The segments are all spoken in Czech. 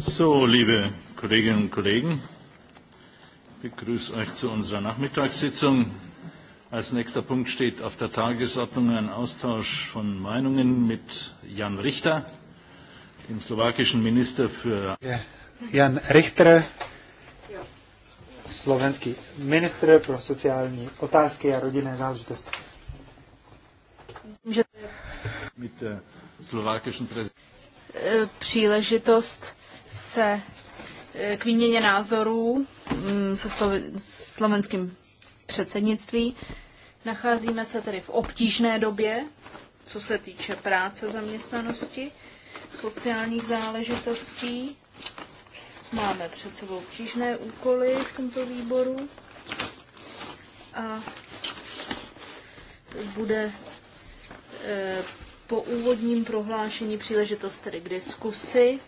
So, liebe Kolleginnen und Kollegen, ich begrüße euch zu unserer Nachmittagssitzung. Als nächster Punkt steht auf der Tagesordnung ein Austausch von Meinungen mit Jan Richter, dem slowakischen Minister für... Jan Richter, slovenský Minister pro sociální otázky a rodinné záležitosti. Mit der slowakischen Präsidentin. Příležitost se eh, k výměně názorů mm, se slovenským předsednictví. Nacházíme se tedy v obtížné době, co se týče práce, zaměstnanosti, sociálních záležitostí. Máme před sebou obtížné úkoly v tomto výboru a bude eh, po úvodním prohlášení příležitost tedy k diskusi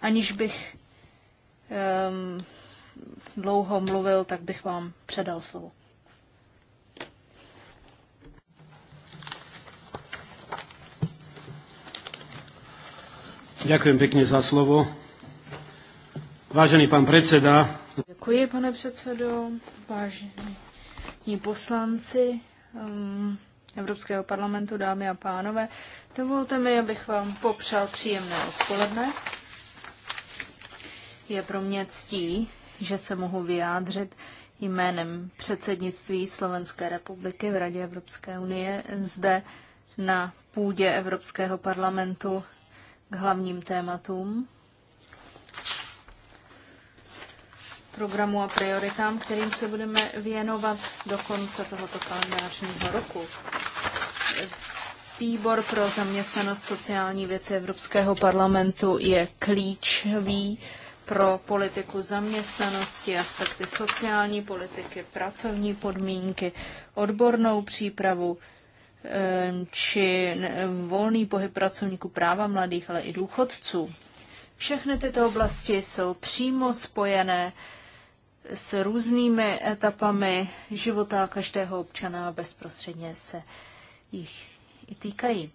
aniž bych um, dlouho mluvil, tak bych vám předal slovo. Děkuji pěkně za slovo. Vážený pan předseda. Děkuji, pane předsedo. Vážení poslanci um, Evropského parlamentu, dámy a pánové, dovolte mi, abych vám popřál příjemné odpoledne. Je pro mě ctí, že se mohu vyjádřit jménem předsednictví Slovenské republiky v Radě Evropské unie zde na půdě Evropského parlamentu k hlavním tématům programu a prioritám, kterým se budeme věnovat do konce tohoto kalendářního roku. Výbor pro zaměstnanost sociální věci Evropského parlamentu je klíčový pro politiku zaměstnanosti, aspekty sociální politiky, pracovní podmínky, odbornou přípravu eh, či volný pohyb pracovníků práva mladých, ale i důchodců. Všechny tyto oblasti jsou přímo spojené s různými etapami života každého občana a bezprostředně se jich i týkají.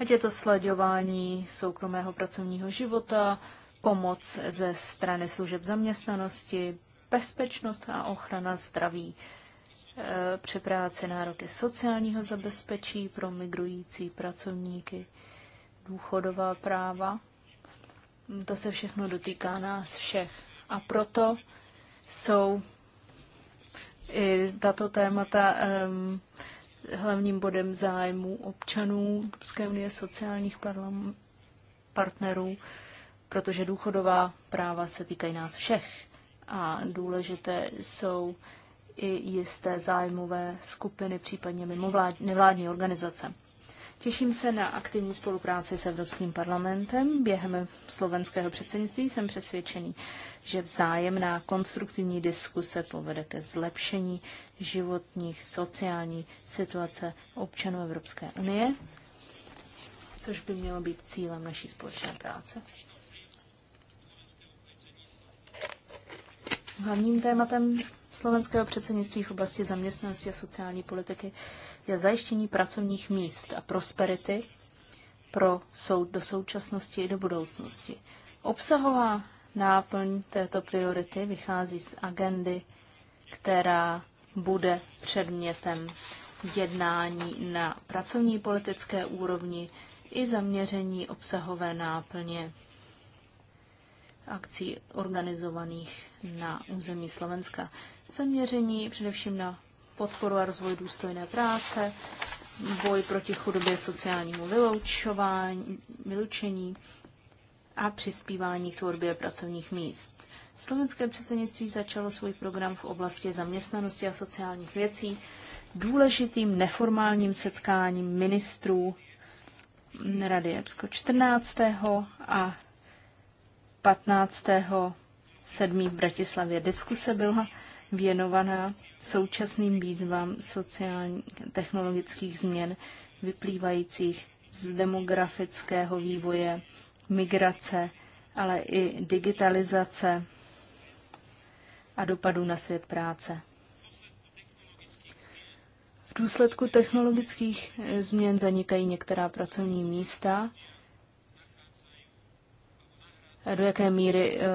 Ať je to sledování soukromého pracovního života, pomoc ze strany služeb zaměstnanosti, bezpečnost a ochrana zdraví e, při práci nároky sociálního zabezpečí pro migrující pracovníky, důchodová práva. To se všechno dotýká nás všech. A proto jsou i tato témata um, hlavním bodem zájmu občanů Evropské unie, sociálních partnerů protože důchodová práva se týkají nás všech a důležité jsou i jisté zájmové skupiny, případně mimovlád, nevládní organizace. Těším se na aktivní spolupráci s Evropským parlamentem. Během slovenského předsednictví jsem přesvědčený, že vzájemná konstruktivní diskuse povede ke zlepšení životních, sociální situace občanů Evropské unie, což by mělo být cílem naší společné práce. Hlavním tématem slovenského předsednictví v oblasti zaměstnanosti a sociální politiky je zajištění pracovních míst a prosperity pro soud do současnosti i do budoucnosti. Obsahová náplň této priority vychází z agendy, která bude předmětem jednání na pracovní politické úrovni i zaměření obsahové náplně akcí organizovaných na území Slovenska. Zaměření především na podporu a rozvoj důstojné práce, boj proti chudobě sociálnímu vyloučování, vyloučení a přispívání k tvorbě pracovních míst. Slovenské předsednictví začalo svůj program v oblasti zaměstnanosti a sociálních věcí důležitým neformálním setkáním ministrů Rady EPSCO 14. a 15. 7. v Bratislavě. Diskuse byla věnovaná současným výzvám sociálních technologických změn vyplývajících z demografického vývoje, migrace, ale i digitalizace a dopadu na svět práce. V důsledku technologických eh, změn zanikají některá pracovní místa, do jaké míry eh,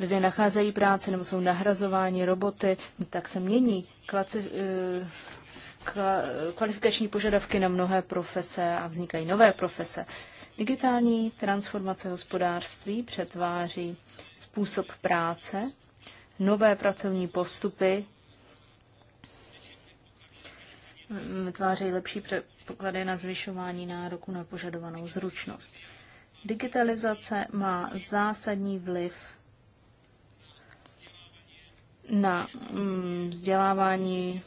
lidé nacházejí práce nebo jsou nahrazováni roboty, tak se mění klaci, eh, kla, kvalifikační požadavky na mnohé profese a vznikají nové profese. Digitální transformace hospodářství přetváří způsob práce, nové pracovní postupy, mm, vytváří lepší předpoklady na zvyšování nároku na požadovanou zručnost. Digitalizace má zásadní vliv na mm, vzdělávání,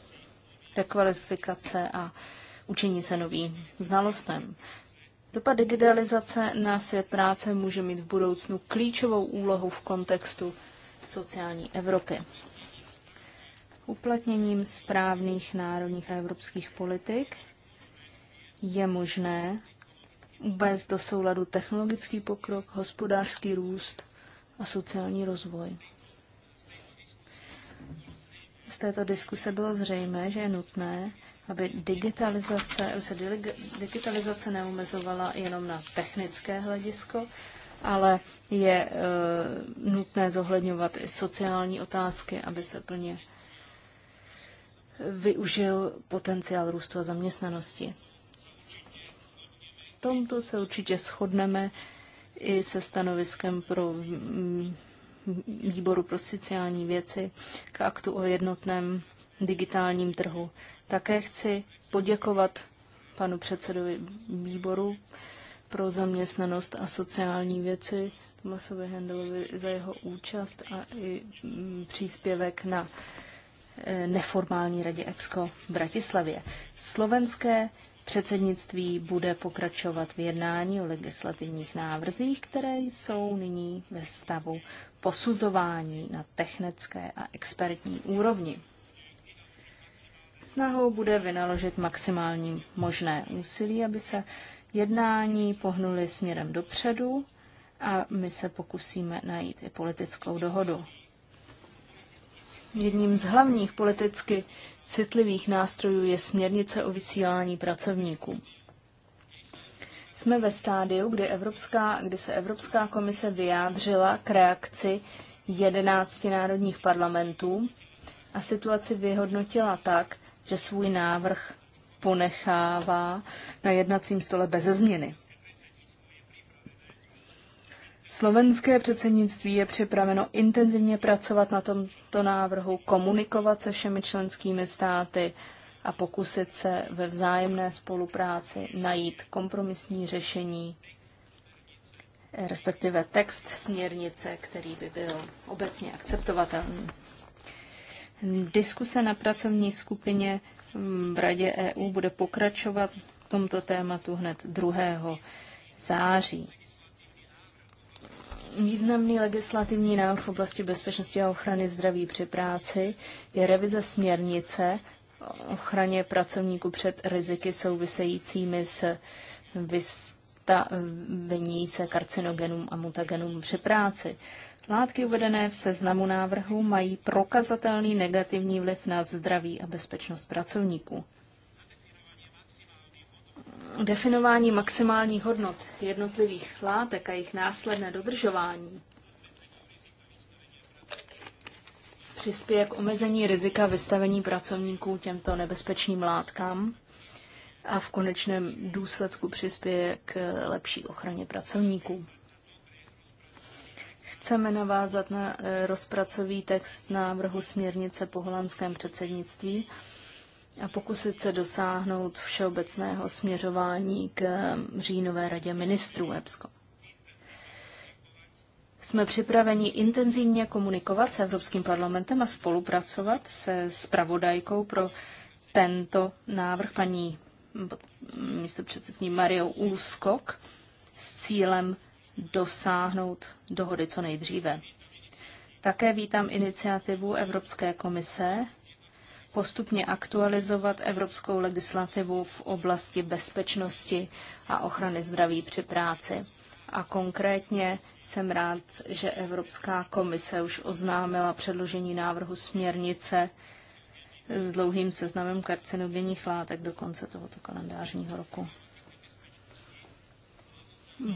rekvalifikace a učení se novým znalostem. Dopad digitalizace na svět práce může mít v budoucnu klíčovou úlohu v kontextu sociální Evropy. Uplatněním správných národních a evropských politik je možné bez do souladu technologický pokrok, hospodářský růst a sociální rozvoj. Z této diskuse bylo zřejmé, že je nutné, aby digitalizace, aby se digitalizace neomezovala jenom na technické hledisko, ale je e, nutné zohledňovat i sociální otázky, aby se plně využil potenciál růstu a zaměstnanosti tomto se určitě shodneme i se stanoviskem pro mm, výboru pro sociální věci k aktu o jednotném digitálním trhu. Také chci poděkovat panu předsedovi výboru pro zaměstnanost a sociální věci Tomasovi Hendelovi za jeho účast a i mm, příspěvek na eh, neformální radě EPSCO v Bratislavě. Slovenské Předsednictví bude pokračovat v jednání o legislativních návrzích, které jsou nyní ve stavu posuzování na technické a expertní úrovni. Snahou bude vynaložit maximální možné úsilí, aby se jednání pohnuly směrem dopředu a my se pokusíme najít i politickou dohodu. Jedním z hlavních politicky citlivých nástrojů je směrnice o vysílání pracovníků. Jsme ve stádiu, kdy, Evropská, kdy se Evropská komise vyjádřila k reakci 11 národních parlamentů a situaci vyhodnotila tak, že svůj návrh ponechává na jednacím stole bez změny. Slovenské předsednictví je připraveno intenzivně pracovat na tomto návrhu, komunikovat se všemi členskými státy a pokusit se ve vzájemné spolupráci najít kompromisní řešení, respektive text směrnice, který by byl obecně akceptovatelný. Diskuse na pracovní skupině v Radě EU bude pokračovat v tomto tématu hned 2. září. Významný legislativní návrh v oblasti bezpečnosti a ochrany zdraví při práci je revize směrnice o ochraně pracovníků před riziky souvisejícími s vystavení se karcinogenům a mutagenům při práci. Látky uvedené v seznamu návrhu mají prokazatelný negativní vliv na zdraví a bezpečnost pracovníků. Definování maximálních hodnot jednotlivých látek a jejich následné dodržování přispěje k omezení rizika vystavení pracovníků těmto nebezpečným látkám a v konečném důsledku přispěje k lepší ochraně pracovníků. Chceme navázat na eh, rozpracový text návrhu směrnice po holandském předsednictví a pokusit se dosáhnout všeobecného směřování k um, říjnové radě ministrů EBSCO. Jsme připraveni intenzivně komunikovat s Evropským parlamentem a spolupracovat se spravodajkou pro tento návrh paní mm, místo předsední Mario Úskok s cílem dosáhnout dohody co nejdříve. Také vítám iniciativu Evropské komise postupně aktualizovat evropskou legislativu v oblasti bezpečnosti a ochrany zdraví při práci. A konkrétně jsem rád, že Evropská komise už oznámila předložení návrhu směrnice s dlouhým seznamem karcinogenních látek do konce tohoto kalendářního roku.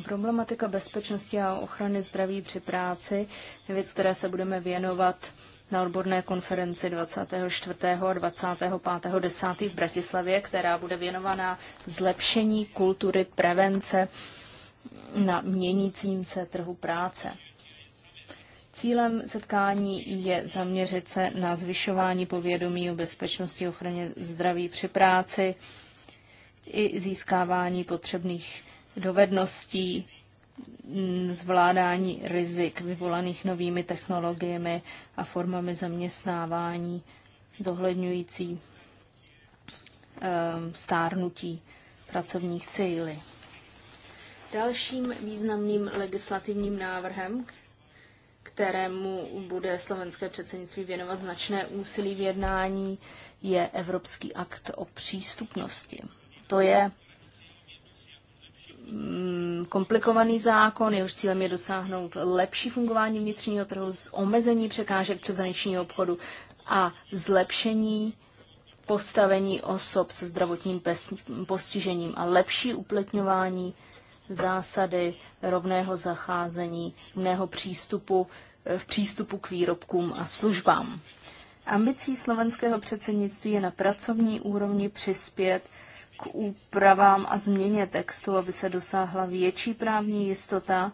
Problematika bezpečnosti a ochrany zdraví při práci je věc, které se budeme věnovat na odborné konferenci 24. a 25. 10. v Bratislavě, která bude věnovaná zlepšení kultury prevence na měnícím se trhu práce. Cílem setkání je zaměřit se na zvyšování povědomí o bezpečnosti ochraně zdraví při práci i získávání potřebných dovedností Mm, zvládání rizik vyvolaných novými technologiemi a formami zaměstnávání zohledňující ehm, stárnutí pracovních síly. Dalším významným legislativním návrhem, kterému bude slovenské předsednictví věnovat značné úsilí v jednání, je Evropský akt o přístupnosti. To je Mm, komplikovaný zákon, jehož cílem je dosáhnout lepší fungování vnitřního trhu z omezení překážek přeshraničního obchodu a zlepšení postavení osob se zdravotním postižením a lepší uplatňování zásady rovného zacházení, rovného přístupu eh, v přístupu k výrobkům a službám. Ambicí slovenského předsednictví je na pracovní úrovni přispět k úpravám a změně textu, aby se dosáhla větší právní jistota,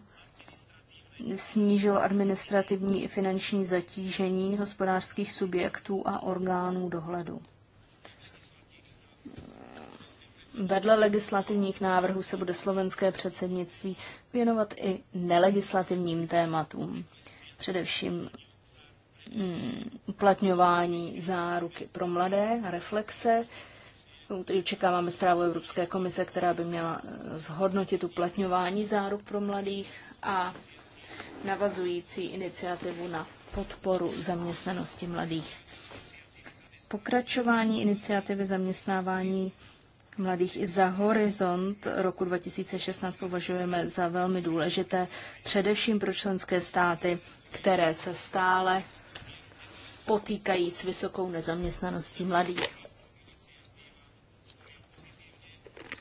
snížilo administrativní i finanční zatížení hospodářských subjektů a orgánů dohledu. Vedle legislativních návrhů se bude slovenské předsednictví věnovat i nelegislativním tématům, především mm, uplatňování záruky pro mladé a reflexe, Tady očekáváme zprávu Evropské komise, která by měla eh, zhodnotit uplatňování záruk pro mladých a navazující iniciativu na podporu zaměstnanosti mladých. Pokračování iniciativy zaměstnávání mladých i za horizont roku 2016 považujeme za velmi důležité, především pro členské státy, které se stále potýkají s vysokou nezaměstnaností mladých.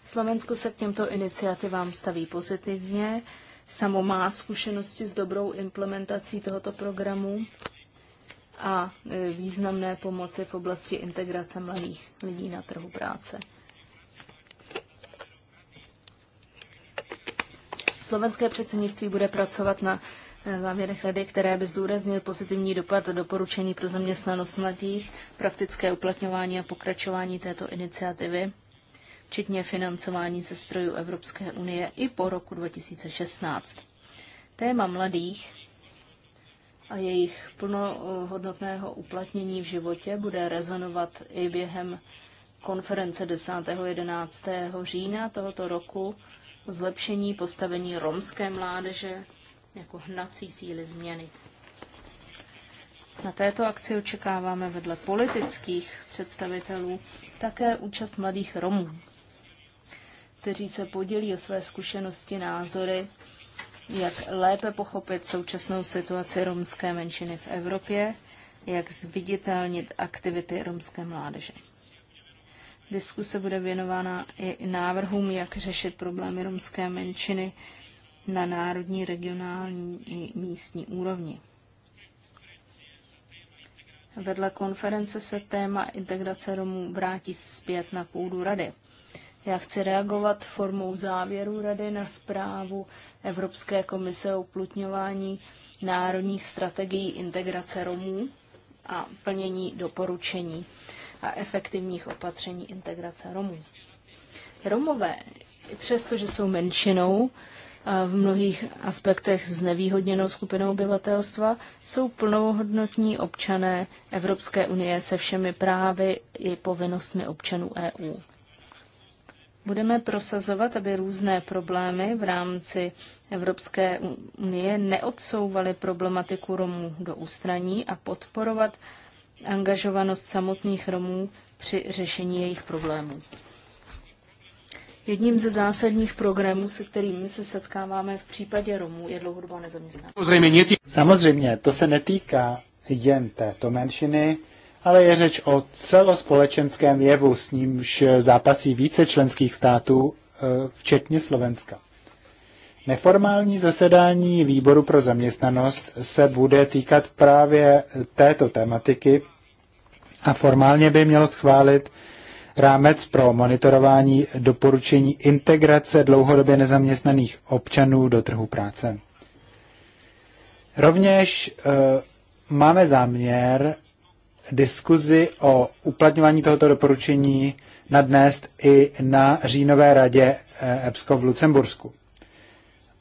Slovensko se k těmto iniciativám staví pozitivně. Samo má zkušenosti s dobrou implementací tohoto programu a e, významné pomoci v oblasti integrace mladých lidí na trhu práce. Slovenské předsednictví bude pracovat na e, závěrech rady, které by zdůraznil pozitivní dopad doporučení pro zaměstnanost mladých, praktické uplatňování a pokračování této iniciativy včetně financování ze strojů Evropské unie i po roku 2016. Téma mladých a jejich plnohodnotného uplatnění v životě bude rezonovat i během konference 10. 11. října tohoto roku o zlepšení postavení romské mládeže jako hnací síly změny. Na této akci očekáváme vedle politických představitelů také účast mladých Romů kteří se podělí o své zkušenosti, názory, jak lépe pochopit současnou situaci romské menšiny v Evropě, jak zviditelnit aktivity romské mládeže. Diskuse bude věnována i návrhům, jak řešit problémy romské menšiny na národní, regionální i místní úrovni. Vedle konference se téma integrace Romů vrátí zpět na půdu rady. Já chci reagovat formou závěru Rady na zprávu Evropské komise o uplutňování národních strategií integrace Romů a plnění doporučení a efektivních opatření integrace Romů. Romové, přestože jsou menšinou, v mnohých aspektech znevýhodněnou skupinou obyvatelstva, jsou plnohodnotní občané Evropské unie se všemi právy i povinnostmi občanů EU. Budeme prosazovat, aby různé problémy v rámci Evropské unie neodsouvaly problematiku Romů do ústraní a podporovat angažovanost samotných Romů při řešení jejich problémů. Jedním ze zásadních programů, se kterými se setkáváme v případě Romů, je dlouhodobá nezaměstnanost. Samozřejmě to se netýká jen této menšiny, ale je řeč o celospolečenském jevu, s nímž zápasí více členských států, e, včetně Slovenska. Neformální zasedání výboru pro zaměstnanost se bude týkat právě této tematiky a formálně by mělo schválit rámec pro monitorování doporučení integrace dlouhodobě nezaměstnaných občanů do trhu práce. Rovněž e, máme záměr diskuzi o uplatňování tohoto doporučení nadnést i na říjnové radě eh, EPSCO v Lucembursku.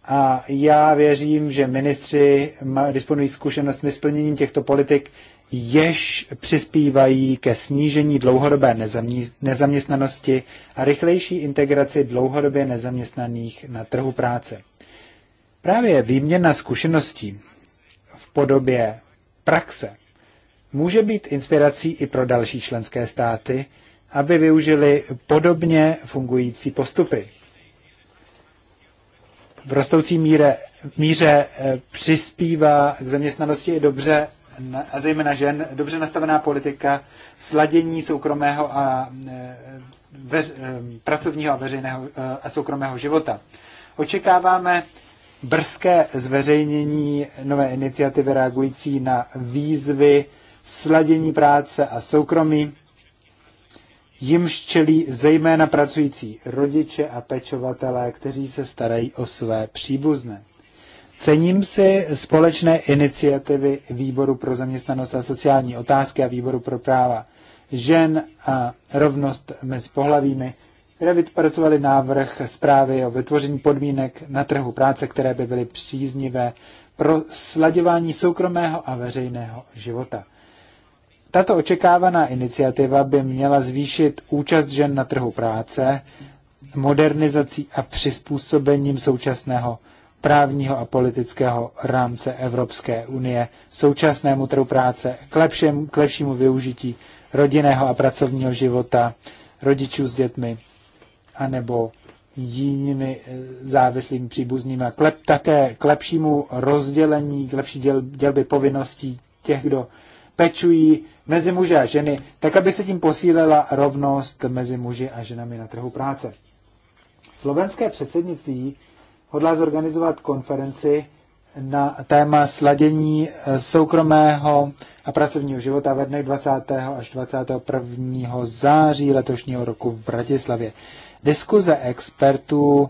A já věřím, že ministři disponují zkušenostmi s plněním těchto politik, jež přispívají ke snížení dlouhodobé nezaměstnanosti a rychlejší integraci dlouhodobě nezaměstnaných na trhu práce. Právě výměna zkušeností v podobě praxe může být inspirací i pro další členské státy, aby využili podobně fungující postupy. V rostoucí míře, míře eh, přispívá k zaměstnanosti i dobře, a zejména žen, dobře nastavená politika sladění soukromého a eh, veř, eh, pracovního a veřejného a soukromého života. Očekáváme brzké zveřejnění nové iniciativy reagující na výzvy sladění práce a soukromí, jim čelí zejména pracující rodiče a pečovatelé, kteří se starají o své příbuzné. Cením si společné iniciativy Výboru pro zaměstnanost a sociální otázky a Výboru pro práva žen a rovnost mezi pohlavími, které vypracovali návrh zprávy o vytvoření podmínek na trhu práce, které by byly příznivé pro sladěvání soukromého a veřejného života. Tato očekávaná iniciativa by měla zvýšit účast žen na trhu práce modernizací a přizpůsobením současného právního a politického rámce Evropské unie současnému trhu práce, k, lepšem, k lepšímu využití rodinného a pracovního života rodičů s dětmi anebo jinými eh, závislými příbuznými a klep, také k lepšímu rozdělení, k lepší děl, dělby povinností těch, kdo pečují mezi muže a ženy, tak aby se tím posílila rovnost mezi muži a ženami na trhu práce. Slovenské předsednictví hodlá zorganizovat konferenci na téma sladění eh, soukromého a pracovního života ve dnech 20. až 21. září letošního roku v Bratislavě. Diskuze expertů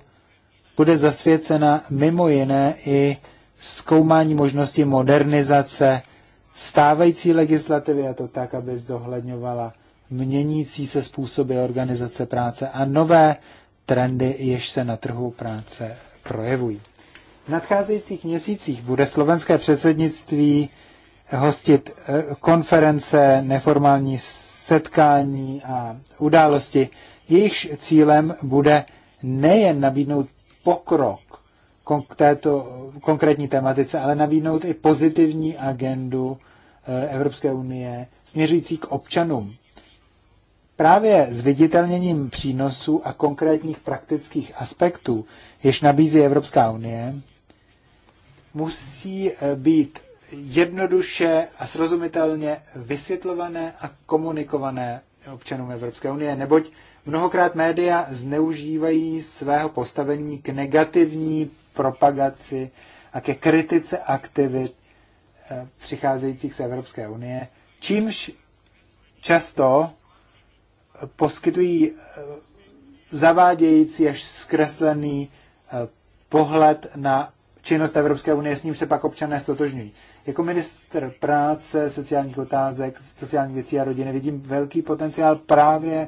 bude zasvěcena mimo jiné i zkoumání možnosti modernizace stávající legislativy a to tak, aby zohledňovala měnící se způsoby organizace práce a nové trendy, jež se na trhu práce projevují. V nadcházejících měsících bude slovenské předsednictví hostit eh, konference, neformální setkání a události. Jejichž cílem bude nejen nabídnout pokrok k této konkrétní tematice, ale nabídnout i pozitivní agendu eh, Evropské unie směřující k občanům. Právě s viditelněním přínosů a konkrétních praktických aspektů, jež nabízí Evropská unie, musí eh, být jednoduše a srozumitelně vysvětlované a komunikované občanům Evropské unie, neboť mnohokrát média zneužívají svého postavení k negativní propagaci a ke kritice aktivit eh, přicházejících z Evropské unie, čímž často eh, poskytují eh, zavádějící až zkreslený pohled na činnost Evropské unie, s ním se pak občané stotožňují. Jako minister práce, sociálních otázek, sociálních věcí a rodiny vidím velký potenciál právě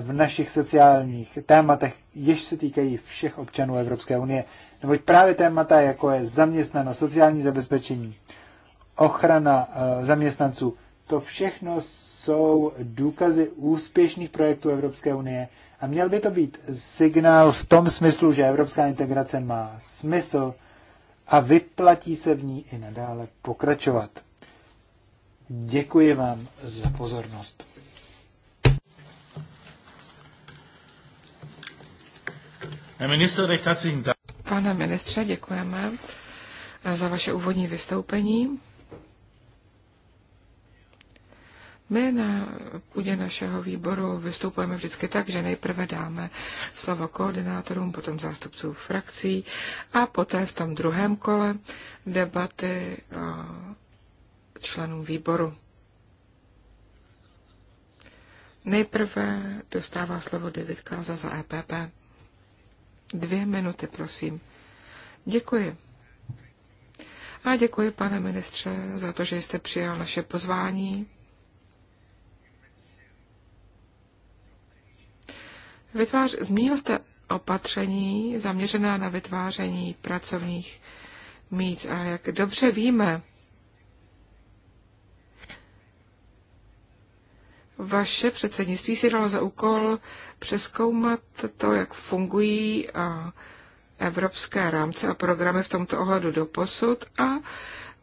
v našich sociálních tématech, jež se týkají všech občanů Evropské unie. Neboť právě témata, jako je zaměstnanost, sociální zabezpečení, ochrana eh, zaměstnanců, to všechno jsou důkazy úspěšných projektů Evropské unie a měl by to být signál v tom smyslu, že evropská integrace má smysl a vyplatí se v ní i nadále pokračovat. Děkuji vám za pozornost. Herr Minister, recht herzlichen Dank. Pane ministře, děkujeme eh, za vaše úvodní vystoupení. My na půdě našeho výboru vystupujeme vždycky tak, že nejprve dáme slovo koordinátorům, potom zástupcům frakcí a poté v tom druhém kole debaty eh, členům výboru. Nejprve dostává slovo David Kaza za EPP. Dvě minuty, prosím. Děkuji. A děkuji, pane ministře, za to, že jste přijal naše pozvání. Vytvář, zmínil jste opatření zaměřená na vytváření pracovních míst a jak dobře víme, Vaše předsednictví si dalo za úkol přeskoumat to, jak fungují evropské rámce a programy v tomto ohledu do posud a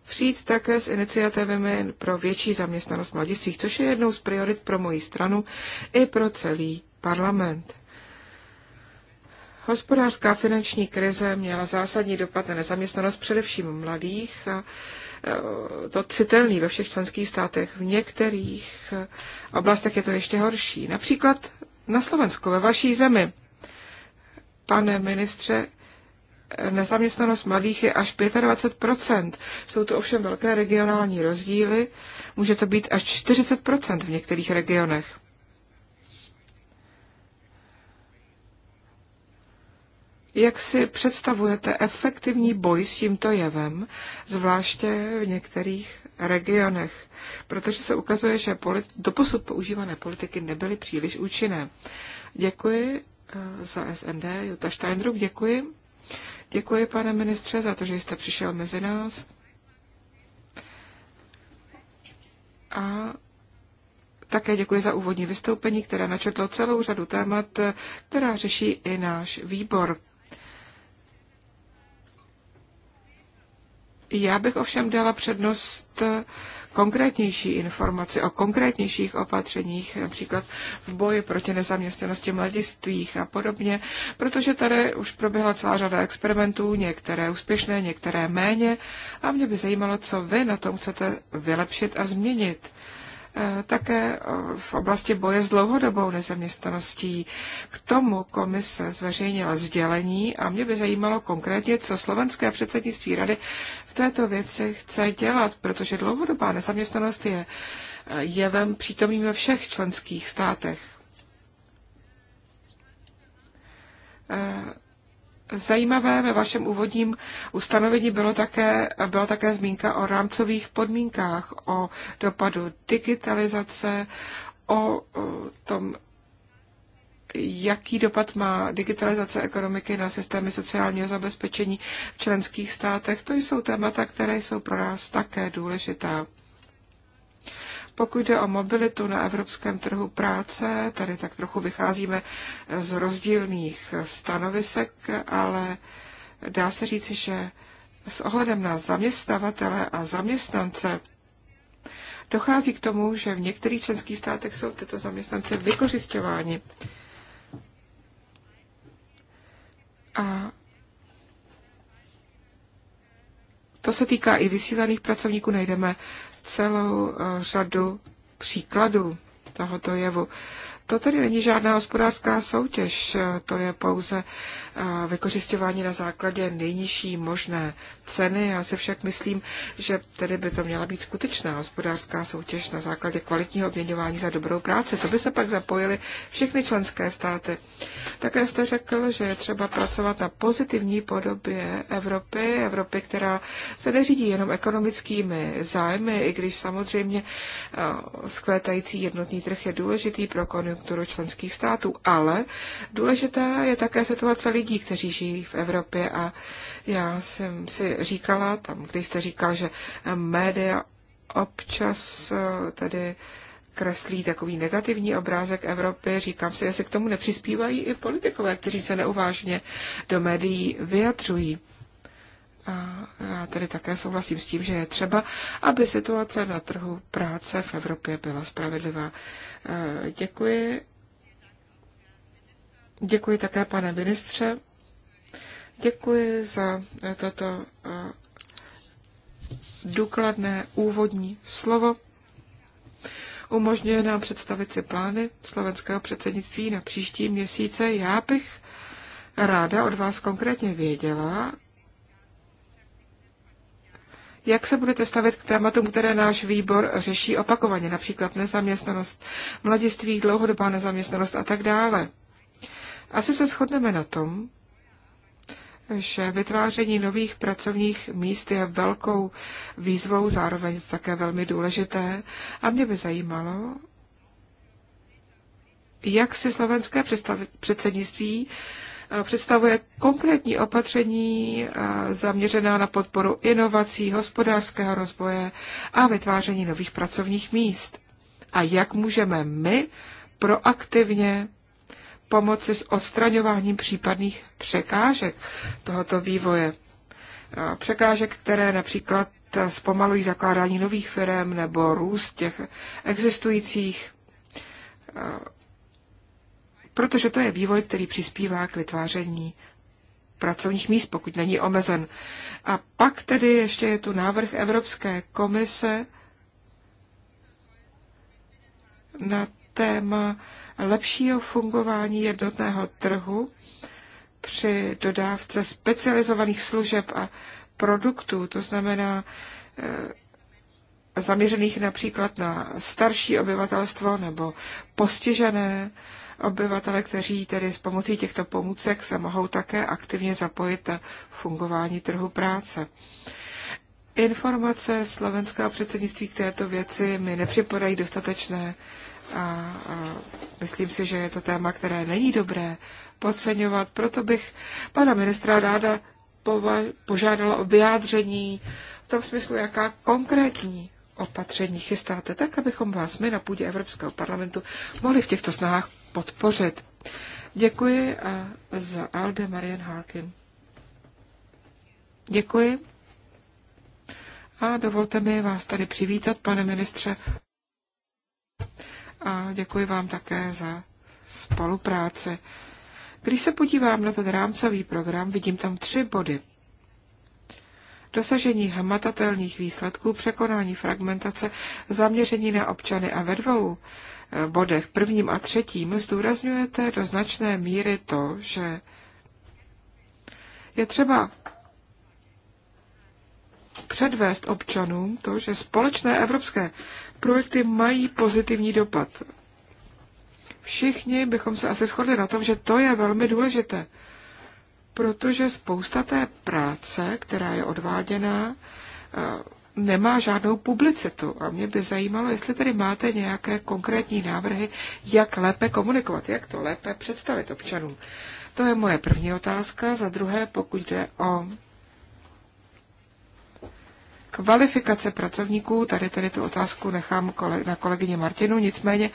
přijít také s iniciativami pro větší zaměstnanost mladistvých, což je jednou z priorit pro moji stranu i pro celý parlament. Hospodářská finanční krize měla zásadní dopad na nezaměstnanost především mladých a Eh, to citelný ve všech členských státech. V některých eh, oblastech je to ještě horší. Například na Slovensku, ve vaší zemi. Pane ministře, eh, nezaměstnanost mladých je až 25%. Jsou to ovšem velké regionální rozdíly. Může to být až 40% v některých regionech. Jak si představujete efektivní boj s tímto jevem, zvláště v některých regionech? Protože se ukazuje, že polit- doposud používané politiky nebyly příliš účinné. Děkuji eh, za SND, Jutta Steinruck, děkuji. Děkuji, pane ministře, za to, že jste přišel mezi nás. A také děkuji za úvodní vystoupení, které načetlo celou řadu témat, eh, která řeší i náš výbor. Já bych ovšem dala přednost eh, konkrétnější informaci o konkrétnějších opatřeních, například v boji proti nezaměstnanosti mladistvých a podobně, protože tady už proběhla celá řada experimentů, některé úspěšné, některé méně a mě by zajímalo, co vy na tom chcete vylepšit a změnit. Eh, také eh, v oblasti boje s dlouhodobou nezaměstnaností. K tomu komise zveřejnila sdělení a mě by zajímalo konkrétně, co slovenské předsednictví rady v této věci chce dělat, protože dlouhodobá nezaměstnanost je eh, jevem přítomným ve všech členských státech Zajímavé ve vašem úvodním ustanovení bylo také, byla také zmínka o rámcových podmínkách, o dopadu digitalizace, o tom, jaký dopad má digitalizace ekonomiky na systémy sociálního zabezpečení v členských státech. To jsou témata, které jsou pro nás také důležitá. Pokud jde o mobilitu na evropském trhu práce, tady tak trochu vycházíme z rozdílných stanovisek, ale dá se říci, že s ohledem na zaměstnavatele a zaměstnance dochází k tomu, že v některých členských státech jsou tyto zaměstnance vykořišťováni. A to se týká i vysílaných pracovníků, najdeme celou eh, řadu příkladů tohoto jevu. To tedy není žádná hospodářská soutěž, eh, to je pouze eh, vykořišťování na základě nejnižší možné ceny. Já si však myslím, že tedy by to měla být skutečná hospodářská soutěž na základě kvalitního obměňování za dobrou práci. To by se pak zapojily všechny členské státy. Také jste řekl, že je třeba pracovat na pozitivní podobě Evropy, Evropy, která se neřídí jenom ekonomickými zájmy, i když samozřejmě skvětající eh, jednotný trh je důležitý pro konjunkturu členských států, ale důležitá je také situace lidí, kteří žijí v Evropě a já jsem si říkala, tam, kde jste říkal, že média občas eh, tedy kreslí takový negativní obrázek Evropy. Říkám si, jestli k tomu nepřispívají i politikové, kteří se neuvážně do médií vyjadřují. A já tedy také souhlasím s tím, že je třeba, aby situace na trhu práce v Evropě byla spravedlivá. Eh, děkuji. Děkuji také, pane ministře. Děkuji za eh, toto eh, důkladné úvodní slovo. Umožňuje nám představit si plány slovenského předsednictví na příští měsíce. Já bych ráda od vás konkrétně věděla, jak se budete stavit k tématům, které náš výbor řeší opakovaně, například nezaměstnanost, mladiství, dlouhodobá nezaměstnanost a tak dále. Asi se shodneme na tom, že vytváření nových pracovních míst je velkou výzvou, zároveň také velmi důležité. A mě by zajímalo, jak si slovenské předsednictví eh, představuje konkrétní opatření eh, zaměřená na podporu inovací, hospodářského rozvoje a vytváření nových pracovních míst. A jak můžeme my proaktivně pomoci s odstraňováním případných překážek tohoto vývoje. Překážek, které například zpomalují zakládání nových firm nebo růst těch existujících, protože to je vývoj, který přispívá k vytváření pracovních míst, pokud není omezen. A pak tedy ještě je tu návrh Evropské komise na téma lepšího fungování jednotného trhu při dodávce specializovaných služeb a produktů, to znamená eh, zaměřených například na starší obyvatelstvo nebo postižené obyvatele, kteří tedy s pomocí těchto pomůcek se mohou také aktivně zapojit na fungování trhu práce. Informace slovenského předsednictví k této věci mi nepřipadají dostatečné a myslím si, že je to téma, které není dobré podceňovat. Proto bych pana ministra ráda požádala o vyjádření v tom smyslu, jaká konkrétní opatření chystáte, tak abychom vás my na půdě Evropského parlamentu mohli v těchto snahách podpořit. Děkuji a za Alde Marian Harkin. Děkuji. A dovolte mi vás tady přivítat, pane ministře a děkuji vám také za spolupráci. Když se podívám na ten rámcový program, vidím tam tři body. Dosažení hmatatelných výsledků, překonání fragmentace, zaměření na občany a ve dvou eh, bodech, prvním a třetím, zdůrazňujete do značné míry to, že je třeba předvést občanům to, že společné evropské projekty mají pozitivní dopad. Všichni bychom se asi shodli na tom, že to je velmi důležité, protože spousta té práce, která je odváděná, eh, nemá žádnou publicitu. A mě by zajímalo, jestli tedy máte nějaké konkrétní návrhy, jak lépe komunikovat, jak to lépe představit občanům. To je moje první otázka. Za druhé, pokud jde o kvalifikace pracovníků, tady tedy tu otázku nechám na kolegyně Martinu, nicméně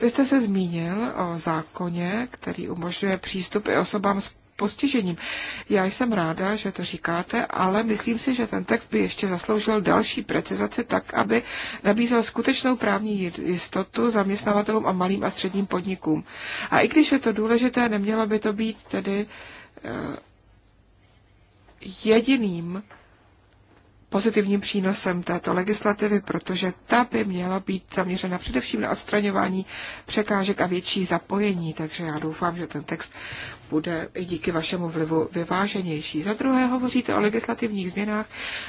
vy jste se zmínil o zákoně, který umožňuje přístup osobám s postižením. Já jsem ráda, že to říkáte, ale myslím si, že ten text by ještě zasloužil další precizaci tak, aby nabízel skutečnou právní jistotu zaměstnavatelům a malým a středním podnikům. A i když je to důležité, nemělo by to být tedy eh, jediným pozitivním přínosem této legislativy, protože ta by měla být zaměřena především na odstraňování překážek a větší zapojení, takže já doufám, že ten text bude i díky vašemu vlivu vyváženější. Za druhé hovoříte o legislativních změnách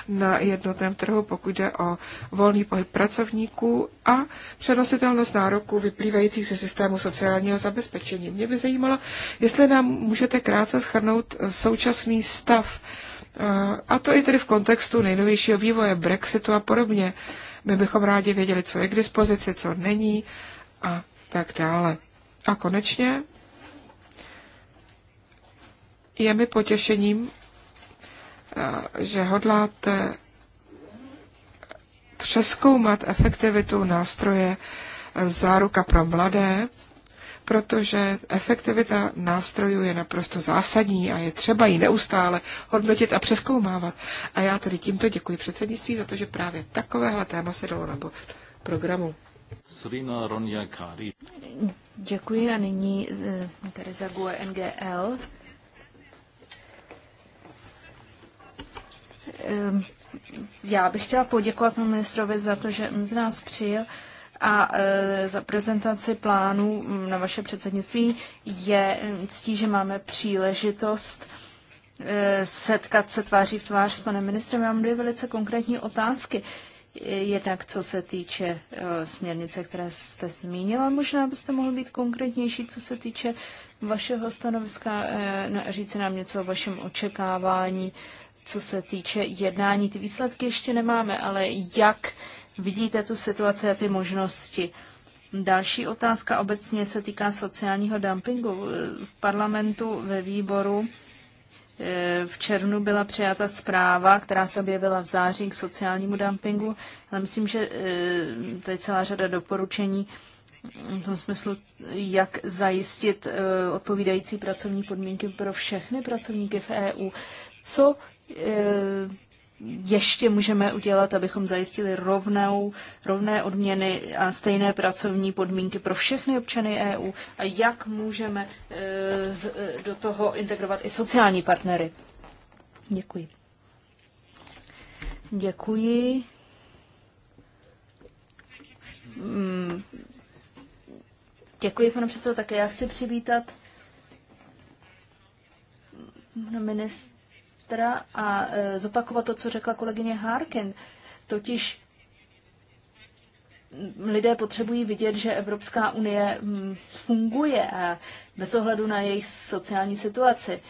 na jednotném trhu, pokud jde o volný pohyb pracovníků a přenositelnost nároků vyplývajících ze systému sociálního zabezpečení. Mě by zajímalo, jestli nám můžete krátce schrnout současný stav Eh, a to i tedy v kontextu nejnovějšího vývoje Brexitu a podobně. My bychom rádi věděli, co je k dispozici, co není a tak dále. A konečně je mi potěšením, eh, že hodláte přeskoumat efektivitu nástroje eh, záruka pro mladé, protože efektivita nástrojů je naprosto zásadní a je třeba ji neustále hodnotit a přeskoumávat. A já tedy tímto děkuji předsednictví za to, že právě takovéhle téma se dalo na programu. Děkuji a nyní eh, Teresa Gue NGL. Ehm, já bych chtěla poděkovat panu ministrovi za to, že z nás přijel a e, za prezentaci plánů na vaše předsednictví. Je ctí, že máme příležitost e, setkat se tváří v tvář s panem ministrem. Já mám dvě velice konkrétní otázky. E, jednak co se týče směrnice, které jste zmínila, možná byste mohl být konkrétnější, co se týče vašeho stanoviska, no říci nám něco o vašem očekávání, co se týče jednání. Ty výsledky ještě nemáme, ale jak vidíte tu situaci a ty možnosti. Další otázka obecně se týká sociálního dumpingu. V parlamentu ve výboru eh, v červnu byla přijata zpráva, která se objevila v září k sociálnímu dumpingu, ale myslím, že eh, to je celá řada doporučení v tom smyslu, jak zajistit eh, odpovídající pracovní podmínky pro všechny pracovníky v EU. Co ještě můžeme udělat, abychom zajistili rovnou, rovné odměny a stejné pracovní podmínky pro všechny občany EU a jak můžeme e, e, do toho integrovat i sociální partnery. Děkuji. Děkuji. Mm. Děkuji, pane předsedo, také já chci přivítat na ministr. Petra a e, zopakovat to, co řekla kolegyně Harkin. Totiž lidé potřebují vidět, že Evropská unie mm, funguje a bez ohledu na jejich sociální situaci.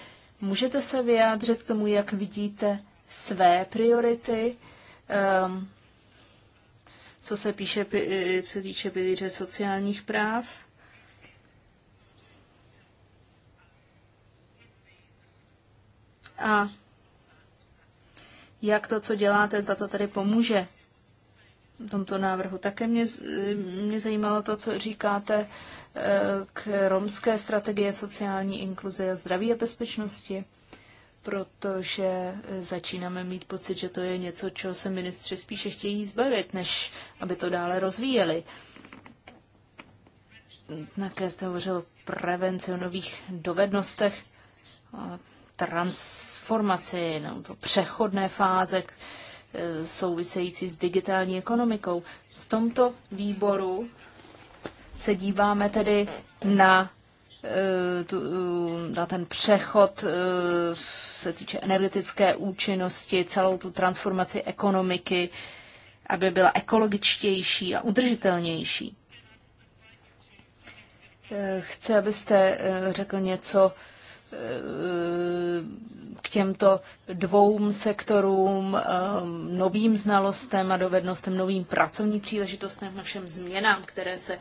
Můžete se vyjádřit k tomu, jak vidíte své priority, um, co se píše, e, co týče pilíře sociálních práv? A jak to, co děláte, zda to tady pomůže tomto návrhu. Také mě, mě zajímalo to, co říkáte eh, k romské strategie sociální inkluze a zdraví a bezpečnosti, protože eh, začínáme mít pocit, že to je něco, čeho se ministři spíše chtějí zbavit, než aby to dále rozvíjeli. Také jste hovořil o prevenci, o nových dovednostech transformaci, no, to přechodné fáze e, související s digitální ekonomikou. V tomto výboru se díváme tedy na, e, tu, na ten přechod e, se týče energetické účinnosti, celou tu transformaci ekonomiky, aby byla ekologičtější a udržitelnější. Chci, abyste řekl něco Eh, k těmto dvou sektorům, eh, novým znalostem a dovednostem, novým pracovním příležitostem, všem změnám, které, se,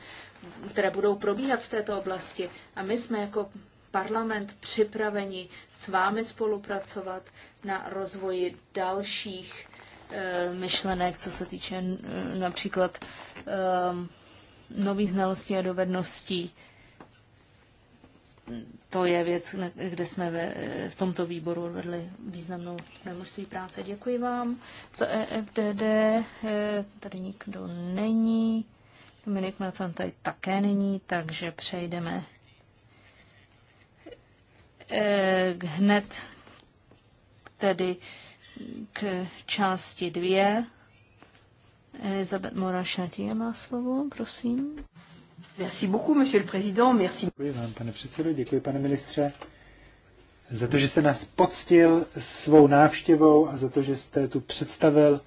které budou probíhat v této oblasti. A my jsme jako parlament připraveni s vámi spolupracovat na rozvoji dalších eh, myšlenek, co se týče například nových znalostí a dovedností to je věc, kde jsme eh, v tomto výboru vedli významnou množství práce. Děkuji vám. Co EFDD, eh, tady nikdo není. Dominik Melton tady také není, takže přejdeme eh, hned tedy k části dvě. Elizabeth Morašatě má slovo, prosím. Merci beaucoup, monsieur le président. Merci. Děkuji vám, pane předsedo, děkuji, pane ministře, za to, že jste nás poctil svou návštěvou a za to, že jste tu představil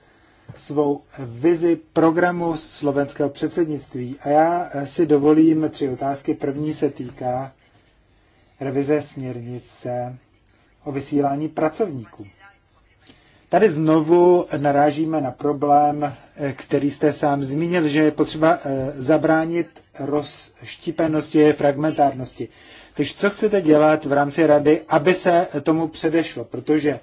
svou vizi programu slovenského předsednictví. A já si dovolím tři otázky. První se týká revize směrnice o vysílání pracovníků. Tady znovu narážíme na problém, který jste sám zmínil, že je potřeba eh, zabránit rozštípenosti, fragmentárnosti. Takže co chcete dělat v rámci rady, aby se tomu předešlo? Protože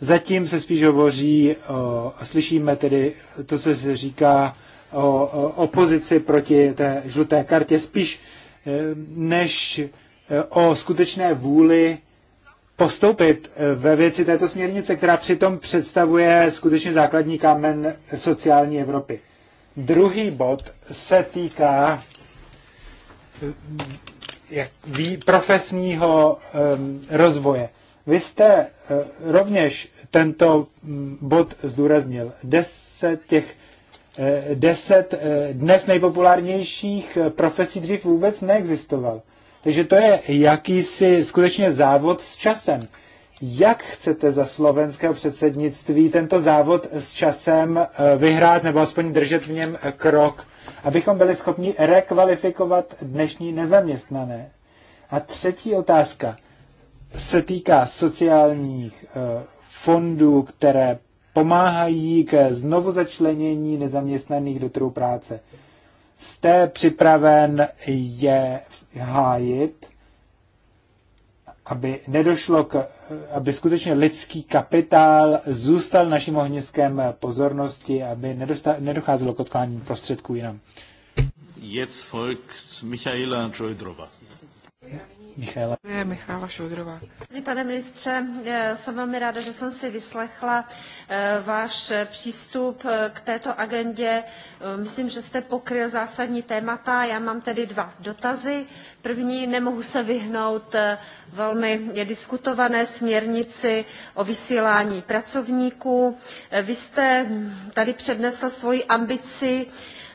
zatím se spíš hovoří, o, slyšíme tedy to, co se říká o, o opozici proti té žluté kartě, spíš e, než e, o skutečné vůli postoupit e, ve věci této směrnice, která přitom představuje skutečně základní kámen sociální Evropy. Druhý bod se týká jak ví, profesního rozvoje. Vy jste eh, rovněž tento mm, bod zdůraznil. Deset těch eh, deset eh, dnes nejpopulárnějších profesí dřív vůbec neexistoval. Takže to je jakýsi skutečně závod s časem jak chcete za slovenského předsednictví tento závod s časem eh, vyhrát nebo aspoň držet v něm eh, krok, abychom byli schopni rekvalifikovat dnešní nezaměstnané. A třetí otázka se týká sociálních eh, fondů, které pomáhají k znovu začlenění nezaměstnaných do trhu práce. Jste připraven je hájit, aby nedošlo k aby skutečně lidský kapitál zůstal naším ohniskem pozornosti, aby nedosta, nedocházelo k odklání prostředků jinam. Jetzt folgt Michaela Jojdrova. Michála. Je Michála Šoudrová. Pane ministře, jsem velmi ráda, že jsem si vyslechla eh, váš přístup eh, k této agendě. Eh, myslím, že jste pokryl zásadní témata. Já mám tedy dva dotazy. První, nemohu se vyhnout velmi diskutované směrnici o vysílání pracovníků. Vy jste hm, tady přednesl svoji ambici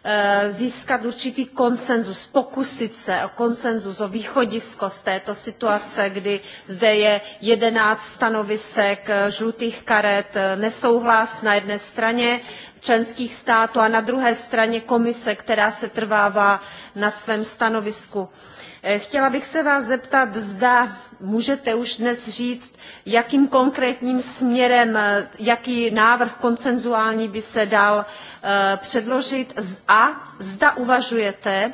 Eh, získat určitý konsenzus, pokusit se o konsenzus, o východisko z této situace, kdy zde je jedenáct stanovisek eh, žlutých karet, eh, nesouhlas na jedné straně, členských států a na druhé straně komise, která se trvává na svém stanovisku. Eh, chtěla bych se vás zeptat, zda můžete už dnes říct, jakým konkrétním směrem, eh, jaký návrh koncenzuální by se dal eh, předložit a zda uvažujete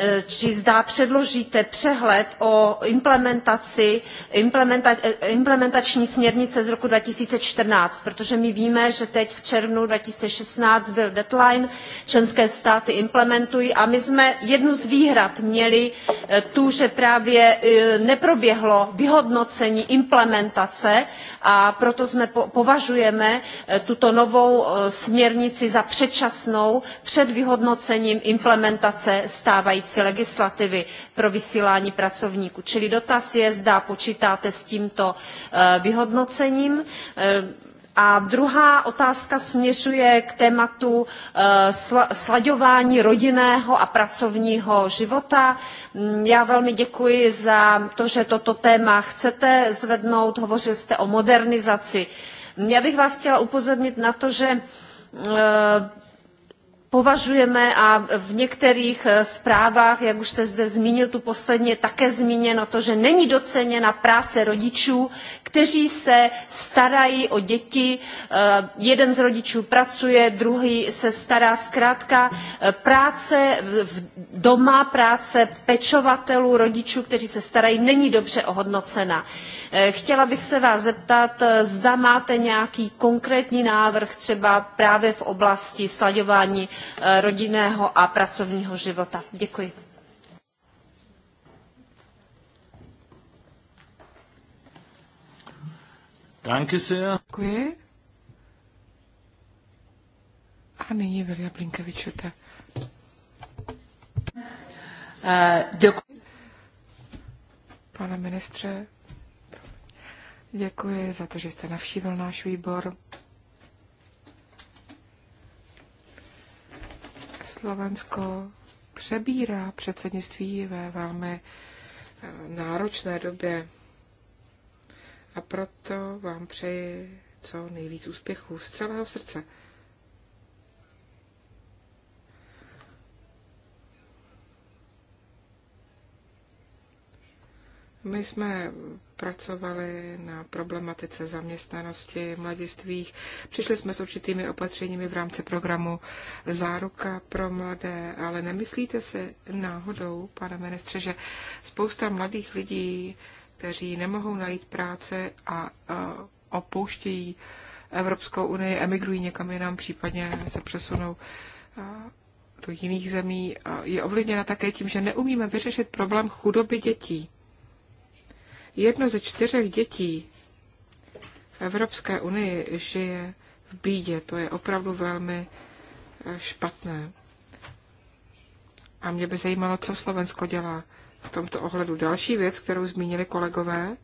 Eh, či zda předložíte přehled o implementaci, implementa, eh, implementační směrnice z roku 2014, protože my víme, že teď v červnu 2016 byl deadline, členské státy implementují a my jsme jednu z výhrad měli eh, tu, že právě neproběhlo vyhodnocení implementace a proto jsme považujeme tuto novou směrnici za předčasnou před vyhodnocením implementace stávající rámci legislativy pro vysílání pracovníků. Čili dotaz je, zda počítáte s tímto eh, vyhodnocením. Eh, a druhá otázka směřuje k tématu eh, slaďování rodinného a pracovního života. Mm, já velmi děkuji za to, že toto téma chcete zvednout. Hovořil jste o modernizaci. Já bych vás chtěla upozornit na to, že považujeme a v některých eh, zprávách, jak už jste zde zmínil, tu posledně také zmíněno to, že není doceněna práce rodičů, kteří se starají o děti. Eh, jeden z rodičů pracuje, druhý se stará. Zkrátka eh, práce doma, práce pečovatelů, rodičů, kteří se starají, není dobře ohodnocena. Eh, chtěla bych se vás zeptat, eh, zda máte nějaký konkrétní návrh třeba právě v oblasti slaďování eh, rodinného a pracovního života. Děkuji. Danke sehr. Děkuji. A nyní Vilja Blinkevičute. Děkuji. Pane ministře, Děkuji za to, že jste navštívil náš výbor. Slovensko přebírá předsednictví ve velmi eh, náročné době. A proto vám přeji co nejvíc úspěchů z celého srdce. My jsme pracovali na problematice zaměstnanosti mladistvých. Přišli jsme s určitými opatřeními v rámci programu Záruka pro mladé, ale nemyslíte si náhodou, pane ministře, že spousta mladých lidí, kteří nemohou najít práce a opouštějí Evropskou unii, emigrují někam jinam, případně se přesunou do jiných zemí, je ovlivněna také tím, že neumíme vyřešit problém chudoby dětí. Jedno ze čtyřech dětí v Evropské unii žije v bídě. To je opravdu velmi eh, špatné. A mě by zajímalo, co Slovensko dělá v tomto ohledu. Další věc, kterou zmínili kolegové,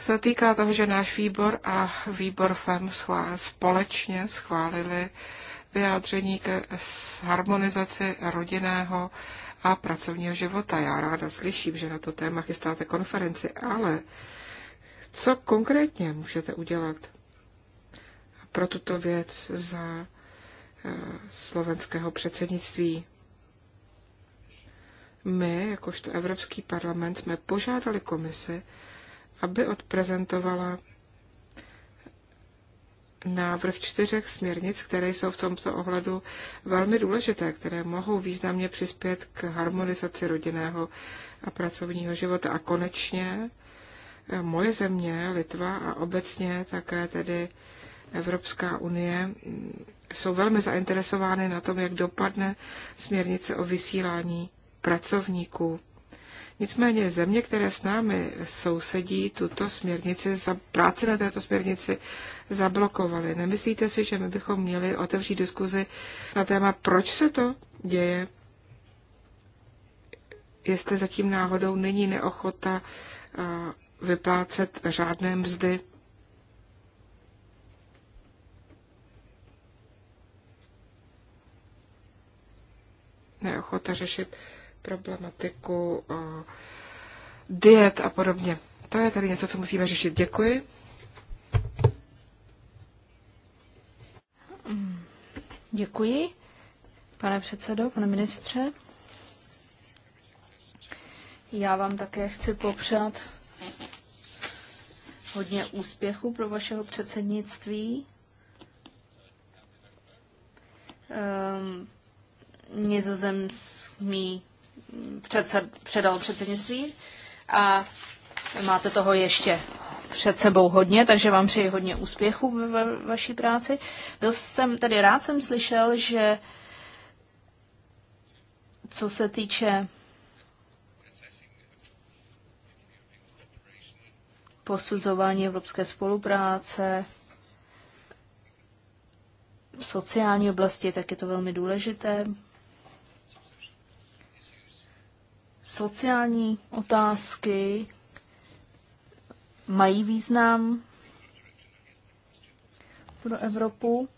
se týká toho, že náš výbor a výbor FEM společně schválili vyjádření k harmonizaci rodinného a pracovního života. Já ráda slyším, že na to téma chystáte konferenci, ale co konkrétně můžete udělat pro tuto věc za eh, slovenského předsednictví? My, jakožto Evropský parlament, jsme požádali komisi, aby odprezentovala návrh čtyřech směrnic, které jsou v tomto ohledu velmi důležité, které mohou významně přispět k harmonizaci rodinného a pracovního života. A konečně eh, moje země, Litva a obecně také tedy Evropská unie mm, jsou velmi zainteresovány na tom, jak dopadne směrnice o vysílání pracovníků. Nicméně země, které s námi sousedí, tuto směrnici, za práci na této směrnici zablokovaly. Nemyslíte si, že my bychom měli otevřít diskuzi na téma, proč se to děje? Jestli zatím náhodou není neochota vyplácet řádné mzdy neochota řešit problematiku eh, diet a podobně. To je tady něco, co musíme řešit. Děkuji. Mm, děkuji, pane předsedo, pane ministře. Já vám také chci popřát hodně úspěchu pro vašeho předsednictví. Um, nizozemský předsed, předal předsednictví a máte toho ještě před sebou hodně, takže vám přeji hodně úspěchů ve, va- vaší práci. Byl jsem tady rád jsem slyšel, že co se týče posuzování evropské spolupráce v sociální oblasti, tak je to velmi důležité. sociální otázky mají význam pro Evropu.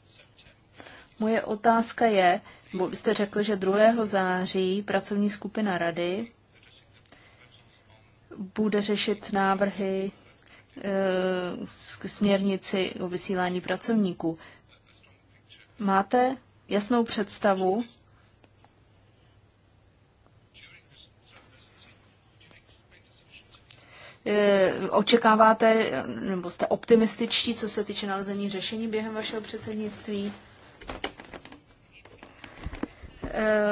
Moje otázka je, bo jste řekli, že 2. září pracovní skupina rady bude řešit návrhy eh, k směrnici o vysílání pracovníků. Máte jasnou představu Eh, očekáváte nebo jste optimističtí, co se týče nalezení řešení během vašeho předsednictví? Eh,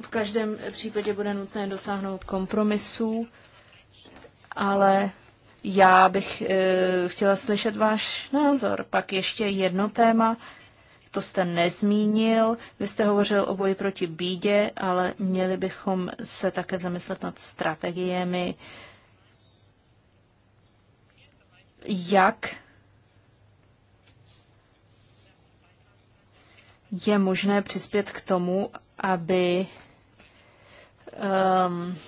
v každém případě bude nutné dosáhnout kompromisů, ale já bych eh, chtěla slyšet váš názor. Pak ještě jedno téma, to jste nezmínil. Vy jste hovořil o boji proti bídě, ale měli bychom se také zamyslet nad strategiemi jak je možné přispět k tomu, aby um,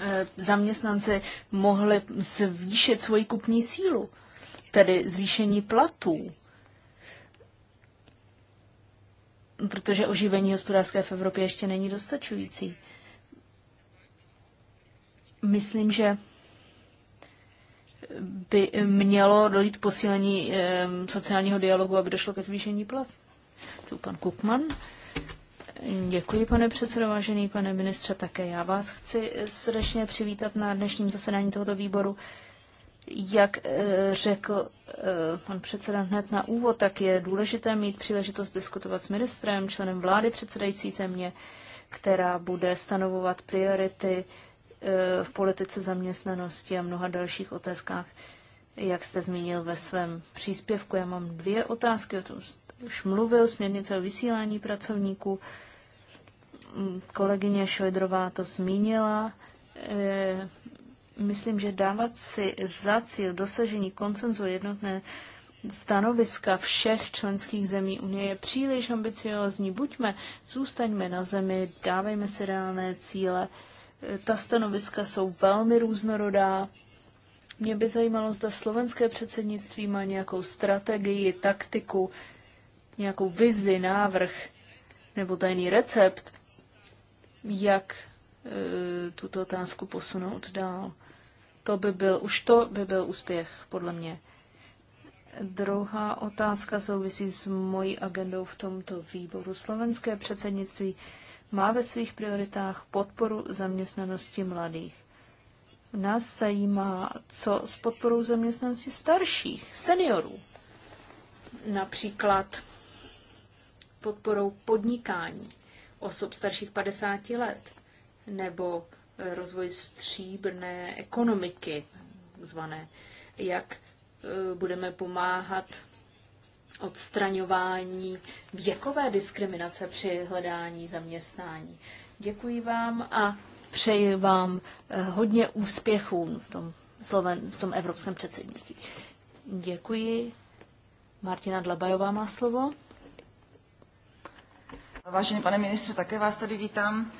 eh, zaměstnanci mohli zvýšit svoji kupní sílu, tedy zvýšení platů. Protože oživení hospodářské v Evropě ještě není dostačující. Myslím, že by mělo dojít posílení sociálního dialogu, aby došlo ke zvýšení plat. Tu pan Kukman. Děkuji, pane předsedo, vážený pane ministře, také já vás chci srdečně přivítat na dnešním zasedání tohoto výboru. Jak eh, řekl eh, pan předseda hned na úvod, tak je důležité mít příležitost diskutovat s ministrem, členem vlády předsedající země, která bude stanovovat priority Eh, v politice zaměstnanosti a mnoha dalších otázkách, jak jste zmínil ve svém příspěvku. Já mám dvě otázky, o tom už mluvil, směrnice o vysílání pracovníků. Mm, kolegyně Šojdrová to zmínila. Eh, myslím, že dávat si za cíl dosažení koncenzu jednotné stanoviska všech členských zemí Unie je příliš ambiciozní. Buďme, zůstaňme na zemi, dávejme si reálné cíle ta stanoviska jsou velmi různorodá. Mě by zajímalo, zda slovenské předsednictví má nějakou strategii, taktiku, nějakou vizi, návrh nebo tajný recept, jak e, tuto otázku posunout dál. To by byl, už to by byl úspěch, podle mě. Druhá otázka souvisí s mojí agendou v tomto výboru. Slovenské předsednictví má ve svých prioritách podporu zaměstnanosti mladých. Nás zajímá, co s podporou zaměstnanosti starších, seniorů. Například podporou podnikání osob starších 50 let nebo rozvoj stříbrné ekonomiky, zvané, jak eh, budeme pomáhat odstraňování věkové diskriminace při hledání zaměstnání. Děkuji vám a přeji vám eh, hodně úspěchů v tom, Sloven, v tom evropském předsednictví. Děkuji. Martina Dlabajová má slovo. Vážený pane ministře, také vás tady vítám.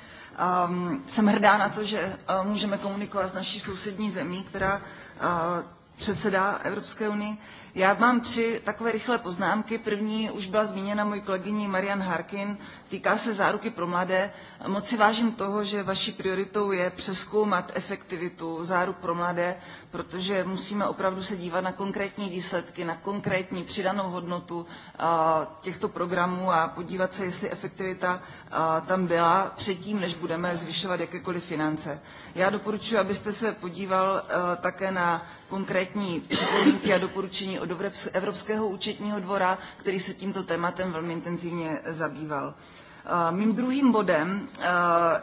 Um, jsem hrdá na to, že um, můžeme komunikovat s naší sousední zemí, která uh, předsedá Evropské unii. Já mám tři takové rychlé poznámky. První už byla zmíněna mojí kolegyní Marian Harkin, týká se záruky pro mladé. Moc si vážím toho, že vaší prioritou je přeskoumat efektivitu záruk pro mladé, protože musíme opravdu se dívat na konkrétní výsledky, na konkrétní přidanou hodnotu těchto programů a podívat se, jestli efektivita tam byla předtím, než budeme zvyšovat jakékoliv finance. Já doporučuji, abyste se podíval také na konkrétní připomínky a doporučení od Evropského účetního dvora, který se tímto tématem velmi intenzivně zabýval. Eh, mým druhým bodem eh,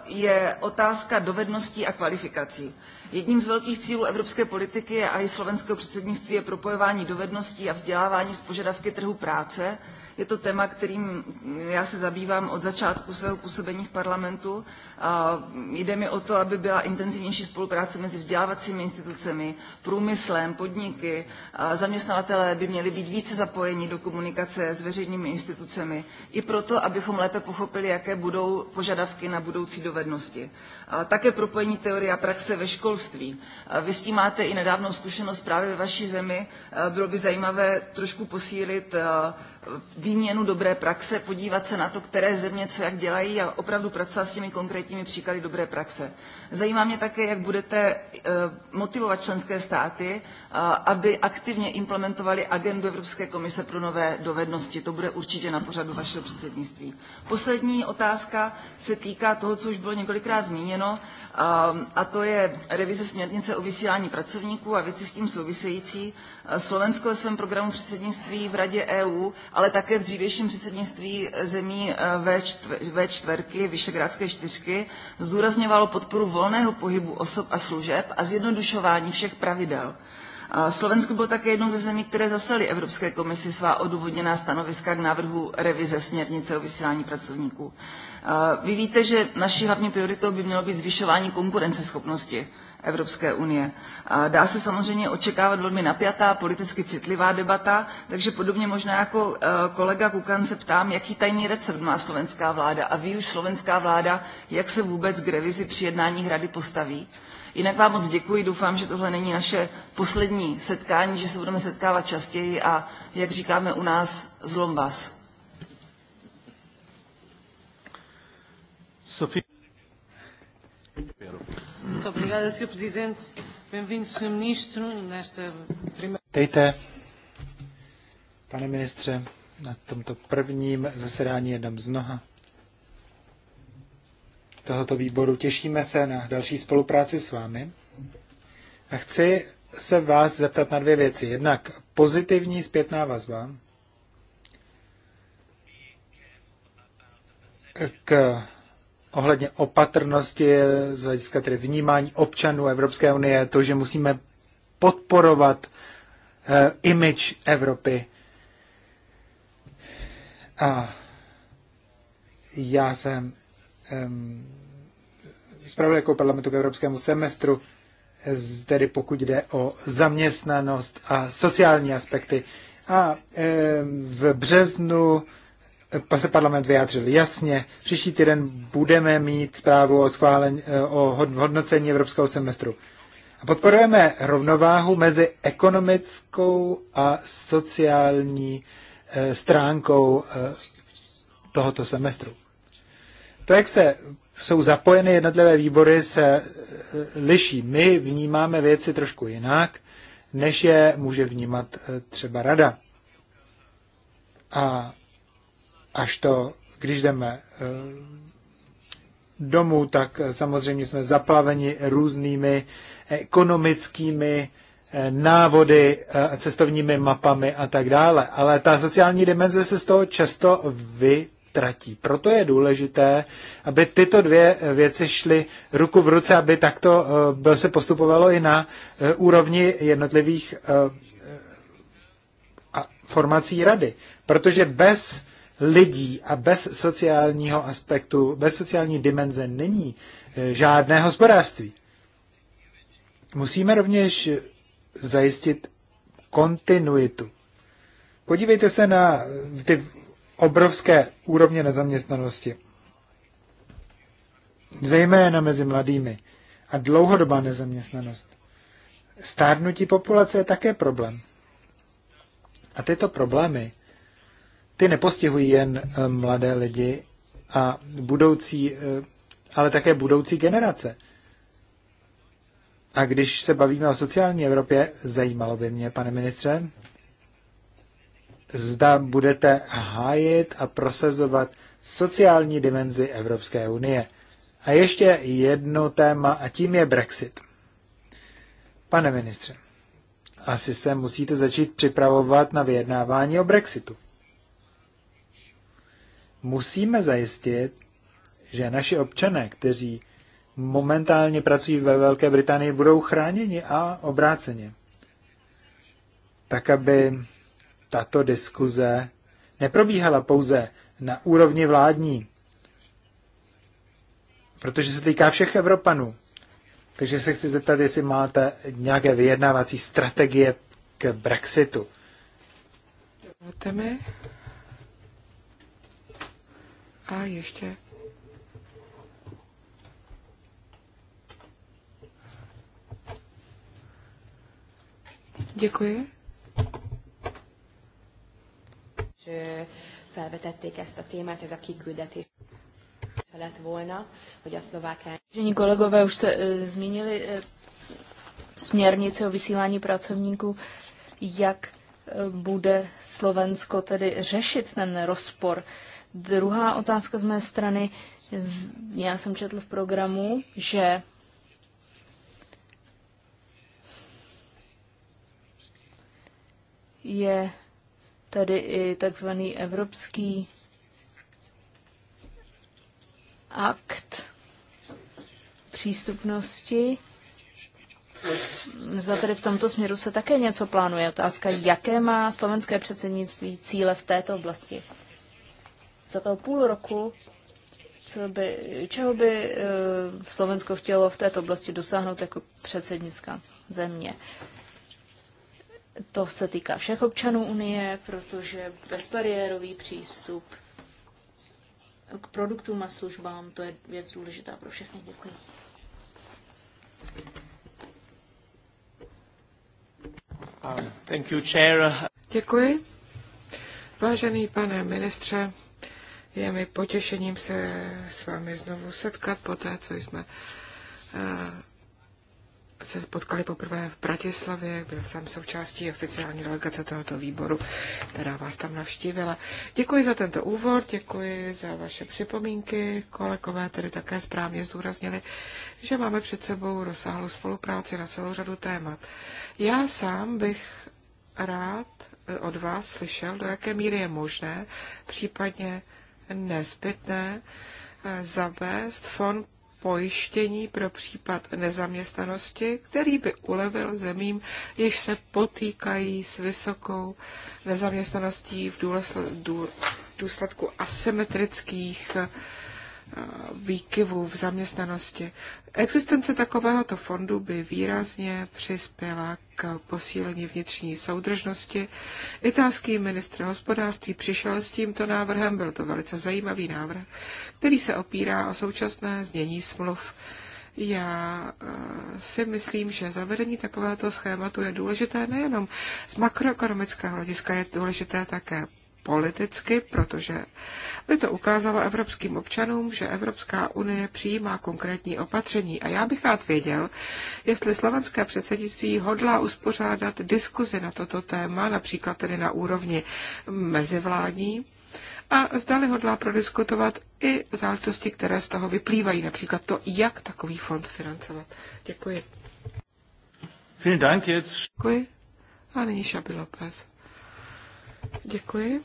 je otázka dovedností a kvalifikací. Jedním z velkých cílů evropské politiky a i slovenského předsednictví je propojování dovedností a vzdělávání s požadavky trhu práce, je to téma, kterým já se zabývám od začátku svého působení v parlamentu. A jde mi o to, aby byla intenzivnější spolupráce mezi vzdělávacími institucemi, průmyslem, podniky. A zaměstnavatelé by měli být více zapojeni do komunikace s veřejnými institucemi, i proto, abychom lépe pochopili, jaké budou požadavky na budoucí dovednosti. A také propojení teorie a praxe ve školství. A vy s tím máte i nedávnou zkušenost právě ve vaší zemi. Bylo by zajímavé trošku posílit výměnu dobré praxe, podívat se na to, které země co jak dělají a opravdu pracovat s těmi konkrétními příklady dobré praxe. Zajímá mě také, jak budete eh, motivovat členské státy, aby aktivně implementovali agendu Evropské komise pro nové dovednosti. To bude určitě na pořadu vašeho předsednictví. Poslední otázka se týká toho, co už bylo několikrát zmíněno, Ehm, a to je revize směrnice o vysílání pracovníků a věci s tím související. Eh, Slovensko ve svém programu předsednictví v Radě EU, ale také v dřívějším předsednictví eh, zemí eh, V4, Vyšegrádské čtyřky, zdůrazňovalo podporu volného pohybu osob a služeb a zjednodušování všech pravidel. Slovensko bylo také jednou ze zemí, které zasely Evropské komisi svá odůvodněná stanoviska k návrhu revize směrnice o vysílání pracovníků. Vy víte, že naší hlavní prioritou by mělo být zvyšování konkurenceschopnosti Evropské unie. Dá se samozřejmě očekávat velmi napjatá, politicky citlivá debata, takže podobně možná jako eh, kolega Kukan se ptám, jaký tajný recept má slovenská vláda a ví už slovenská vláda, jak se vůbec k revizi při jednání hrady postaví. Jinak vám moc děkuji, doufám, že tohle není naše poslední setkání, že se budeme setkávat častěji a, jak říkáme u nás, zlom vás. Sofia. Muito obrigada, Sr. Presidente. Bem-vindo, Sr. Ministro, nesta primeira... pane ministře, na tomto prvním zasedání jednom z mnoha tohoto výboru. Těšíme se na další spolupráci s vámi. A chci se vás zeptat na dvě věci. Jednak pozitivní zpětná vazba k ohledně opatrnosti z hlediska tedy vnímání občanů Evropské unie, to, že musíme podporovat uh, image Evropy. A já jsem um, e, zpravodajkou jako parlamentu k evropskému semestru, tedy pokud jde o zaměstnanost a sociální aspekty. A um, v březnu se parlament vyjádřil jasně. Příští týden budeme mít zprávu o, schválen, eh, o hodnocení evropského semestru. A podporujeme rovnováhu mezi ekonomickou a sociální eh, stránkou eh, tohoto semestru. To, jak se jsou zapojeny jednotlivé výbory, se liší. My vnímáme věci trošku jinak, než je může vnímat třeba rada. A až to, když jdeme eh, domů, tak samozřejmě jsme zaplaveni různými ekonomickými eh, návody, eh, cestovními mapami a tak dále. Ale ta sociální dimenze se z toho často vytratí. Proto je důležité, aby tyto dvě věci šly ruku v ruce, aby takto se postupovalo i na úrovni jednotlivých formací rady. Protože bez lidí a bez sociálního aspektu, bez sociální dimenze není eh, žádné hospodářství. Musíme rovněž zajistit kontinuitu. Podívejte se na eh, ty obrovské úrovně nezaměstnanosti, zejména mezi mladými a dlouhodobá nezaměstnanost. Stárnutí populace je také problém. A tyto problémy ty nepostihují jen eh, mladé lidi a budoucí, eh, ale také budoucí generace. A když se bavíme o sociální Evropě, zajímalo by mě, pane ministře, zda budete hájit a prosazovat sociální dimenzi Evropské unie. A ještě jedno téma, a tím je Brexit. Pane ministře, asi se musíte začít připravovat na vyjednávání o Brexitu musíme zajistit, že naši občané, kteří momentálně pracují ve Velké Británii, budou chráněni a obráceně. Tak, aby tato diskuze neprobíhala pouze na úrovni vládní, protože se týká všech Evropanů. Takže se chci zeptat, jestli máte nějaké vyjednávací strategie k Brexitu. Dovolte mi, a ještě Děkuji. felvetették ezt a témát, ez a kiküldetés lett volna, hogy a szlovákán... Žení kolegové už se e, eh, zmínili e, směrnice o vysílání pracovníků, jak e, bude Slovensko tedy řešit ten rozpor Druhá otázka z mé strany. Já jsem četl v programu, že je tady i takzvaný evropský akt přístupnosti. Zda tedy v tomto směru se také něco plánuje. Otázka, jaké má slovenské předsednictví cíle v této oblasti? za toho půl roku, co by, čeho by eh, Slovensko chtělo v této oblasti dosáhnout jako předsednická země. To se týká všech občanů Unie, protože bezbariérový přístup k produktům a službám, to je věc důležitá pro všechny. Děkuji. Um, thank you, chair. Děkuji. Vážený pane ministře, je mi potěšením se s vámi znovu setkat po té, co jsme eh, se potkali poprvé v Bratislavě, byl jsem součástí oficiální delegace tohoto výboru, která vás tam navštívila. Děkuji za tento úvod, děkuji za vaše připomínky. Kolegové tedy také správně zdůraznili, že máme před sebou rozsáhlou spolupráci na celou řadu témat. Já sám bych rád od vás slyšel, do jaké míry je možné, případně nezbytné eh, zavést fond pojištění pro případ nezaměstnanosti, který by ulevil zemím, jež se potýkají s vysokou nezaměstnaností v důsledku asymetrických eh, výkyvů v zaměstnanosti. Existence takovéhoto fondu by výrazně přispěla k posílení vnitřní soudržnosti. Italský ministr hospodářství přišel s tímto návrhem, byl to velice zajímavý návrh, který se opírá o současné znění smluv. Já eh, si myslím, že zavedení takovéhoto schématu je důležité nejenom z makroekonomického hlediska, je důležité také politicky, protože by to ukázalo evropským občanům, že Evropská unie přijímá konkrétní opatření. A já bych rád věděl, jestli slovenské předsednictví hodlá uspořádat diskuzi na toto téma, například tedy na úrovni mezivládní, a zdali hodlá prodiskutovat i záležitosti, které z toho vyplývají, například to, jak takový fond financovat. Děkuji. Vielen Dank jetzt. Děkuji. A nyní Šabi López. Děkuji.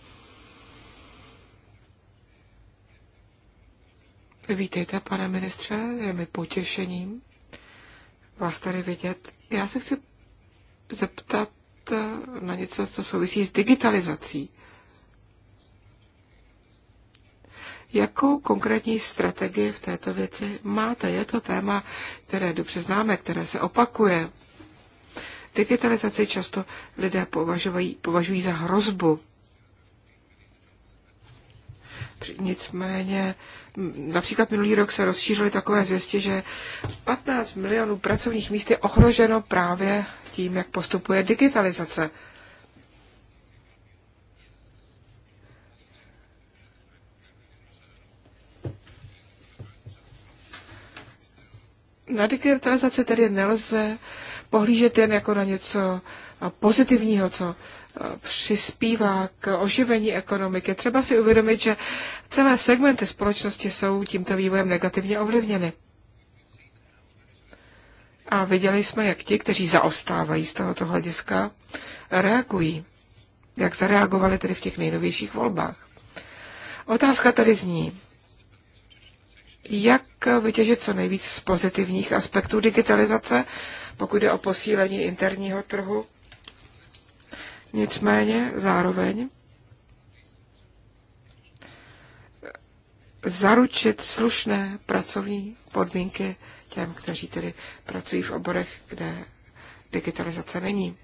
Vítejte, pane ministře, je mi potěšením vás tady vidět. Já se chci zeptat eh, na něco, co souvisí s digitalizací. Jakou konkrétní strategii v této věci máte? Je to téma, které dobře známe, které se opakuje digitalizaci často lidé považují, považují za hrozbu. Nicméně například minulý rok se rozšířily takové zvěsti, že 15 milionů pracovních míst je ohroženo právě tím, jak postupuje digitalizace. Na digitalizaci tedy nelze pohlížet jen jako na něco pozitivního, co přispívá k oživení ekonomiky. Třeba si uvědomit, že celé segmenty společnosti jsou tímto vývojem negativně ovlivněny. A viděli jsme, jak ti, kteří zaostávají z tohoto hlediska, reagují. Jak zareagovali tedy v těch nejnovějších volbách. Otázka tady zní, jak vytěžit co nejvíc z pozitivních aspektů digitalizace, pokud jde o posílení interního trhu. Nicméně zároveň zaručit slušné pracovní podmínky těm, kteří tedy pracují v oborech, kde digitalizace není.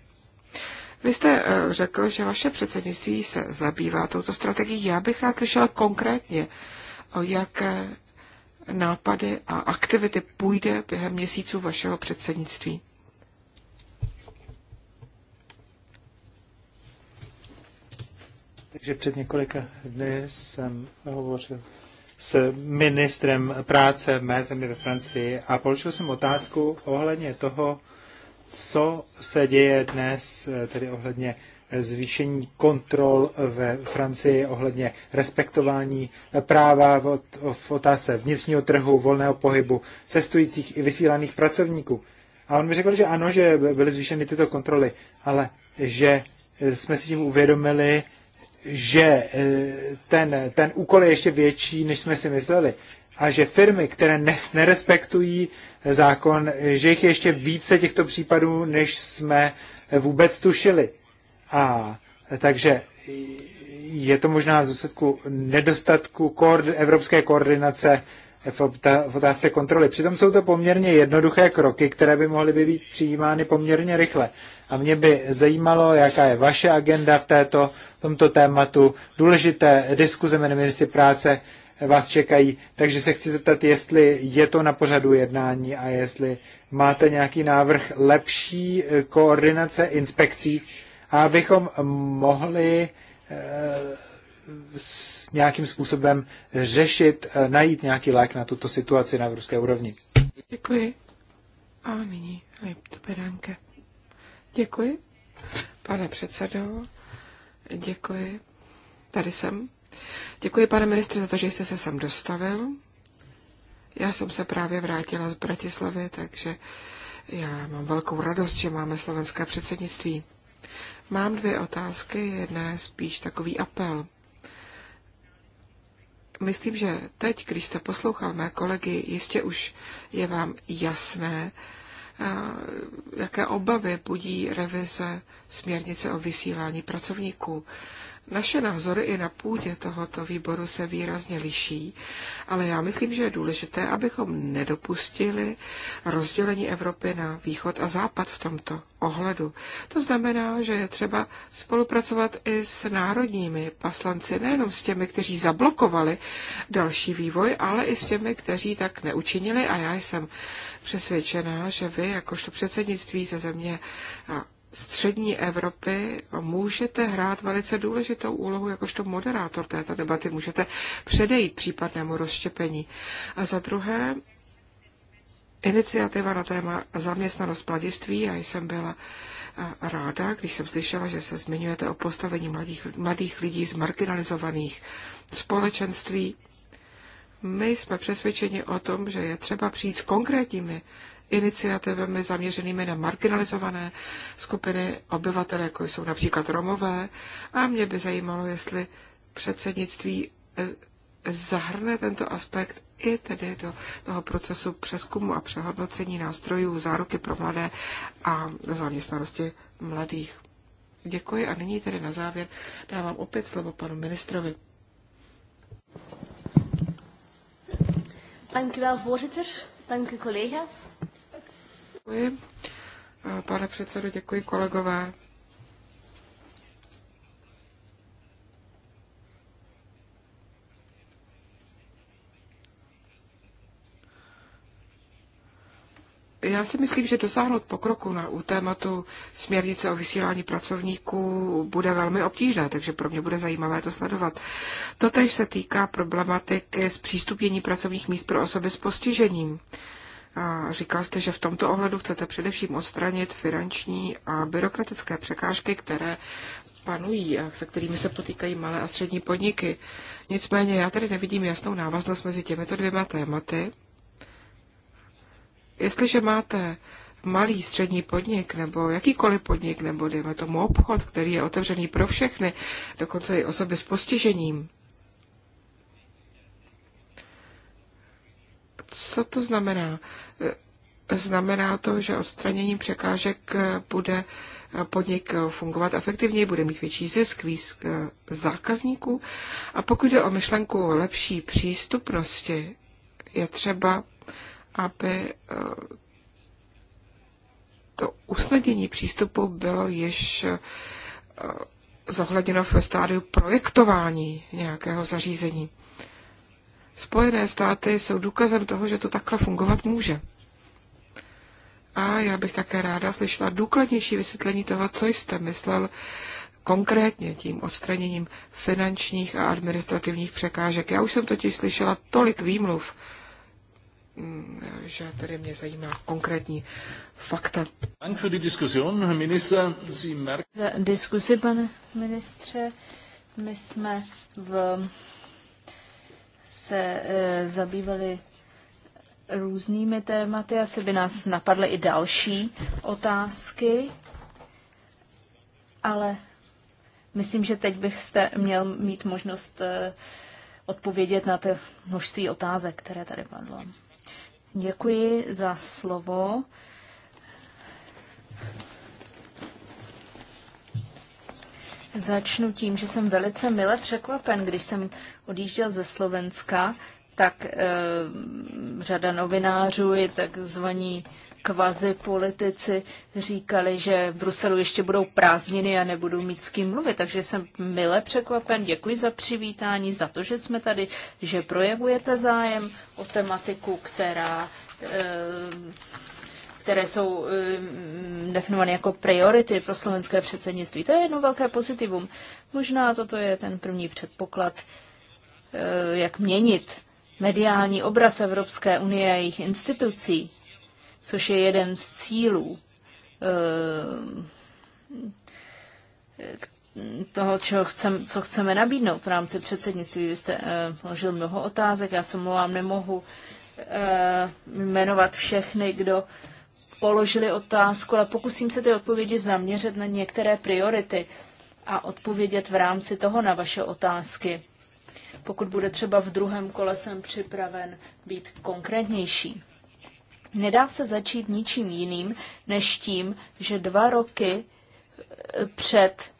Vy jste eh, řekl, že vaše předsednictví se zabývá touto strategií. Já bych rád slyšela konkrétně, o jaké nápady a aktivity půjde během měsíců vašeho předsednictví? Takže před několika dny jsem hovořil s ministrem práce mé země ve Francii a položil jsem otázku ohledně toho, co se děje dnes, tedy ohledně zvýšení kontrol ve Francii ohledně respektování práva v otázce vnitřního trhu, volného pohybu, cestujících i vysílaných pracovníků. A on mi řekl, že ano, že byly zvýšeny tyto kontroly, ale že eh, jsme si tím uvědomili, že eh, ten, ten úkol je ještě větší, než jsme si mysleli. A že firmy, které nes, nerespektují eh, zákon, že jich je ještě více těchto případů, než jsme vůbec tušili. A takže je to možná v důsledku nedostatku koord, evropské koordinace v otázce kontroly. Přitom jsou to poměrně jednoduché kroky, které by mohly by být přijímány poměrně rychle. A mě by zajímalo, jaká je vaše agenda v této, v tomto tématu. Důležité diskuze mezi ministry práce vás čekají, takže se chci zeptat, jestli je to na pořadu jednání a jestli máte nějaký návrh lepší koordinace inspekcí abychom mohli eh, s nějakým způsobem řešit, eh, najít nějaký lék na tuto situaci na evropské úrovni. Děkuji. A nyní Lipto Beránke. Děkuji, pane předsedo. Děkuji. Tady jsem. Děkuji, pane ministře, za to, že jste se sem dostavil. Já jsem se právě vrátila z Bratislavy, takže já mám velkou radost, že máme slovenské předsednictví. Mám dvě otázky, jedna je spíš takový apel. Myslím, že teď, když jste poslouchal mé kolegy, jistě už je vám jasné, jaké obavy budí revize směrnice o vysílání pracovníků. Naše názory i na půdě tohoto výboru se výrazně liší, ale já myslím, že je důležité, abychom nedopustili rozdělení Evropy na východ a západ v tomto ohledu. To znamená, že je třeba spolupracovat i s národními paslanci, nejenom s těmi, kteří zablokovali další vývoj, ale i s těmi, kteří tak neučinili. A já jsem přesvědčená, že vy, jakožto předsednictví ze země střední Evropy můžete hrát velice důležitou úlohu jakožto moderátor této debaty. Můžete předejít případnému rozštěpení. A za druhé, iniciativa na téma zaměstnanost mladiství. Já jsem byla ráda, když jsem slyšela, že se zmiňujete o postavení mladých, mladých lidí z marginalizovaných společenství. My jsme přesvědčeni o tom, že je třeba přijít s konkrétními iniciativami zaměřenými na marginalizované skupiny obyvatel, jako jsou například Romové. A mě by zajímalo, jestli předsednictví eh, zahrne tento aspekt i tedy do toho procesu přeskumu a přehodnocení nástrojů záruky pro mladé a zaměstnanosti mladých. Děkuji a nyní tedy na závěr dávám opět slovo panu ministrovi. Thank you, wel, voorzitter. Dank Děkuji. Pane předsedo, děkuji kolegové. Já si myslím, že dosáhnout pokroku na, u tématu směrnice o vysílání pracovníků bude velmi obtížné, takže pro mě bude zajímavé to sledovat. Totež se týká problematiky zpřístupnění pracovních míst pro osoby s postižením. Uh, říkal jste, že v tomto ohledu chcete především odstranit finanční a byrokratické překážky, které panují a se kterými se potýkají malé a střední podniky. Nicméně já tady nevidím jasnou návaznost mezi těmito dvěma tématy. Jestliže máte malý střední podnik nebo jakýkoliv podnik nebo dejme tomu obchod, který je otevřený pro všechny, dokonce i osoby s postižením, Co to znamená? E, znamená to, že odstraněním překážek e, bude e, podnik fungovat efektivněji, bude mít větší zisk, víc zákazníků. A pokud jde o myšlenku lepší přístupnosti, je třeba, aby to usnadnění přístupu bylo již zohledněno ve stádiu projektování nějakého zařízení. Spojené státy jsou důkazem toho, že to takhle fungovat může. A já bych také ráda slyšela důkladnější vysvětlení toho, co jste myslel konkrétně tím odstraněním finančních a administrativních překážek. Já už jsem totiž slyšela tolik výmluv, že tady mě zajímá konkrétní fakta. Za Minister. Diskusi, pane ministře. My jsme v se eh, zabývali různými tématy. Asi by nás napadly i další otázky, ale myslím, že teď byste měl mít možnost eh, odpovědět na to množství otázek, které tady padlo. Děkuji za slovo. Začnu tím, že jsem velice mile překvapen, když jsem odjížděl ze Slovenska, tak e, řada novinářů i takzvaní kvazi politici říkali, že v Bruselu ještě budou prázdniny a nebudou mít s kým mluvit. Takže jsem mile překvapen. Děkuji za přivítání, za to, že jsme tady, že projevujete zájem o tematiku, která e, které jsou eh, mm, definovány jako priority pro slovenské předsednictví. To je jedno velké pozitivum. Možná toto je ten první předpoklad, eh, jak měnit mediální obraz Evropské unie a jejich institucí, což je jeden z cílů eh, toho, čeho chcem, co chceme nabídnout v rámci předsednictví. Vy jste položil mnoho otázek, já se mluvám, nemohu jmenovat všechny, kdo položili otázku, ale pokusím se ty odpovědi zaměřit na některé priority a odpovědět v rámci toho na vaše otázky. Pokud bude třeba v druhém kole, jsem připraven být konkrétnější. Nedá se začít ničím jiným, než tím, že dva roky eh, před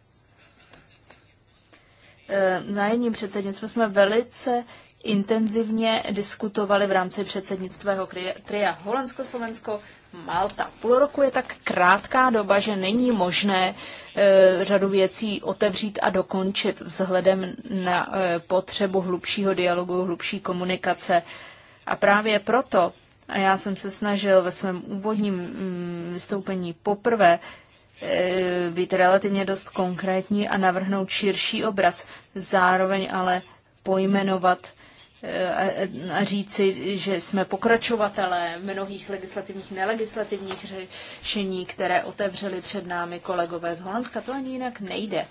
eh, nájemním předsednictvím jsme velice intenzivně diskutovali v rámci předsednictvého tria Holandsko, Slovensko, Malta. Půl roku je tak krátká doba, že není možné e, řadu věcí otevřít a dokončit vzhledem na e, potřebu hlubšího dialogu, hlubší komunikace. A právě proto, a já jsem se snažil ve svém úvodním mm, vystoupení poprvé, e, být relativně dost konkrétní a navrhnout širší obraz, zároveň ale pojmenovat e, Eh, a říci, že jsme pokračovatelé mnohých legislativních, nelegislativních řešení, které otevřeli před námi kolegové z Holandska. To ani jinak nejde.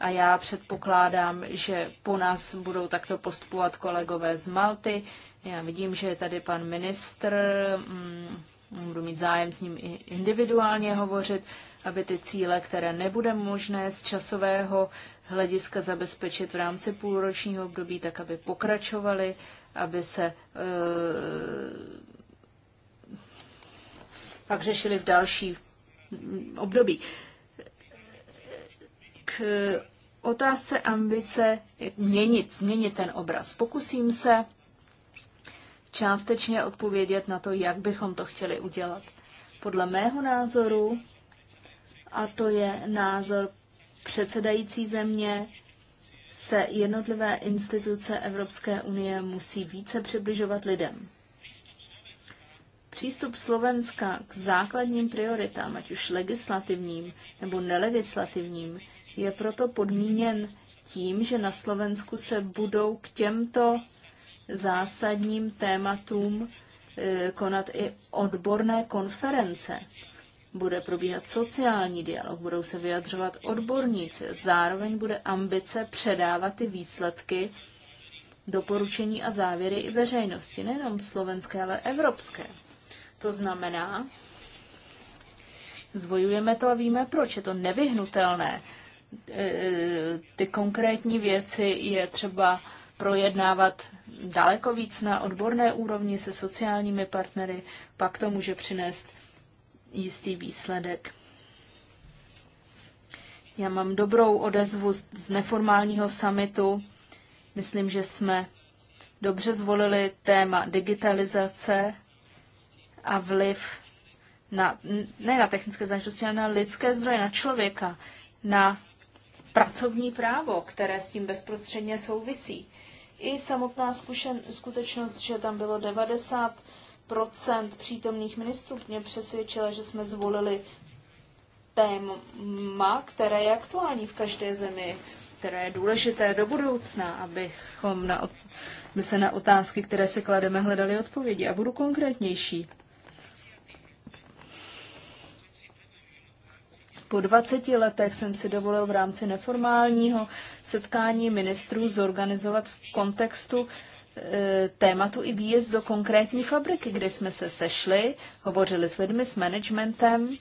A já předpokládám, že po nás budou takto postupovat kolegové z Malty. Já vidím, že je tady pan ministr, mm, budu mít zájem s ním i individuálně hovořit, aby ty cíle, které nebude možné z časového hlediska zabezpečit v rámci půlročního období, tak aby pokračovaly, aby se eh, pak řešili v dalších období. K otázce ambice měnit, změnit ten obraz. Pokusím se částečně odpovědět na to, jak bychom to chtěli udělat. Podle mého názoru, a to je názor předsedající země se jednotlivé instituce Evropské unie musí více přibližovat lidem. Přístup Slovenska k základním prioritám, ať už legislativním nebo nelegislativním, je proto podmíněn tím, že na Slovensku se budou k těmto zásadním tématům eh, konat i odborné konference bude probíhat sociální dialog, budou se vyjadřovat odborníci, zároveň bude ambice předávat ty výsledky, doporučení a závěry i veřejnosti, nejenom slovenské, ale evropské. To znamená, zvojujeme to a víme, proč je to nevyhnutelné. E, e, ty konkrétní věci je třeba projednávat daleko víc na odborné úrovni se sociálními partnery, pak to může přinést jistý výsledek. Já mám dobrou odezvu z neformálního summitu. Myslím, že jsme dobře zvolili téma digitalizace a vliv na, ne na technické záležitosti, ale na lidské zdroje, na člověka, na pracovní právo, které s tím bezprostředně souvisí. I samotná zkušen, skutečnost, že tam bylo 90 přítomných ministrů mě přesvědčila, že jsme zvolili téma, které je aktuální v každé zemi, které je důležité do budoucna, abychom na, my se na otázky, které se klademe, hledali odpovědi. A budu konkrétnější. Po 20 letech jsem si dovolil v rámci neformálního setkání ministrů zorganizovat v kontextu Eh, tématu i výjezd do konkrétní fabriky, kde jsme se sešli, hovořili s lidmi, s managementem,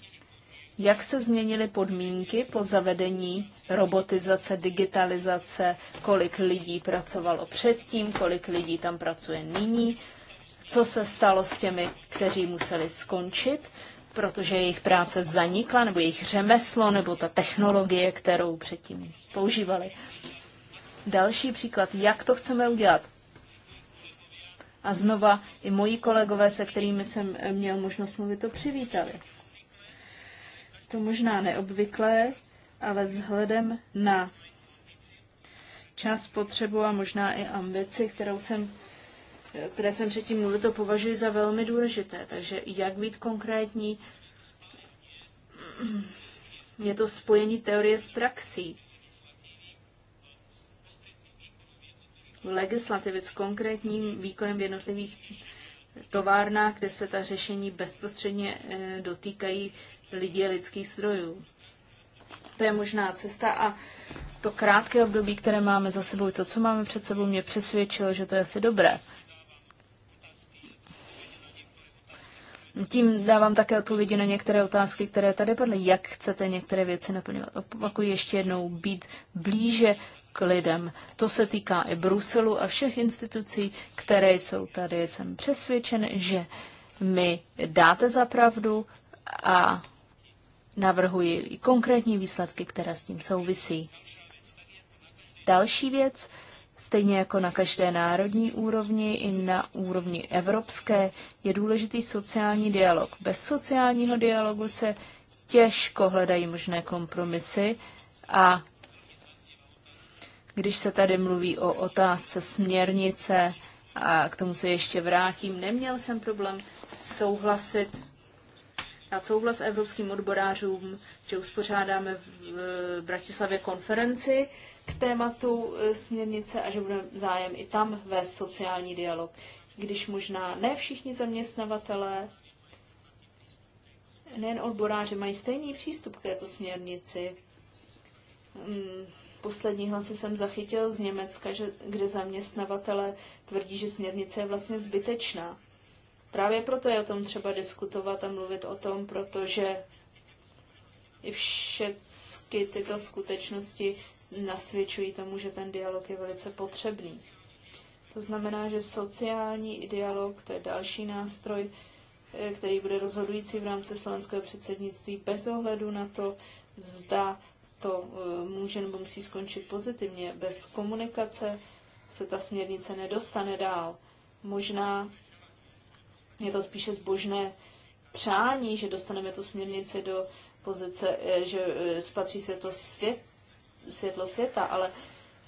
jak se změnily podmínky po zavedení robotizace, digitalizace, kolik lidí pracovalo předtím, kolik lidí tam pracuje nyní, co se stalo s těmi, kteří museli skončit, protože jejich práce zanikla, nebo jejich řemeslo, nebo ta technologie, kterou předtím používali. Další příklad, jak to chceme udělat a znova i moji kolegové, se kterými jsem eh, měl možnost mluvit, to přivítali. To možná neobvyklé, ale vzhledem na čas, potřebu a možná i ambici, kterou jsem, eh, které jsem předtím mluvil, to považuji za velmi důležité. Takže jak být konkrétní, je to spojení teorie s praxí. legislativy s konkrétním výkonem v jednotlivých továrnách, kde se ta řešení bezprostředně e, dotýkají lidí a lidských zdrojů. To je možná cesta a to krátké období, které máme za sebou, to, co máme před sebou, mě přesvědčilo, že to je asi dobré. Tím dávám také odpovědi na některé otázky, které tady padly. Jak chcete některé věci naplňovat? Opakuji ještě jednou, být blíže k lidem. To se týká i Bruselu a všech institucí, které jsou tady. Jsem přesvědčen, že mi dáte za pravdu a navrhuji i konkrétní výsledky, které s tím souvisí. Další věc, stejně jako na každé národní úrovni i na úrovni evropské, je důležitý sociální dialog. Bez sociálního dialogu se těžko hledají možné kompromisy a když se tady mluví o otázce směrnice, a k tomu se ještě vrátím, neměl jsem problém souhlasit na souhlas evropským odborářům, že uspořádáme v Bratislavě konferenci k tématu e, směrnice a že budeme zájem i tam vést sociální dialog. Když možná ne všichni zaměstnavatelé, nejen odboráři mají stejný přístup k této směrnici, mm, Poslední hlasy jsem zachytil z Německa, že, kde zaměstnavatele tvrdí, že směrnice je vlastně zbytečná. Právě proto je o tom třeba diskutovat a mluvit o tom, protože i všechny tyto skutečnosti nasvědčují tomu, že ten dialog je velice potřebný. To znamená, že sociální dialog, to je další nástroj, eh, který bude rozhodující v rámci slovenského předsednictví bez ohledu na to, zda to eh, může nebo musí skončit pozitivně. Bez komunikace se ta směrnice nedostane dál. Možná je to spíše zbožné přání, že dostaneme tu směrnici do pozice, eh, že eh, spatří světlo, svět, světlo světa, ale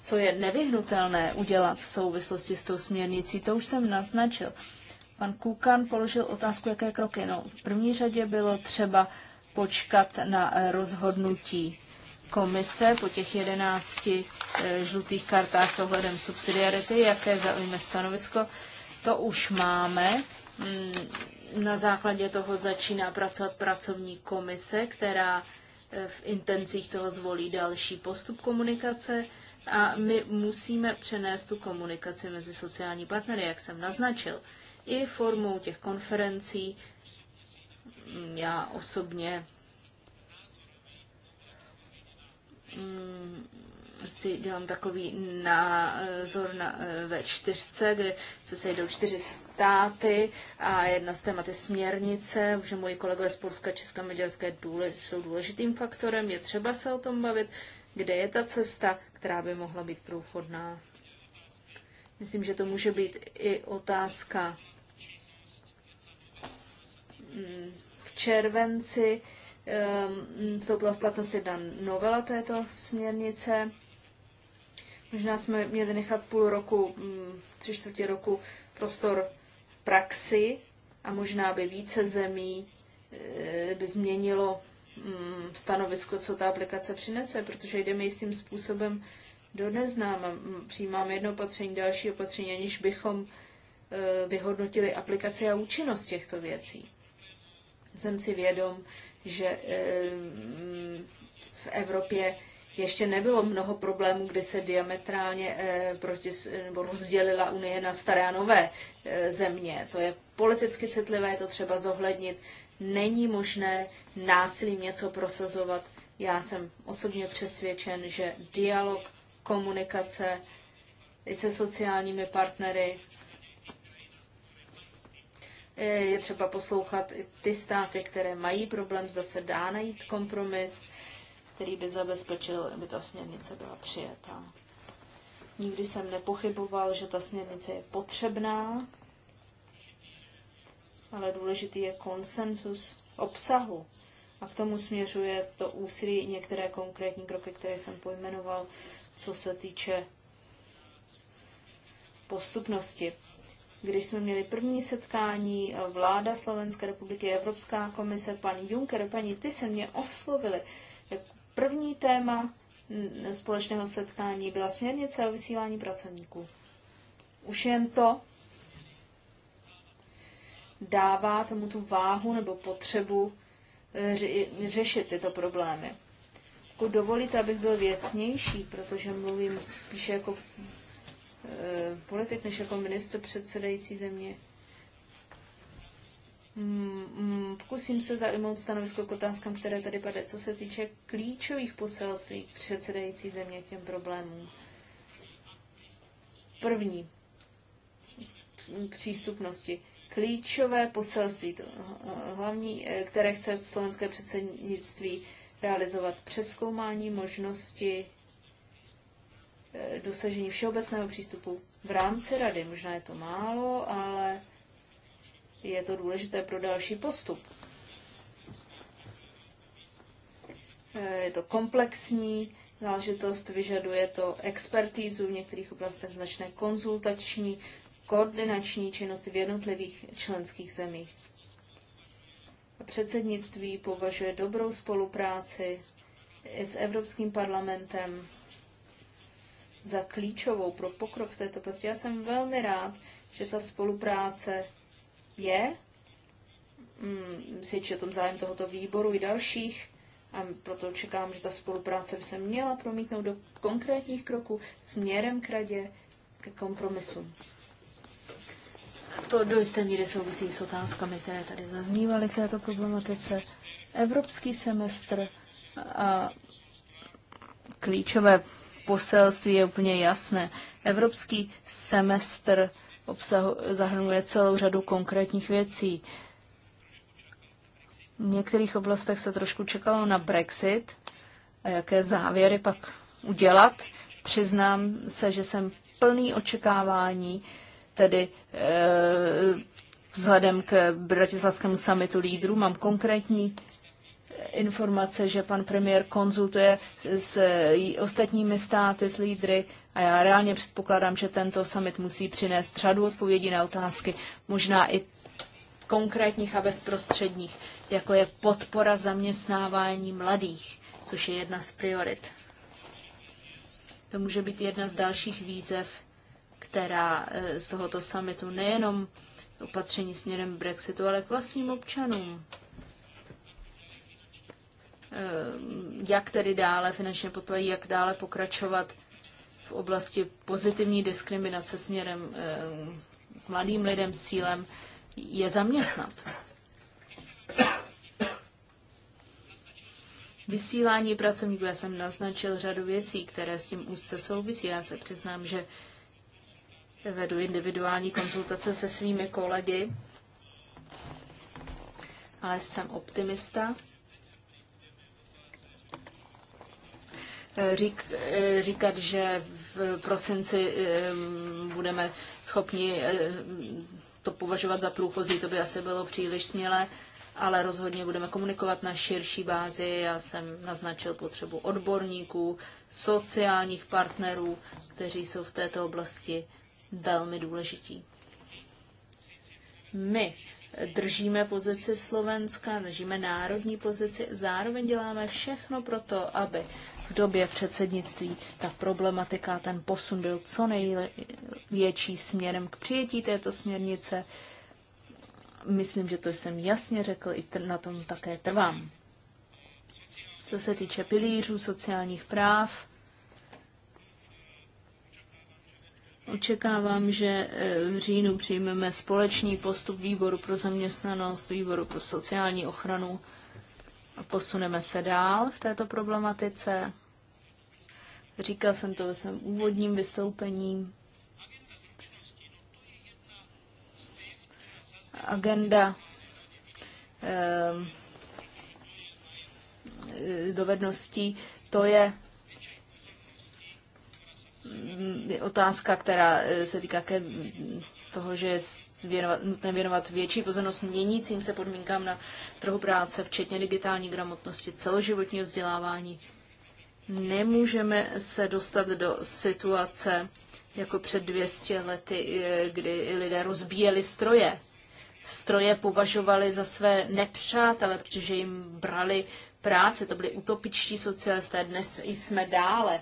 co je nevyhnutelné udělat v souvislosti s tou směrnicí, to už jsem naznačil. Pan Kukan položil otázku, jaké kroky. No, v první řadě bylo třeba počkat na rozhodnutí komise po těch jedenácti eh, žlutých kartách s ohledem subsidiarity, jaké zaujme stanovisko. To už máme. Mm, na základě toho začíná pracovat pracovní komise, která eh, v intencích toho zvolí další postup komunikace a my musíme přenést tu komunikaci mezi sociální partnery, jak jsem naznačil, i formou těch konferencí. Mm, já osobně Mm, si dělám takový názor na, eh, ve čtyřce, kde se sejdou čtyři státy a jedna z témat je směrnice, že moji kolegové z Polska, Česka, Maďarské jsou důležitým faktorem, je třeba se o tom bavit, kde je ta cesta, která by mohla být průchodná. Myslím, že to může být i otázka mm, v červenci Ehm, vstoupila v platnost jedna novela této směrnice. Možná jsme měli nechat půl roku, mm, tři čtvrtě roku prostor praxi a možná by více zemí eh, by změnilo mm, stanovisko, co ta aplikace přinese, protože jdeme jistým způsobem do neznáma. Přijímáme jedno opatření, další opatření, aniž bychom eh, vyhodnotili aplikaci a účinnost těchto věcí. Jsem si vědom, že eh, v Evropě ještě nebylo mnoho problémů, kdy se diametrálně eh, proti, nebo rozdělila Unie na staré a nové eh, země. To je politicky citlivé, je to třeba zohlednit. Není možné násilím něco prosazovat. Já jsem osobně přesvědčen, že dialog, komunikace i se sociálními partnery Eh, je třeba poslouchat i ty státy, které mají problém, zda se dá najít kompromis, který by zabezpečil, aby ta směrnice byla přijetá. Nikdy jsem nepochyboval, že ta směrnice je potřebná, ale důležitý je konsensus obsahu. A k tomu směřuje to úsilí některé konkrétní kroky, které jsem pojmenoval, co se týče postupnosti když jsme měli první setkání eh, vláda Slovenské republiky, Evropská komise, pan Juncker, paní Tysen mě oslovili. Jako první téma mm, společného setkání byla směrnice o vysílání pracovníků. Už jen to dává tomu tu váhu nebo potřebu eh, řešit tyto problémy. dovolíte, abych byl věcnější, protože mluvím spíše jako Eh, politik než jako ministr předsedající země. Hmm, hmm, pokusím se zaujmout stanovisko k otázkám, které tady padá. co se týče klíčových poselství předsedající země k těm problémům. První přístupnosti. Klíčové poselství, to eh, hlavní, eh, které chce slovenské předsednictví realizovat přeskoumání možnosti Eh, dosažení všeobecného přístupu v rámci rady. Možná je to málo, ale je to důležité pro další postup. Eh, je to komplexní záležitost, vyžaduje to expertízu v některých oblastech, značné konzultační, koordinační činnosti v jednotlivých členských zemích. Předsednictví považuje dobrou spolupráci i s Evropským parlamentem za klíčovou pro pokrok v této oblasti. Já jsem velmi rád, že ta spolupráce je. Mm, svědčí o tom zájem tohoto výboru i dalších a proto čekám, že ta spolupráce by se měla promítnout do konkrétních kroků směrem k radě, ke kompromisům. To do jisté míry souvisí s otázkami, které tady zaznívaly v této problematice. Evropský semestr a klíčové poselství je úplně jasné. Evropský semestr obsahu, zahrnuje celou řadu konkrétních věcí. V některých oblastech se trošku čekalo na Brexit a jaké závěry pak udělat. Přiznám se, že jsem plný očekávání, tedy e, vzhledem k bratislavskému samitu lídrů mám konkrétní informace, že pan premiér konzultuje s ostatními státy, s lídry a já reálně předpokládám, že tento summit musí přinést řadu odpovědí na otázky, možná i konkrétních a bezprostředních, jako je podpora zaměstnávání mladých, což je jedna z priorit. To může být jedna z dalších výzev, která e, z tohoto summitu nejenom opatření směrem Brexitu, ale k vlastním občanům. Eh, jak tedy dále finančně podporují, jak dále pokračovat v oblasti pozitivní diskriminace směrem k eh, mladým lidem s cílem je zaměstnat. Vysílání pracovníků, já jsem naznačil řadu věcí, které s tím úzce souvisí. Já se přiznám, že vedu individuální konzultace se svými kolegy, ale jsem optimista řík, říkat, že v prosinci budeme schopni to považovat za průchozí, to by asi bylo příliš smělé, ale rozhodně budeme komunikovat na širší bázi. Já jsem naznačil potřebu odborníků, sociálních partnerů, kteří jsou v této oblasti velmi důležití. My držíme pozici Slovenska, držíme národní pozici, zároveň děláme všechno pro to, aby v době předsednictví ta problematika, ten posun byl co největší směrem k přijetí této směrnice. Myslím, že to jsem jasně řekl, i na tom také trvám. Co se týče pilířů sociálních práv, Očekávám, že eh, v říjnu přijmeme společný postup výboru pro zaměstnanost, výboru pro sociální ochranu a posuneme se dál v této problematice. Říkal jsem to ve svém úvodním vystoupení. Agenda eh, eh dovedností, to je otázka, která eh, se týká ke toho, že je věnovat, nutné věnovat větší pozornost měnícím se podmínkám na trhu práce, včetně digitální gramotnosti, celoživotního vzdělávání. Nemůžeme se dostat do situace jako před 200 lety, eh, kdy lidé rozbíjeli stroje. Stroje považovali za své nepřátele, protože jim brali práce. To byly utopičtí socialisté. Dnes jsme dále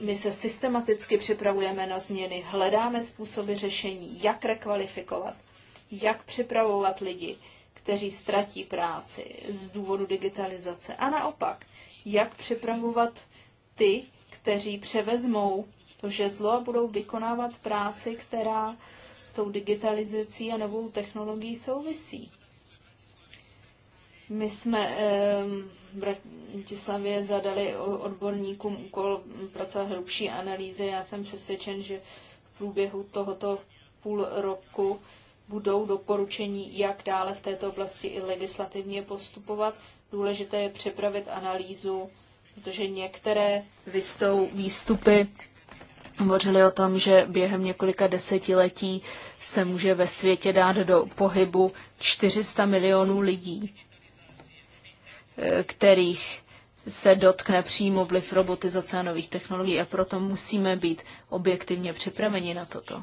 my se systematicky připravujeme na změny, hledáme způsoby řešení, jak rekvalifikovat, jak připravovat lidi, kteří ztratí práci z důvodu digitalizace a naopak, jak připravovat ty, kteří převezmou to žezlo a budou vykonávat práci, která s tou digitalizací a novou technologií souvisí. My jsme ehm, Bratislavě zadali odborníkům úkol pracovat hrubší analýzy. Já jsem přesvědčen, že v průběhu tohoto půl roku budou doporučení, jak dále v této oblasti i legislativně postupovat. Důležité je připravit analýzu, protože některé vystou, výstupy hovořili o tom, že během několika desetiletí se může ve světě dát do pohybu 400 milionů lidí kterých se dotkne přímo vliv robotizace a nových technologií a proto musíme být objektivně připraveni na toto.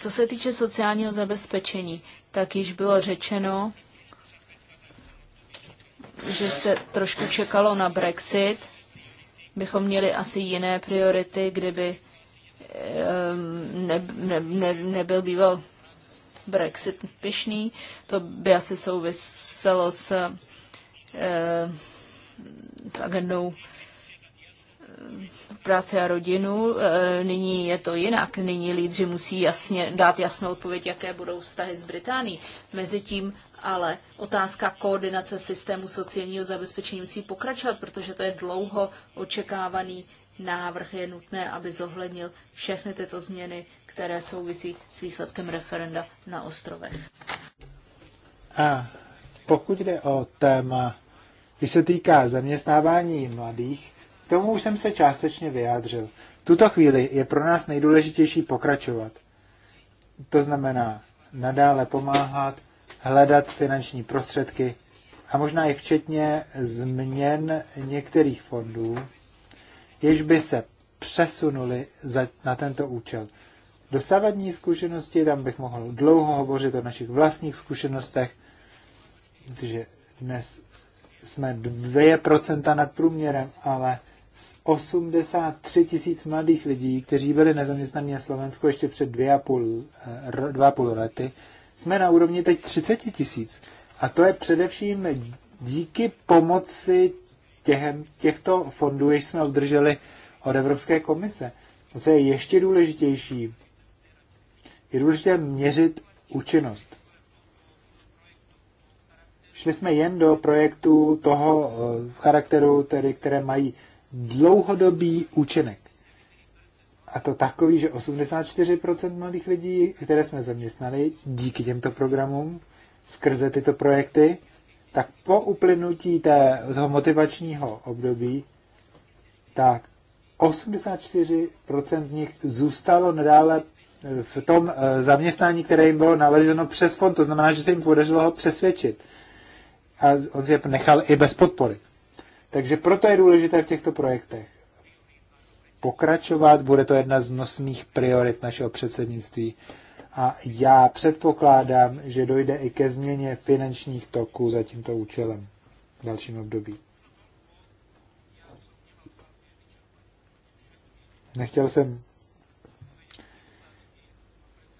Co se týče sociálního zabezpečení, tak již bylo řečeno, že se trošku čekalo na Brexit. Bychom měli asi jiné priority, kdyby ehm, ne, ne, ne, nebyl býval Brexit pyšný. To by asi souviselo s Eh, s agendou eh, práce a rodinu. Eh, nyní je to jinak. Nyní lídři musí jasně dát jasnou odpověď, jaké budou vztahy s Británií. Mezitím ale otázka koordinace systému sociálního zabezpečení musí pokračovat, protože to je dlouho očekávaný návrh. Je nutné, aby zohlednil všechny tyto změny, které souvisí s výsledkem referenda na ostrovech. A pokud jde o téma když se týká zaměstnávání mladých, k tomu už jsem se částečně vyjádřil. V tuto chvíli je pro nás nejdůležitější pokračovat. To znamená nadále pomáhat, hledat finanční prostředky a možná i včetně změn některých fondů, jež by se přesunuli za, na tento účel. Dosavadní zkušenosti, tam bych mohl dlouho hovořit o našich vlastních zkušenostech, protože dnes jsme 2% nad průměrem, ale z 83 tisíc mladých lidí, kteří byli nezaměstnaní na Slovensku ještě před 2,5 eh, lety, jsme na úrovni teď 30 tisíc. A to je především díky pomoci těhem, těchto fondů, jež jsme obdrželi od Evropské komise. A co je ještě důležitější, je důležité měřit účinnost. Šli jsme jen do projektu toho eh, charakteru, tedy, které mají dlouhodobý účinek. A to takový, že 84% mladých lidí, které jsme zaměstnali díky těmto programům, skrze tyto projekty, tak po uplynutí té, toho motivačního období, tak 84% z nich zůstalo nadále eh, v tom eh, zaměstnání, které jim bylo naleženo přes fond. To znamená, že se jim podařilo ho přesvědčit a je nechal i bez podpory. Takže proto je důležité v těchto projektech pokračovat, bude to jedna z nosných priorit našeho předsednictví a já předpokládám, že dojde i ke změně finančních toků za tímto účelem v dalším období. Nechtěl jsem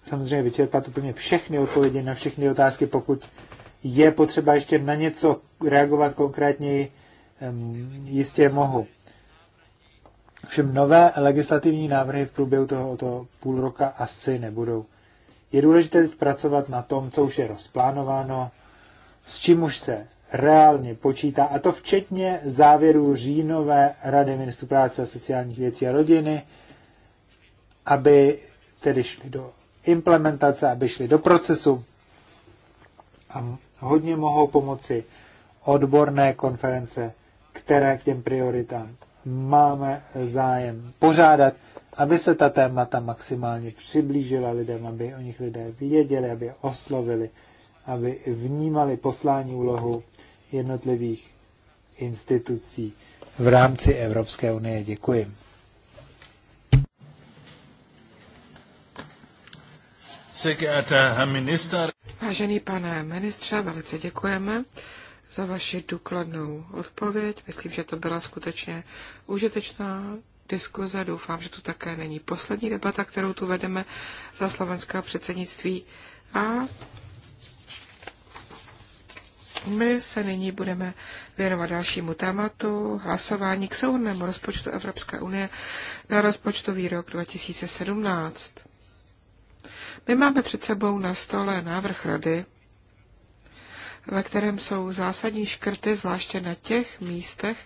samozřejmě vyčerpat úplně všechny odpovědi na všechny otázky, pokud je potřeba ještě na něco reagovat konkrétněji, jistě mohu. Všem nové legislativní návrhy v průběhu toho, půl roka asi nebudou. Je důležité teď pracovat na tom, co už je rozplánováno, s čím už se reálně počítá, a to včetně závěru říjnové Rady ministrů práce a sociálních věcí a rodiny, aby tedy šli do implementace, aby šli do procesu. A hodně mohou pomoci odborné konference, které k těm prioritám máme zájem pořádat, aby se ta témata maximálně přiblížila lidem, aby o nich lidé věděli, aby oslovili, aby vnímali poslání úlohu jednotlivých institucí v rámci Evropské unie. Děkuji. Vážený pane ministře, velice děkujeme za vaši důkladnou odpověď. Myslím, že to byla skutečně užitečná diskuze. Doufám, že to také není poslední debata, kterou tu vedeme za slovenská předsednictví. A my se nyní budeme věnovat dalšímu tématu, hlasování k souhrnému rozpočtu Evropské unie na rozpočtový rok 2017. My máme před sebou na stole návrh rady, ve kterém jsou zásadní škrty, zvláště na těch místech,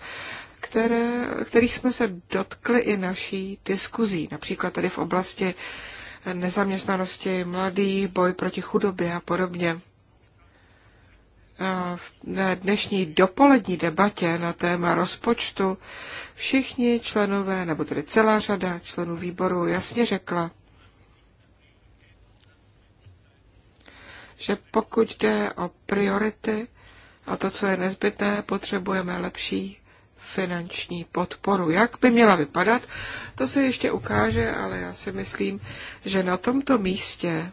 které, kterých jsme se dotkli i naší diskuzí, například tady v oblasti nezaměstnanosti mladých, boj proti chudobě a podobně. V dnešní dopolední debatě na téma rozpočtu všichni členové, nebo tedy celá řada členů výboru jasně řekla, že pokud jde o priority a to, co je nezbytné, potřebujeme lepší finanční podporu. Jak by měla vypadat, to se ještě ukáže, ale já si myslím, že na tomto místě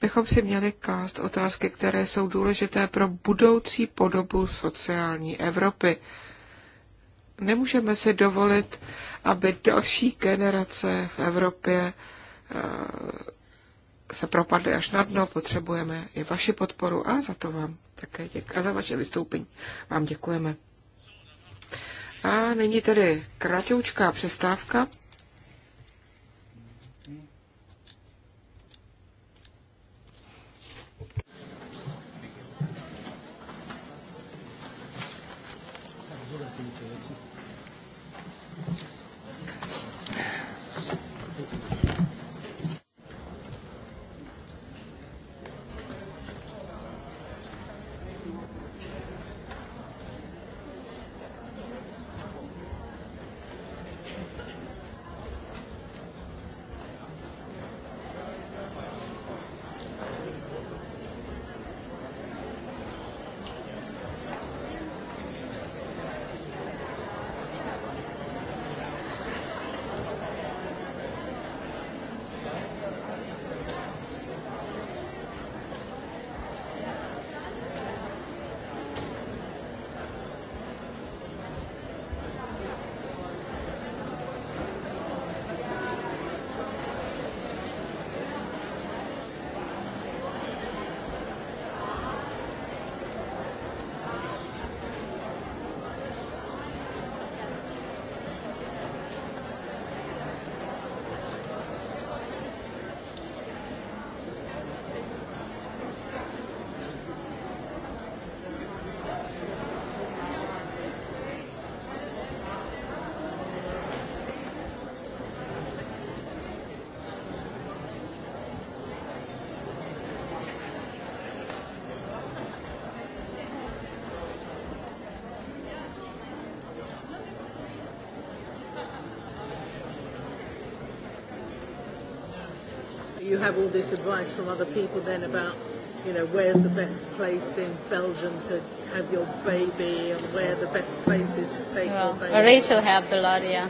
bychom si měli klást otázky, které jsou důležité pro budoucí podobu sociální Evropy. Nemůžeme si dovolit, aby další generace v Evropě eh, se propadli až na dno, potřebujeme i vaši podporu a za to vám také děkuji. A za vaše vystoupení vám děkujeme. A nyní tedy kratoučká přestávka. have all this advice from other people then about, you know, where's the best place in Belgium to have your baby and where the best place is to take well, your baby. Rachel helped a lot, yeah.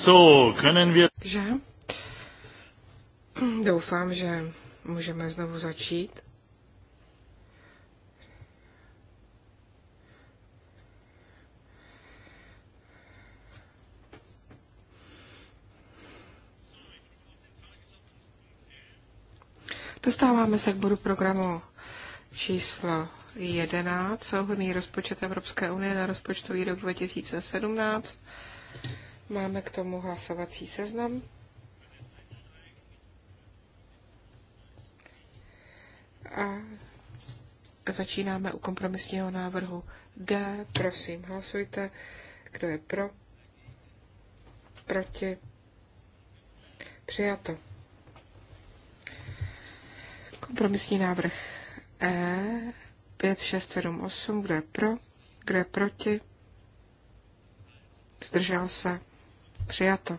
So, können wir... Že? Doufám, že můžeme znovu začít. Dostáváme se k bodu programu číslo 11, souhodný rozpočet Evropské unie na rozpočtový rok 2017. Máme k tomu hlasovací seznam. A začínáme u kompromisního návrhu G. Prosím, hlasujte. Kdo je pro? Proti? Přijato. Kompromisní návrh E. 5, 6, 7, 8. Kdo je pro? Kdo je proti? Zdržel se? Přijato.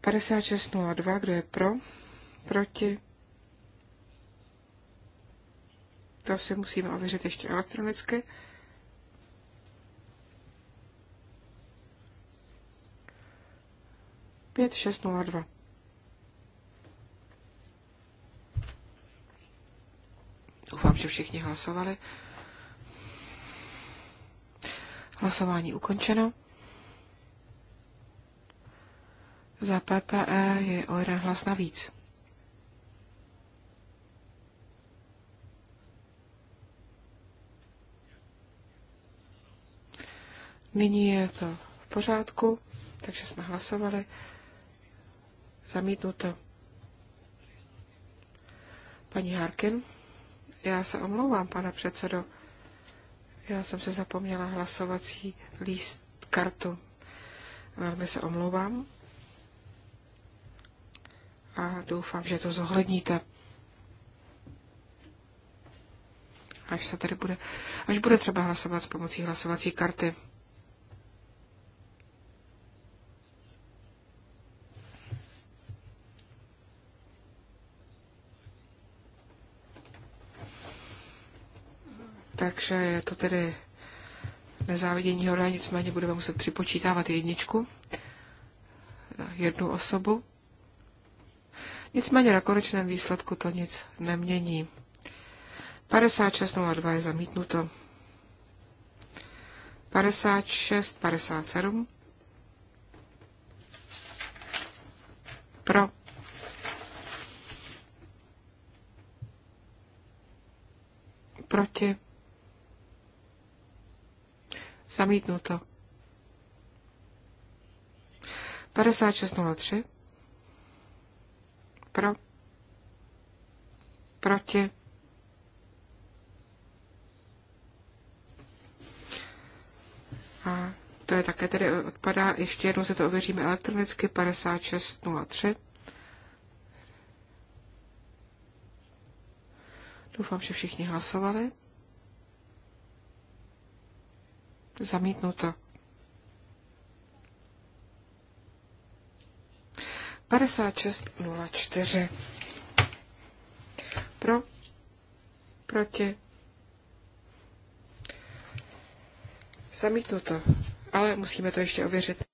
Padesát šest nula dva, kdo je pro? Proti? To si musíme ověřit ještě elektronicky. Pět šest nula dva. Doufám, že všichni hlasovali. Hlasování ukončeno. Za PPE je o jeden hlas navíc. Nyní je to v pořádku, takže jsme hlasovali. Zamítnuto. Paní Harkin, já se omlouvám, pane předsedo. Já jsem se zapomněla hlasovací líst kartu. Velmi se omlouvám. A doufám, že to zohledníte. Až se tady bude, až bude třeba hlasovat s pomocí hlasovací karty. Takže je to tedy nezávidění hodá, nicméně budeme muset připočítávat jedničku, jednu osobu. Nicméně na konečném výsledku to nic nemění. 56.02 je zamítnuto. 56, 57. Pro. Proti. Zamítnuto. 5603. Pro. Proti. A to je také tedy odpadá. Ještě jednou se to ověříme elektronicky. 5603. Doufám, že všichni hlasovali. Zamítnuto. 5604. Pro, proti, zamítnuto, ale musíme to ještě ověřit.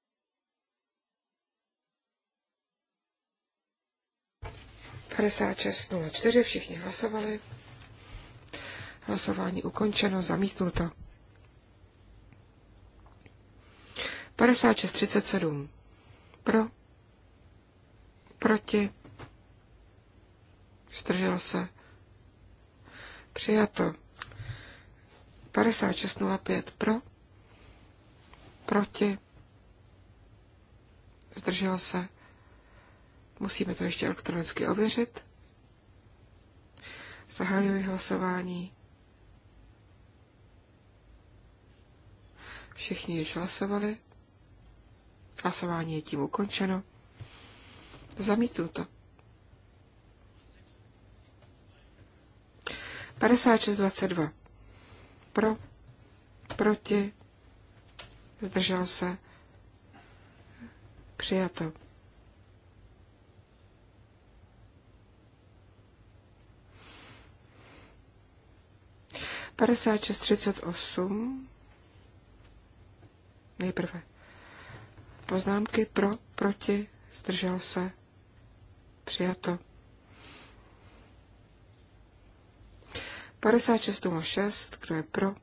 čtyři všichni hlasovali. Hlasování ukončeno, zamítnuto. 56.37. Pro. Proti. Zdržel se. Přijato. 56.05. Pro. Proti. Zdržel se. Musíme to ještě elektronicky ověřit. Zahajuji hlasování. Všichni již hlasovali. Hlasování je tím ukončeno. Zamítnuto. 56.22. Pro, proti, zdržel se, přijato. Padesát šest třicet osm nejprve poznámky pro, proti, zdržel se, přijato. 56,06, kdo je pro,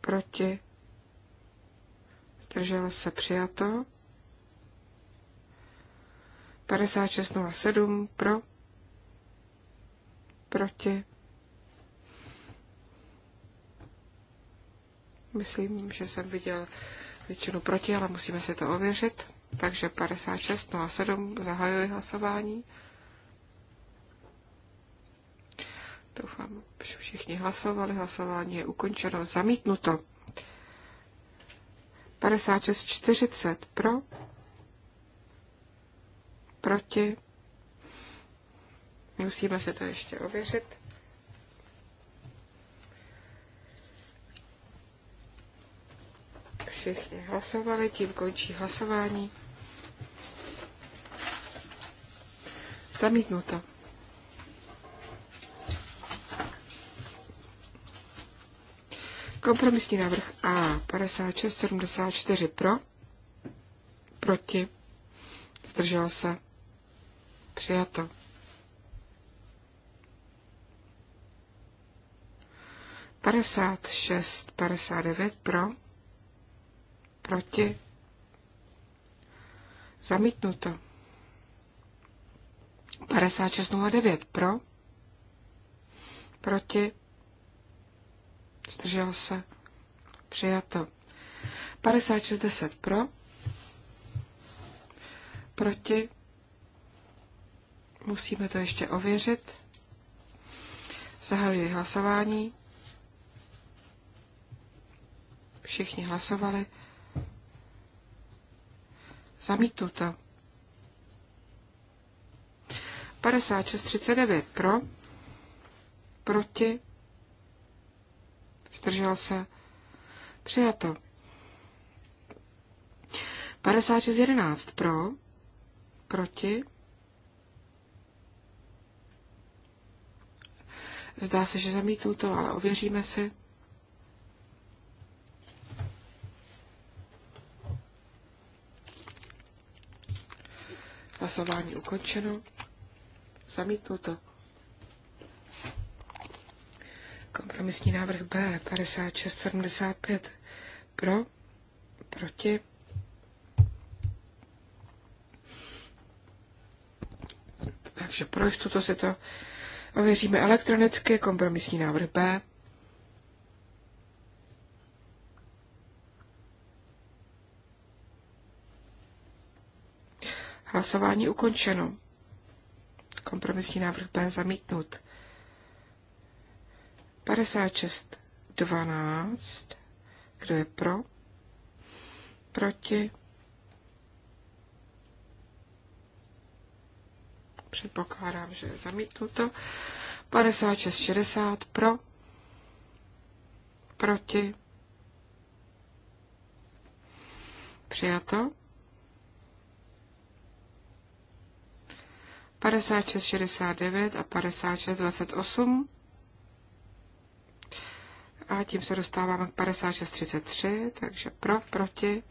proti, zdržel se, přijato. 56,07, pro, proti. Myslím, že jsem viděl většinu proti, ale musíme si to ověřit. Takže 56.07 zahajuji hlasování. Doufám, že všichni hlasovali. Hlasování je ukončeno. Zamítnuto. 56.40 pro. Proti. Musíme se to ještě ověřit. Všichni hlasovali, tím končí hlasování. Zamítnuto. Kompromisní návrh A 5674 pro, proti, zdržel se, přijato. Padesát šest, padesát devět pro, proti, zamítnuto. 5609 pro, proti, zdržel se, přijato. 5610 pro, proti, musíme to ještě ověřit. Zahajuji hlasování. Všichni hlasovali. Zamítnuto. 56.39 pro, proti, zdržel se, přijato. 56.11 pro, proti, zdá se, že zamítnuto, ale ověříme si. Hlasování ukončeno. Zamítnuto. Kompromisní návrh B 5675 pro, proti. Takže pro jistotu si to ověříme elektronicky. Kompromisní návrh B Hlasování ukončeno. Kompromisní návrh B zamítnut. 56, 12. Kdo je pro? Proti? Předpokládám, že je zamítnuto. 56, 60. Pro? Proti? Přijato. 5669 a 5628. A tím se dostáváme k 5633, takže pro, proti,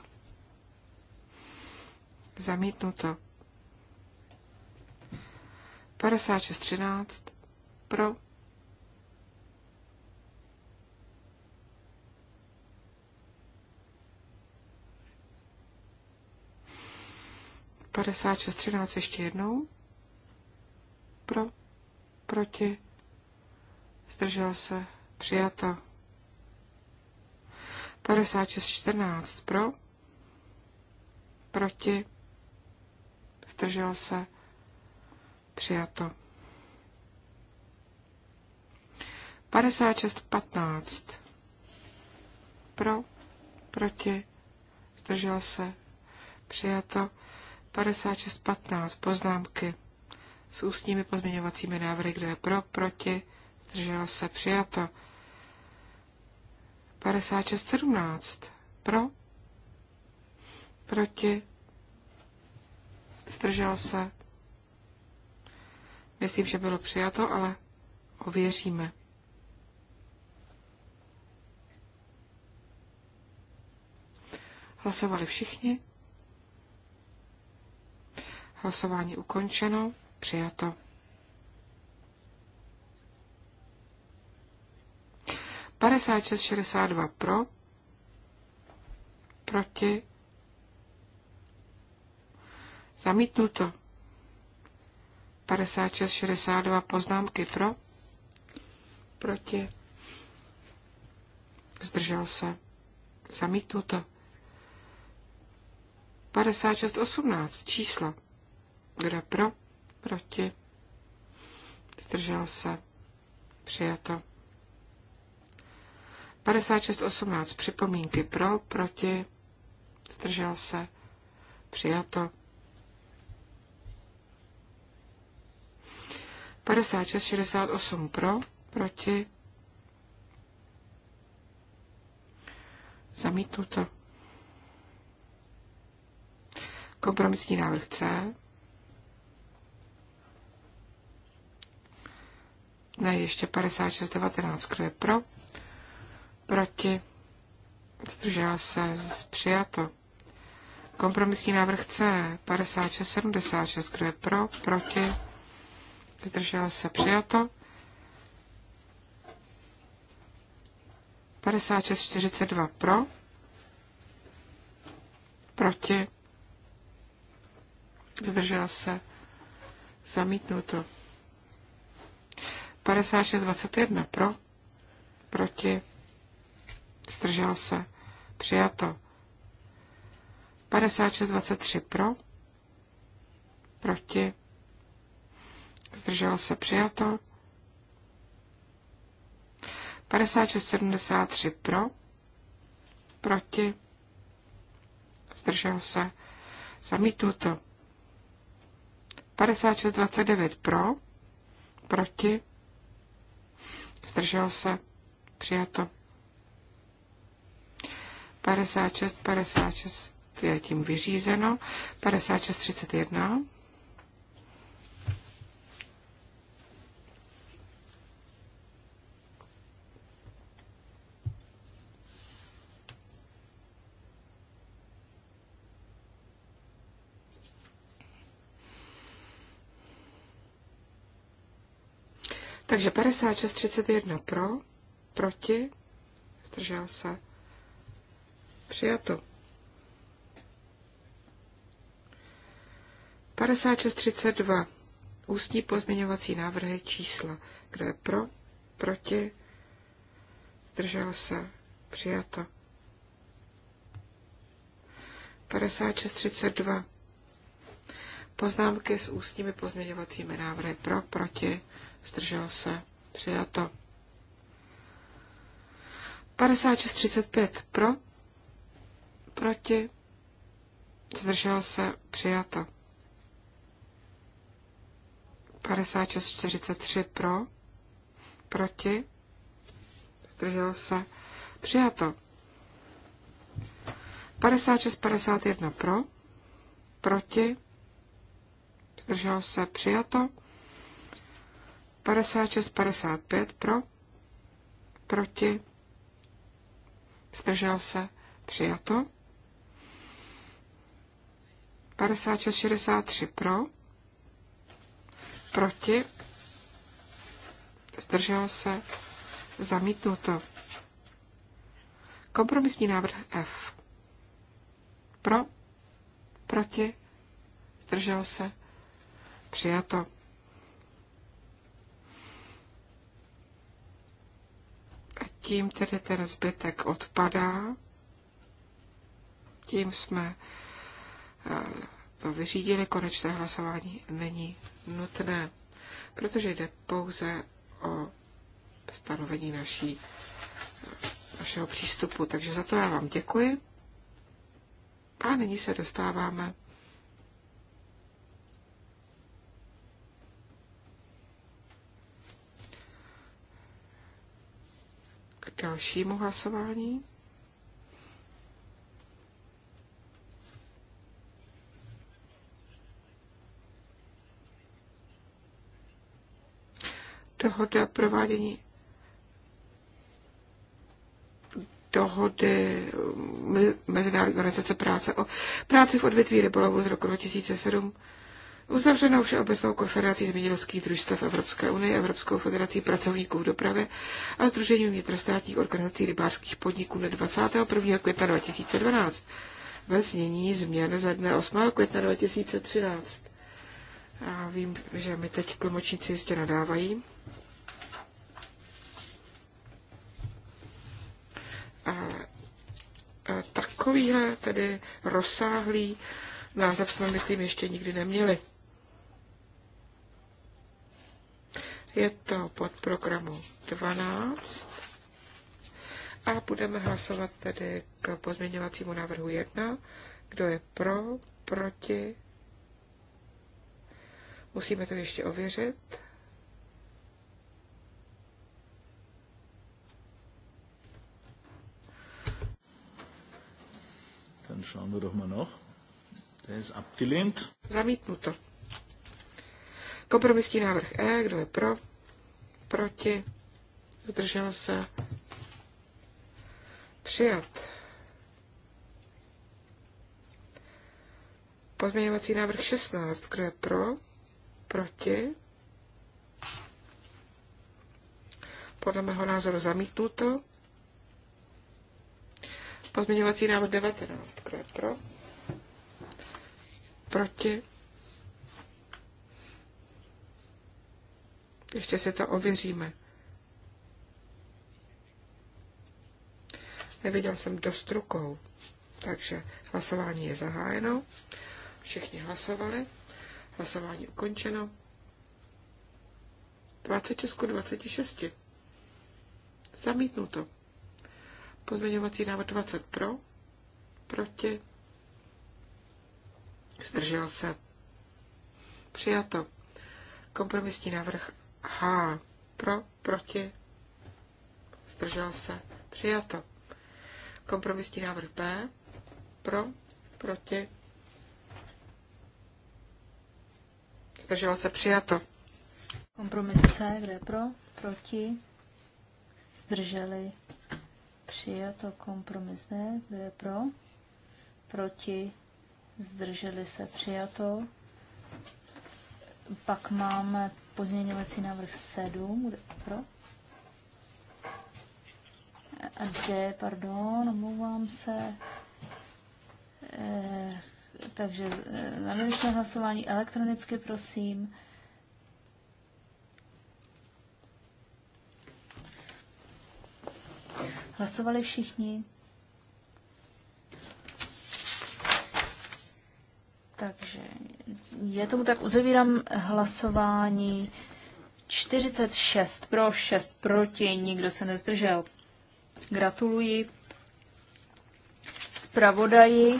zamítnuto. 5613, pro, Padesát šest třináct ještě jednou. Pro, proti, zdržel se, přijato. 56.14 pro, proti, zdržel se, přijato. 56.15 pro, proti, zdržel se, přijato. 56.15 poznámky s ústními pozměňovacími návrhy, kdo je pro, proti, zdrželo se, přijato. 56.17. Pro, proti, zdrželo se. Myslím, že bylo přijato, ale ověříme. Hlasovali všichni. Hlasování ukončeno. Přijato. Padesát šest šedesát dva pro. Proti. Zamítnuto. šedesát dva poznámky pro. Proti. Zdržel se. Zamítnuto. 56, číslo. čísla. Kdo pro? proti, zdržel se, přijato. 56.18. Připomínky pro, proti, zdržel se, přijato. 56.68 pro, proti, zamítnuto. Kompromisní návrh C Ne, ještě 56-19, Kdo je pro? Proti? Zdržel se. Přijato. Kompromisní návrh C. 56-76, Kdo je pro? Proti? Zdržel se. Přijato. 56.42 pro. Proti? Zdržel se. Zamítnuto. 5621 pro, proti, zdržel se, přijato. 5623 pro, proti, zdržel se, přijato. 5673 pro, proti, zdržel se, zamítnuto. 5629 pro, proti, zdržel se, přijato. 56, 56 je tím vyřízeno, 56, 31 Takže 56,31 pro, proti, zdržel se, přijato. 56,32 ústní pozměňovací návrhy čísla. Kdo je pro, proti, zdržel se, přijato. 56.32. Poznámky s ústními pozměňovacími návrhy pro, proti, zdržel se, přijato. 56.35 pro, proti, zdržel se, přijato. 56.43 pro, proti, zdržel se, přijato. 56.51 pro, proti, zdržel se, přijato. 56-55 pro, proti, zdržel se, přijato. 56-63 pro, proti, zdržel se, zamítnuto. Kompromisní návrh F. Pro, proti, zdržel se, přijato. Tím tedy ten zbytek odpadá. Tím jsme eh, to vyřídili, konečné hlasování není nutné, protože jde pouze o stanovení naší, eh, našeho přístupu. Takže za to já vám děkuji. A nyní se dostáváme dalšímu hlasování. Dohoda provádění dohody Mezinárodní organizace práce o práci v odvětví rybolovu z roku 2007 uzavřenou Všeobecnou konferenci zmínělských družstev Evropské unie, Evropskou federací pracovníků v dopravě a Združení vnitrostátních organizací rybářských podniků na 21. května 2012 ve znění změn ze dne 8. května 2013. Já vím, že mi teď tlumočníci jistě nadávají. a takovýhle tedy rozsáhlý název jsme, myslím, ještě nikdy neměli. Je to pod programu 12 a budeme hlasovat tedy k pozměňovacímu návrhu 1. Kdo je pro, proti? Musíme to ještě ověřit. Dann schauen wir doch mal noch. Der ist abgelehnt. Zamítnuto. Kompromisní návrh E, kdo je pro? Proti? Zdržel se? Přijat. Pozměňovací návrh 16, kdo je pro? Proti? Podle mého názoru zamítnuto. Pozměňovací návrh 19, kdo je pro? Proti? Ještě si to ověříme. Neviděl jsem dost rukou, takže hlasování je zahájeno. Všichni hlasovali. Hlasování ukončeno. 26 k 26. Zamítnuto. Pozměňovací návrh 20 pro, proti, zdržel se. Přijato. Kompromisní návrh H pro, proti, zdržel se, přijato. Kompromisní návrh B, pro, proti, zdržel se, přijato. Kompromis C, kde je pro, proti, zdrželi, přijato. Kompromis D, kde je pro, proti, zdrželi se, přijato. Pak máme Pozměňovací návrh 7, pro? A kde, pardon, omlouvám se. E, takže eh, závěrečné hlasování elektronicky, prosím. Hlasovali všichni? Takže je tomu tak, uzavírám hlasování. 46 pro, 6 proti, nikdo se nezdržel. Gratuluji zpravodaji.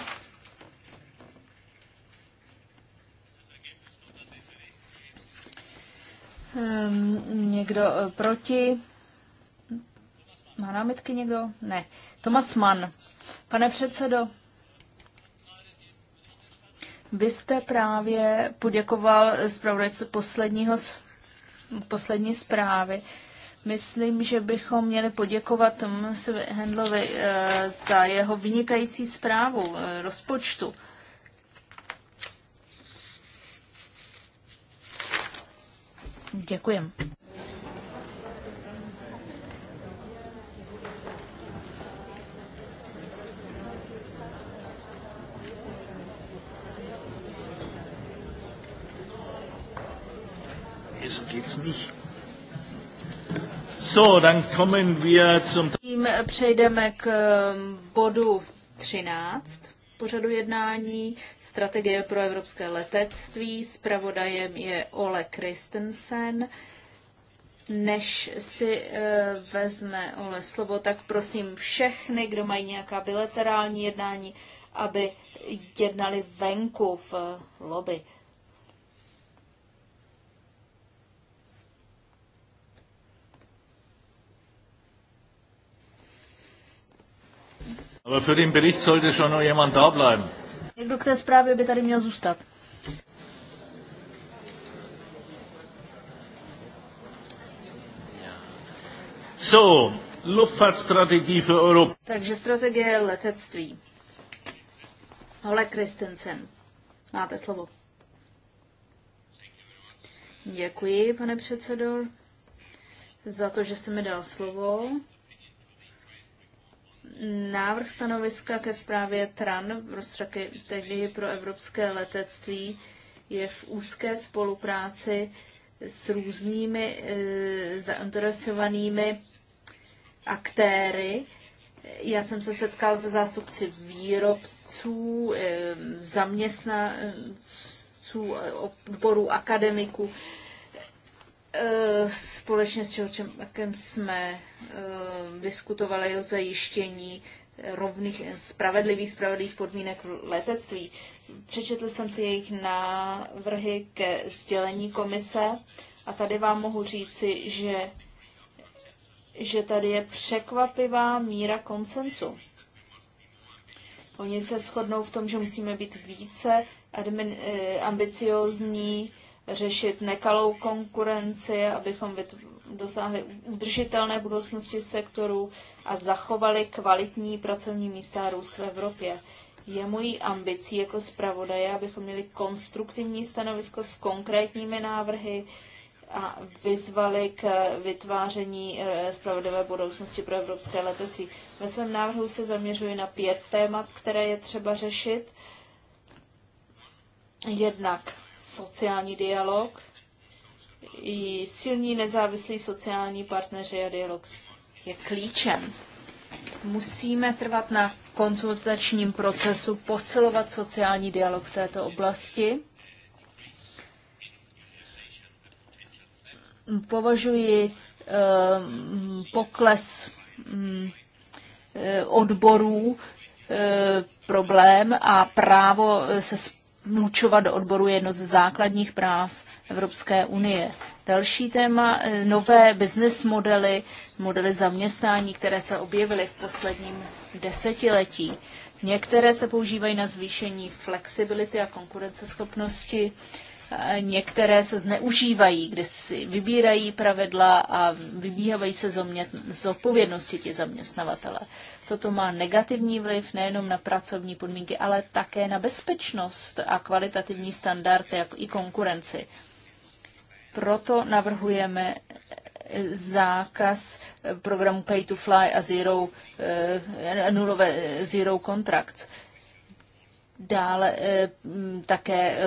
Um, někdo uh, proti? Má námitky někdo? Ne. Tomas Mann. Pane předsedo, vy jste právě poděkoval zpravodajce posledního, poslední zprávy. Myslím, že bychom měli poděkovat tomu Hendlovi eh, za jeho vynikající zprávu eh, rozpočtu. Děkujem. So, dann kommen wir zum... Tím přejdeme k um, bodu 13 pořadu jednání Strategie pro evropské letectví. Spravodajem je Ole Christensen. Než si uh, vezme Ole slovo, tak prosím všechny, kdo mají nějaká bilaterální jednání, aby jednali venku v lobby. Ale für den Bericht sollte schon noch jemand da bleiben. Někdo k té zprávě by tady měl zůstat. So, Luftfahrtstrategie für Europa. Takže strategie letectví. Ole Kristensen, máte slovo. Děkuji, pane předsedo, za to, že jste mi dal slovo návrh stanoviska ke zprávě TRAN v strategii pro evropské letectví je v úzké spolupráci s různými e, zainteresovanými aktéry. Já jsem se setkal se zástupci výrobců, e, zaměstnanců, eh, odborů akademiků, Eh, společně s Čelčem jsme eh, diskutovali o zajištění rovných, spravedlivých, spravedlivých podmínek v letectví. Přečetl jsem si jejich návrhy ke sdělení komise a tady vám mohu říci, že, že tady je překvapivá míra konsensu. Oni se shodnou v tom, že musíme být více eh, ambiciozní řešit nekalou konkurenci, abychom dosáhli udržitelné budoucnosti sektoru a zachovali kvalitní pracovní místa a růst v Evropě. Je mojí ambicí jako zpravodaje, abychom měli konstruktivní stanovisko s konkrétními návrhy a vyzvali k vytváření eh, spravedlivé budoucnosti pro evropské letectví. Ve svém návrhu se zaměřuji na pět témat, které je třeba řešit. Jednak sociální dialog, i silní nezávislí sociální partneři a dialog je klíčem. Musíme trvat na konzultačním procesu, posilovat sociální dialog v této oblasti. Považuji ehm, pokles mm, eh, odborů eh, problém a právo eh, se vlučovat do odboru je jedno ze základních práv Evropské unie. Další téma, eh, nové business modely, modely zaměstnání, které se objevily v posledním desetiletí. Některé se používají na zvýšení flexibility a konkurenceschopnosti, Některé se zneužívají, kde si vybírají pravidla a vybíhají se z odpovědnosti ti zaměstnavatele. Toto má negativní vliv nejenom na pracovní podmínky, ale také na bezpečnost a kvalitativní standardy, jako i konkurenci. Proto navrhujeme eh, zákaz eh, programu Pay to Fly a Zero, eh, nulové Zero Contracts. Dále eh, také eh,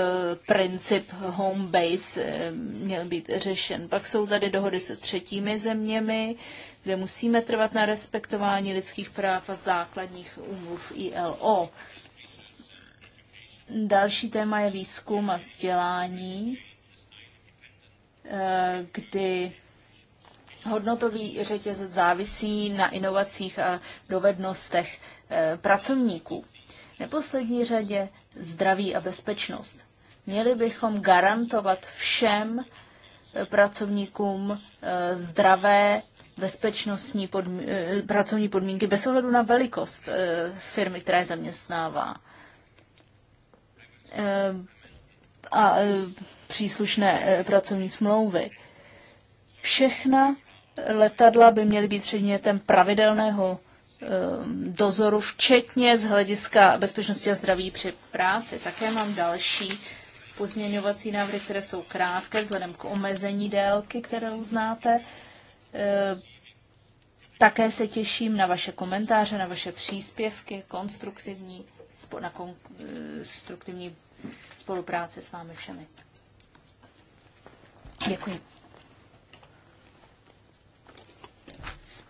princip home base eh, měl být řešen. Pak jsou tady dohody se třetími zeměmi, kde musíme trvat na respektování lidských práv a základních úmluv ILO. Další téma je výzkum a vzdělání, kdy hodnotový řetězec závisí na inovacích a dovednostech pracovníků neposlední řadě zdraví a bezpečnost. Měli bychom garantovat všem eh, pracovníkům eh, zdravé bezpečnostní podmí, eh, pracovní podmínky bez ohledu na velikost firmy, která je zaměstnává. A příslušné pracovní smlouvy. Všechna letadla by měly být předmětem pravidelného Eh, dozoru, včetně z hlediska bezpečnosti a zdraví při práci. Také mám další pozměňovací návrhy, které jsou krátké, vzhledem k omezení délky, kterou znáte. Eh, také se těším na vaše komentáře, na vaše příspěvky, konstruktivní, na konstruktivní eh, spolupráce s vámi všemi. Děkuji.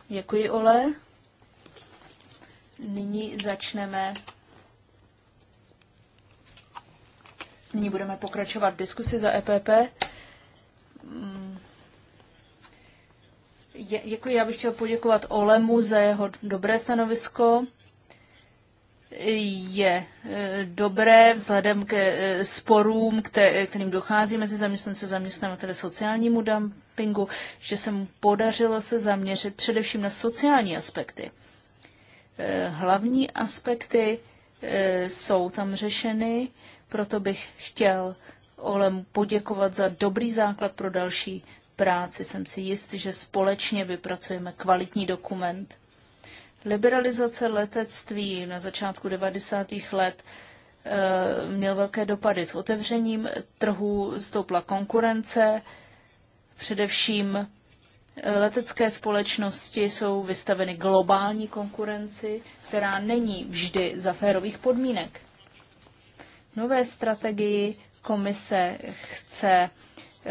Děkuji, Ole. Nyní začneme. Nyní budeme pokračovat v diskusi za EPP. Mm. Děkuji, já bych chtěl poděkovat Olemu za jeho dobré stanovisko. Je e, dobré vzhledem k e, sporům, kterým dochází mezi zaměstnance zaměstnavateli sociálnímu dumpingu, že se mu podařilo se zaměřit především na sociální aspekty. Eh, hlavní aspekty eh, jsou tam řešeny, proto bych chtěl Olem poděkovat za dobrý základ pro další práci. Jsem si jist, že společně vypracujeme kvalitní dokument. Liberalizace letectví na začátku 90. let eh, měl velké dopady. S otevřením trhu stoupla konkurence, především Letecké společnosti jsou vystaveny globální konkurenci, která není vždy za férových podmínek. Nové strategii komise chce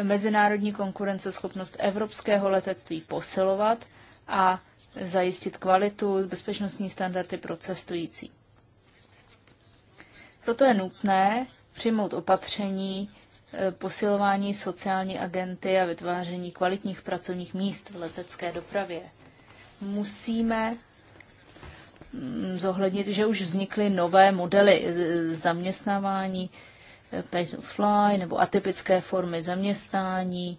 mezinárodní konkurenceschopnost evropského letectví posilovat a zajistit kvalitu, bezpečnostní standardy pro cestující. Proto je nutné přijmout opatření Eh, posilování sociální agenty a vytváření kvalitních pracovních míst v letecké dopravě. Musíme mm, zohlednit, že už vznikly nové modely eh, zaměstnávání, eh, pay fly nebo atypické formy zaměstnání.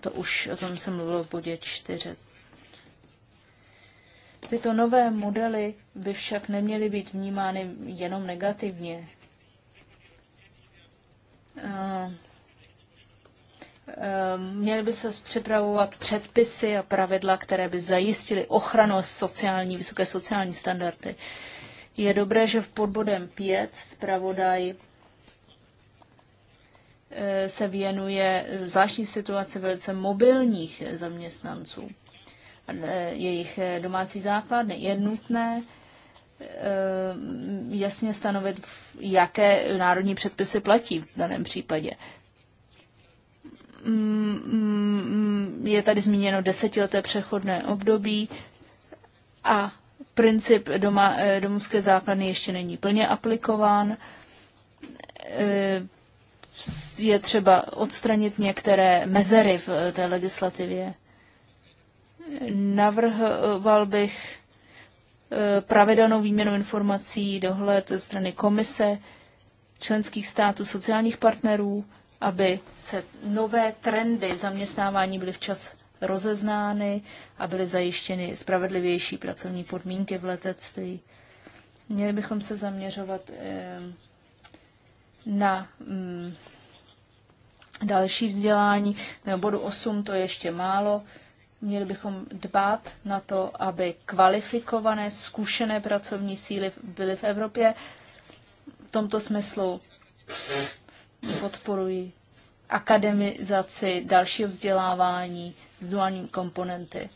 To už o tom jsem mluvil v bodě 4. Tyto nové modely by však neměly být vnímány jenom negativně. Eh, eh, měly by se připravovat předpisy a pravidla, které by zajistily ochranu sociální, vysoké sociální standardy. Je dobré, že v podbodem 5 zpravodaj eh, se věnuje zvláštní situaci velice mobilních zaměstnanců, jejich domácí základny. Je nutné Eh, jasně stanovit, jaké národní předpisy platí v daném případě. Mm, mm, je tady zmíněno desetileté přechodné období a princip doma, eh, domovské základny ještě není plně aplikován. Eh, je třeba odstranit některé mezery v té legislativě. Navrhoval bych Eh, pravidelnou výměnu informací, dohled ze strany komise, členských států, sociálních partnerů, aby se nové trendy zaměstnávání byly včas rozeznány a byly zajištěny spravedlivější pracovní podmínky v letectví. Měli bychom se zaměřovat eh, na mm, další vzdělání. Na bodu 8 to ještě málo. Měli bychom dbát na to, aby kvalifikované, zkušené pracovní síly byly v Evropě. V tomto smyslu podporuji akademizaci dalšího vzdělávání s duálním komponenty.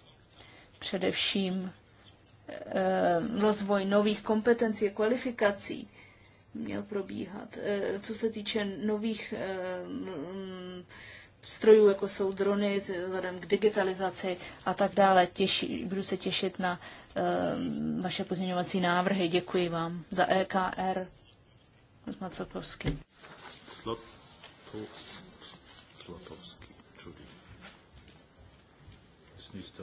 Především eh, rozvoj nových kompetencí a kvalifikací měl probíhat. Eh, co se týče nových eh, strojů, jako jsou drony, vzhledem k digitalizaci a tak dále. Těší, budu se těšit na uh, vaše pozměňovací návrhy. Děkuji vám za EKR. Macokovský. Zlatovský, Čudý. Ist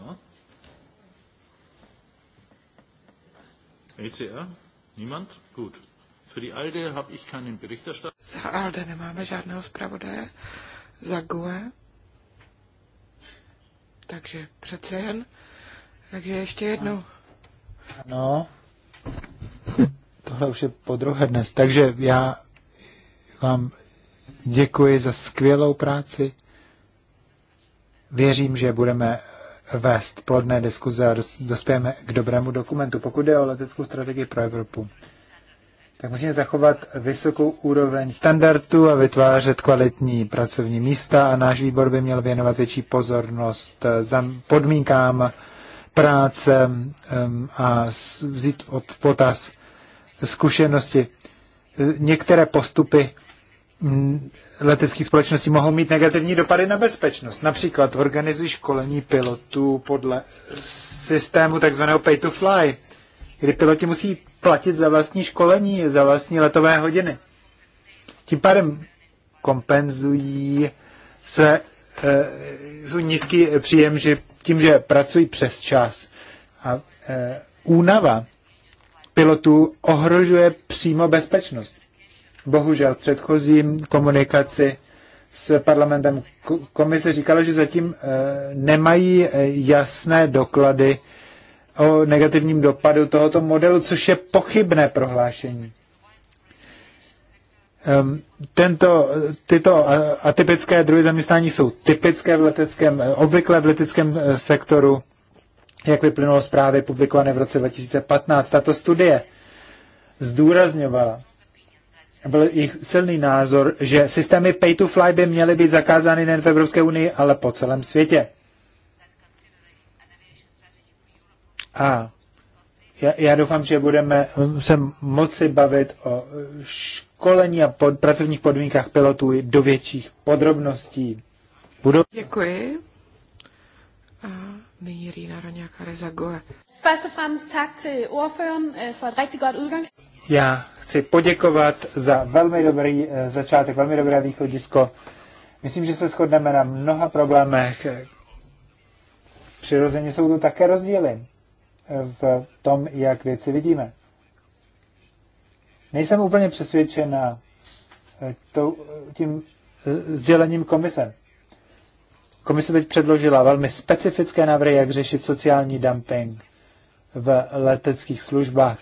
ECR? Niemand? Gut. Für die ALDE habe ich keinen Berichterstatter. Za ALDE nemáme žádného zpravodaje za GUE. Takže přece jen. Takže ještě jednou. Ano. Tohle už je po druhé dnes. Takže já vám děkuji za skvělou práci. Věřím, že budeme vést plodné diskuze a dospějeme k dobrému dokumentu, pokud jde o leteckou strategii pro Evropu tak musíme zachovat vysokou úroveň standardu a vytvářet kvalitní pracovní místa a náš výbor by měl věnovat větší pozornost eh, podmínkám práce a vzít od potaz zkušenosti. Eh, některé postupy mm, leteckých společností mohou mít negativní dopady na bezpečnost. Například organizují školení pilotů podle systému takzvaného pay to fly, kdy piloti musí platit za vlastní školení, za vlastní letové hodiny. Tím pádem kompenzují své e, jsou nízký příjem, že tím, že pracují přes čas. A e, únava pilotů ohrožuje přímo bezpečnost. Bohužel v předchozím komunikaci s parlamentem komise říkala, že zatím e, nemají jasné doklady o negativním dopadu tohoto modelu, což je pochybné prohlášení. Ehm, tento, tyto atypické druhy zaměstnání jsou typické v leteckém, eh, obvykle v leteckém eh, sektoru, jak vyplynulo z publikované v roce 2015. Tato studie zdůrazňovala, byl i silný názor, že systémy pay to fly by měly být zakázány nejen v Evropské unii, ale po celém světě. A já, já doufám, že budeme se moci bavit o školení a pod, pracovních podmínkách pilotů do větších podrobností. Budou... Děkuji. A nyní Rýna Roňáka Rezagoe. Øh, já chci poděkovat za velmi dobrý eh, začátek, velmi dobré východisko. Myslím, že se shodneme na mnoha problémech. Přirozeně jsou tu také rozdíly v tom, jak věci vidíme. Nejsem úplně přesvědčena eh, eh, tím eh, sdělením komise. Komise teď předložila velmi specifické návrhy, jak řešit sociální dumping v leteckých službách.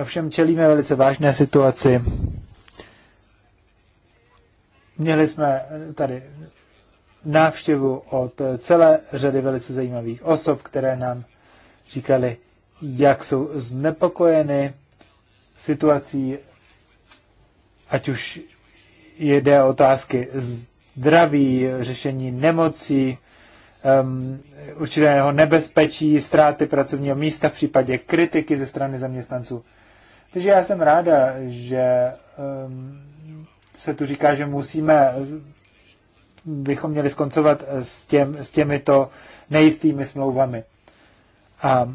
Ovšem čelíme velice vážné situaci. Měli jsme tady návštěvu od celé řady velice zajímavých osob, které nám říkali, jak jsou znepokojeny situací, ať už jde otázky zdraví, řešení nemocí, um, určitého nebezpečí, ztráty pracovního místa v případě kritiky ze strany zaměstnanců. Takže já jsem ráda, že um, se tu říká, že musíme, bychom měli skoncovat s, těm, s těmito nejistými smlouvami. A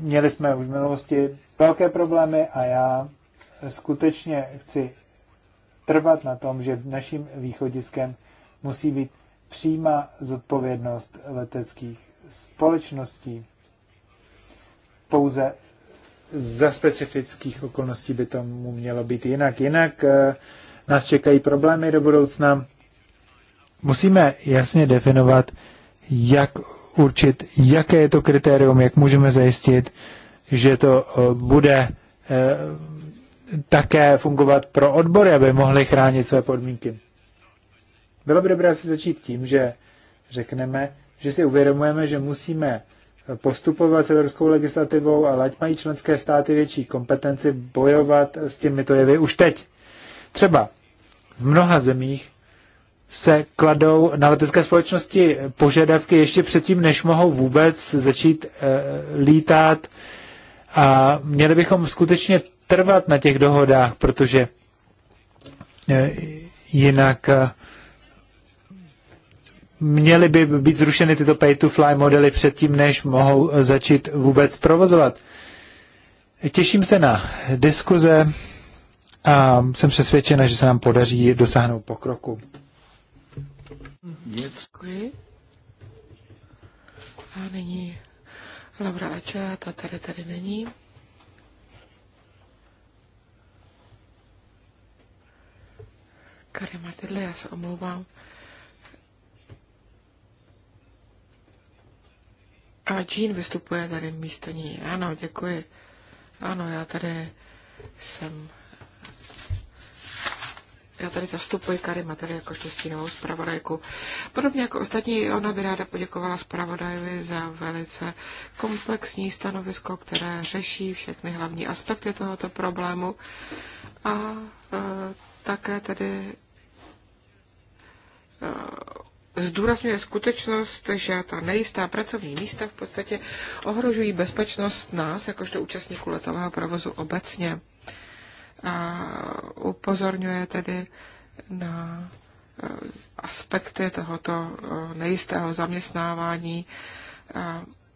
měli jsme už v minulosti velké problémy a já skutečně chci trvat na tom, že naším východiskem musí být přímá zodpovědnost leteckých společností. Pouze za specifických okolností by tomu mělo být jinak. Jinak eh, nás čekají problémy do budoucna. Musíme jasně definovat, jak určit, jaké je to kritérium, jak můžeme zajistit, že to eh, bude eh, také fungovat pro odbory, aby mohli chránit své podmínky. Bylo by dobré si začít tím, že řekneme, že si uvědomujeme, že musíme eh, postupovat s evropskou legislativou, ale ať mají členské státy větší kompetenci bojovat s těmito jevy už teď. Třeba v mnoha zemích se kladou na letecké společnosti požadavky ještě předtím, než mohou vůbec začít eh, lítat. A měli bychom skutečně trvat na těch dohodách, protože eh, jinak eh, měly by být zrušeny tyto pay-to-fly modely předtím, než mohou začít vůbec provozovat. Těším se na diskuze a jsem přesvědčena, že se nám podaří dosáhnout pokroku. Děkuji. A nyní Laura Ača, ta tady tady není. Karima Matidle, já se omlouvám. A Jean vystupuje tady místo ní. Ano, děkuji. Ano, já tady jsem já tady zastupuji Karima tady jako stínovou zpravodajku. Podobně jako ostatní, ona by ráda poděkovala zpravodajovi za velice komplexní stanovisko, které řeší všechny hlavní aspekty tohoto problému a e, také tedy e, zdůrazňuje skutečnost, že ta nejistá pracovní místa v podstatě ohrožují bezpečnost nás, jakožto účastníků letového provozu obecně upozorňuje tedy na eh, aspekty tohoto eh, nejistého zaměstnávání.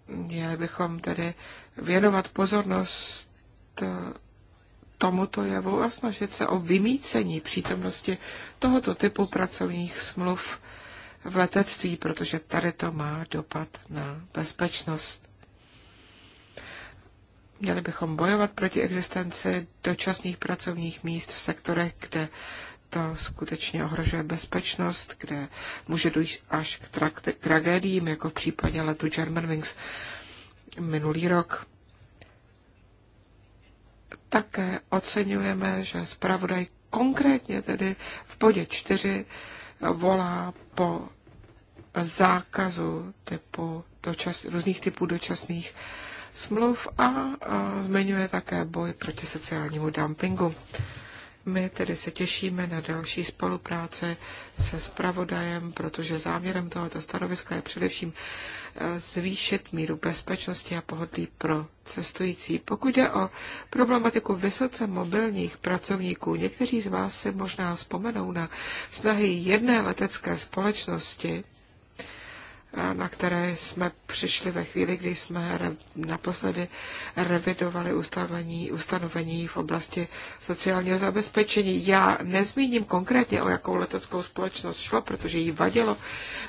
Měli bychom tedy věnovat pozornost eh, tomuto jevu a snažit se o vymícení přítomnosti tohoto typu pracovních smluv v letectví, protože tady to má dopad na bezpečnost. Měli bychom bojovat proti existenci dočasných pracovních míst v sektorech, kde to skutečně ohrožuje bezpečnost, kde může dojít až k tra- tragédiím, jako v případě letu Germanwings minulý rok. Také oceňujeme, že zpravodaj konkrétně tedy v bodě 4 volá po zákazu typu dočas, různých typů dočasných uh, smluv a zmiňuje také boj proti sociálnímu dumpingu. My tedy se těšíme na další spolupráce se spravodajem, protože záměrem tohoto stanoviska je především e, zvýšit míru bezpečnosti a pohodlí pro cestující. Pokud jde o problematiku vysoce mobilních pracovníků, někteří z vás si možná vzpomenou na snahy jedné letecké společnosti, na které jsme přišli ve chvíli, kdy jsme naposledy revidovali ustavení, ustanovení v oblasti sociálního zabezpečení. Já nezmíním konkrétně, o jakou leteckou společnost šlo, protože jí vadilo,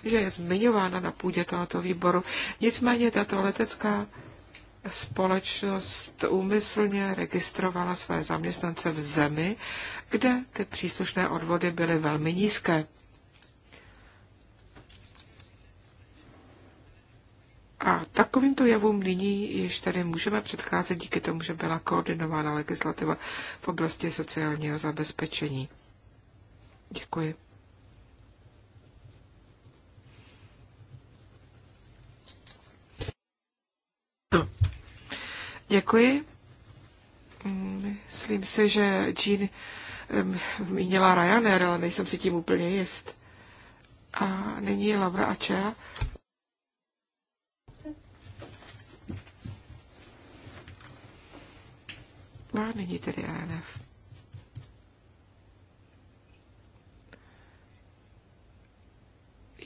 že je zmiňována na půdě tohoto výboru. Nicméně tato letecká společnost úmyslně registrovala své zaměstnance v zemi, kde ty příslušné odvody byly velmi nízké. A takovýmto javům nyní již tady můžeme předcházet díky tomu, že byla koordinována legislativa v oblasti sociálního zabezpečení. Děkuji. Děkuji. Myslím si, že Jean měla Ryanair, ale nejsem si tím úplně jist. A nyní Laura Ačea. No, nyní tedy ANF.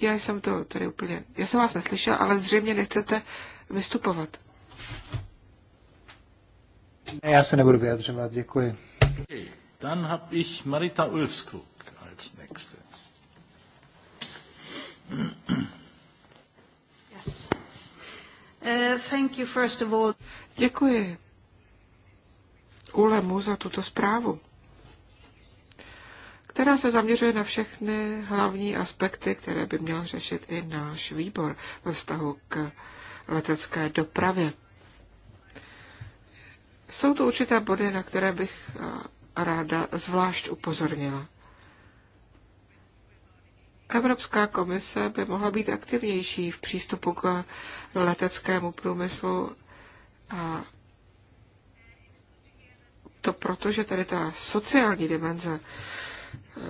Já jsem to tady úplně... Já jsem vás neslyšel, ale zřejmě nechcete vystupovat. Ne, já se nebudu vyjadřovat, děkuji. Okay, dann hab ich Marita Ulfskog als nächste. Yes. Uh, thank you first of all. Děkuji. Ulemu za tuto zprávu, která se zaměřuje na všechny hlavní aspekty, které by měl řešit i náš výbor ve vztahu k letecké dopravě. Jsou to určité body, na které bych ráda zvlášť upozornila. Evropská komise by mohla být aktivnější v přístupu k leteckému průmyslu a to proto, že tady ta sociální dimenze eh,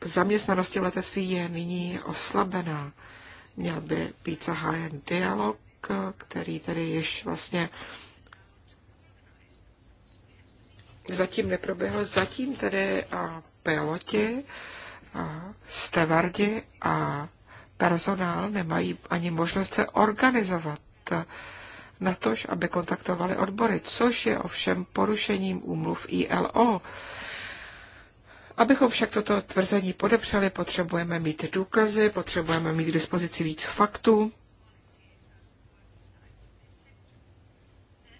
zaměstnanosti v letectví je nyní oslabená. Měl by být zahájen dialog, eh, který tedy již vlastně zatím neproběhl. Zatím tedy a piloti, a stevardi a personál nemají ani možnost se organizovat eh, natož aby kontaktovali odbory, což je ovšem porušením úmluv ILO. Abychom však toto tvrzení podepřeli, potřebujeme mít důkazy, potřebujeme mít k dispozici víc faktů,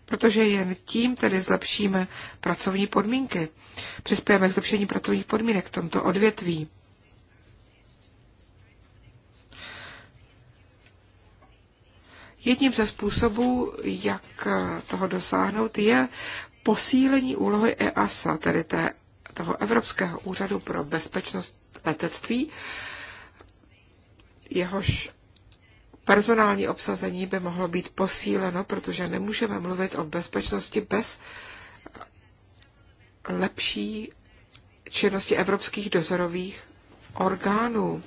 protože jen tím tedy zlepšíme pracovní podmínky. Přispějeme k zlepšení pracovních podmínek v tomto odvětví. Jedním ze způsobů, jak eh, toho dosáhnout, je posílení úlohy EASA, tedy té, toho Evropského úřadu pro bezpečnost letectví, jehož personální obsazení by mohlo být posíleno, protože nemůžeme mluvit o bezpečnosti bez eh, lepší činnosti evropských dozorových orgánů.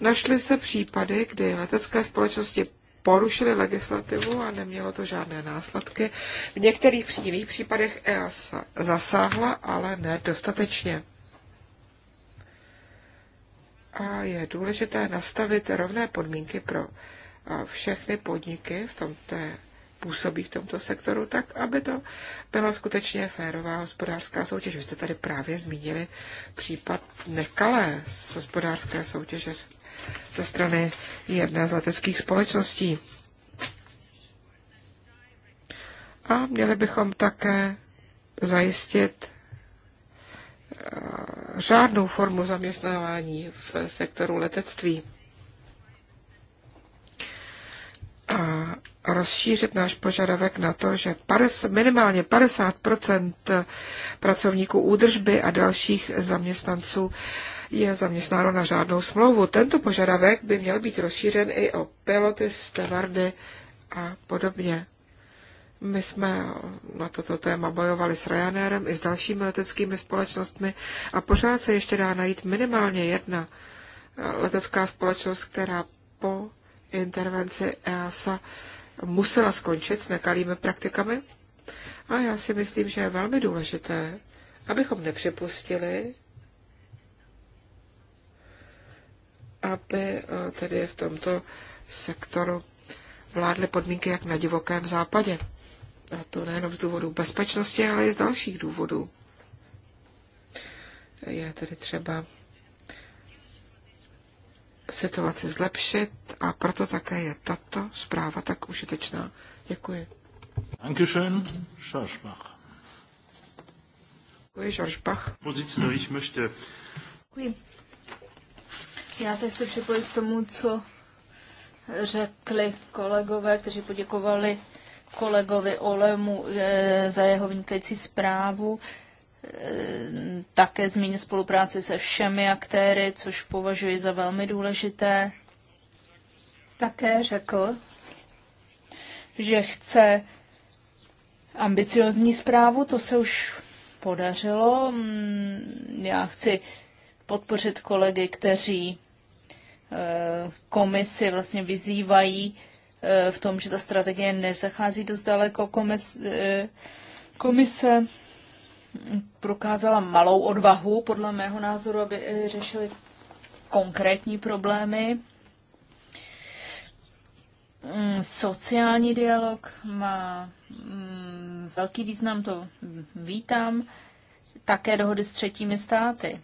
Našly se případy, kdy letecké společnosti porušili legislativu a nemělo to žádné následky. V některých jiných případech EASA zasáhla, ale nedostatečně. A je důležité nastavit rovné podmínky pro všechny podniky v tomto působí v tomto sektoru, tak aby to byla skutečně férová hospodářská soutěž. Vy jste tady právě zmínili případ nekalé z hospodářské soutěže ze strany jedné z leteckých společností. A měli bychom také zajistit eh, řádnou formu zaměstnávání v sektoru letectví. rozšířit náš požadavek na to, že 50, minimálně 50 pracovníků údržby a dalších zaměstnanců je zaměstnáno na řádnou smlouvu. Tento požadavek by měl být rozšířen i o piloty, stevardy a podobně. My jsme na toto téma bojovali s Ryanairem i s dalšími leteckými společnostmi a pořád se ještě dá najít minimálně jedna letecká společnost, která po intervenci EASA musela skončit s nekalými praktikami. A já si myslím, že je velmi důležité, abychom nepřipustili, aby eh, tedy v tomto sektoru vládly podmínky jak na divokém západě. A to nejenom z důvodu bezpečnosti, ale i z dalších důvodů. Je tedy třeba situaci zlepšit a proto také je tato zpráva tak užitečná. Děkuji. Dankeschön, George Děkuji, George Děkuji. Já se chci připojit k tomu, co řekli kolegové, kteří poděkovali kolegovi Olemu eh, za jeho vynikající zprávu. Eh, také zmínil spolupráci se všemi aktéry, což považuji za velmi důležité. Také řekl, že chce ambiciozní zprávu, to se už podařilo. Mm, já chci podpořit kolegy, kteří eh, komisi vlastně vyzývají eh, v tom, že ta strategie nezachází dost daleko. Komise prokázala malou odvahu, podle mého názoru, aby eh, řešili konkrétní problémy. Mm, sociální dialog má mm, velký význam, to vítám. Také dohody s třetími státy.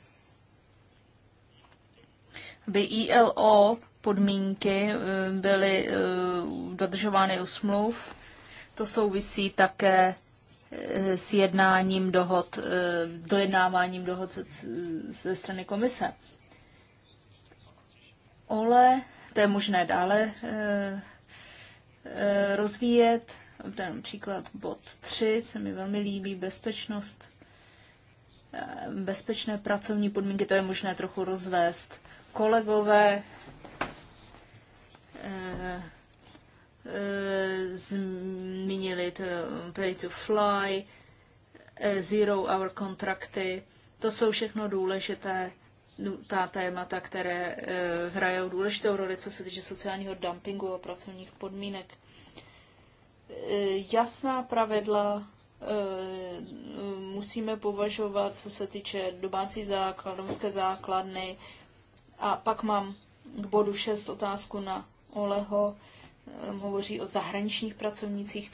By ILO podmínky eh, byly eh, dodržovány u smluv. To souvisí také Eh, s jednáním dohod, eh, dojednáváním dohod ze strany komise. Ole, to je možné dále eh, rozvíjet. Ten příklad bod 3 se mi velmi líbí, bezpečnost, bezpečné pracovní podmínky, to je možné trochu rozvést. Kolegové, Eh, zmínili to eh, pay to fly, eh, zero hour kontrakty. To jsou všechno důležité ta témata, které hrajou důležitou roli, co se týče sociálního dumpingu a pracovních podmínek. Jasná pravidla musíme považovat, co se týče domácí základ, domské základny. A pak mám k bodu 6 otázku na Oleho Eh, hovoří o zahraničních pracovnících,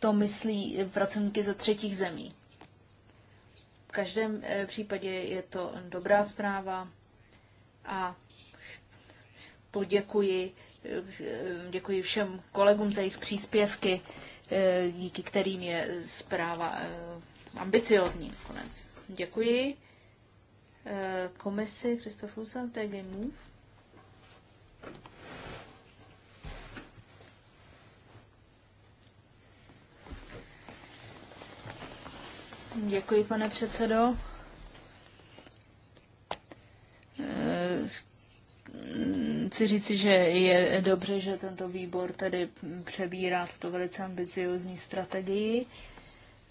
to myslí pracovníky ze třetích zemí. V každém eh, případě je to dobrá zpráva a poděkuji eh, děkuji všem kolegům za jejich příspěvky, díky kterým je zpráva ambiciozní Konec. Děkuji komisi Kristof Husa z DG Move. Děkuji, pane předsedo. Eh, chci říci, že je dobře, že tento výbor tady přebírá tuto velice ambiciozní strategii.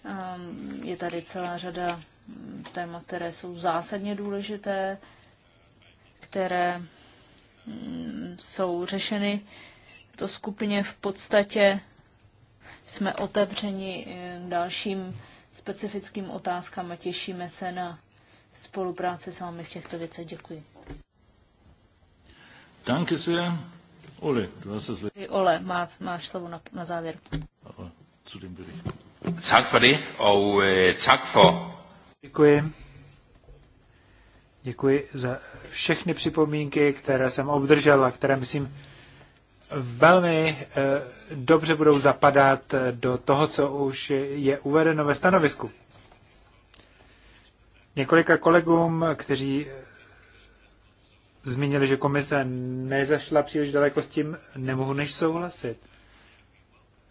Ehm, je tady celá řada témat, které jsou zásadně důležité, které mm, jsou řešeny to skupině v podstatě jsme otevřeni eh, dalším specifickým otázkám a těšíme se na spolupráci s vámi v těchto věcech. Děkuji. Danke sehr. Ole, du hast das... Wort. Ole, má, máš slovo na, na závěr. Zu dem Bericht. Tak for det, og øh, tak for... Děkuji. Děkuji za všechny připomínky, které jsem obdržel a které, myslím, velmi eh, dobře budou zapadat eh, do toho, co už je uvedeno ve stanovisku. Několika kolegům, kteří eh, zmínili, že komise nezašla příliš daleko s tím, nemohu než souhlasit.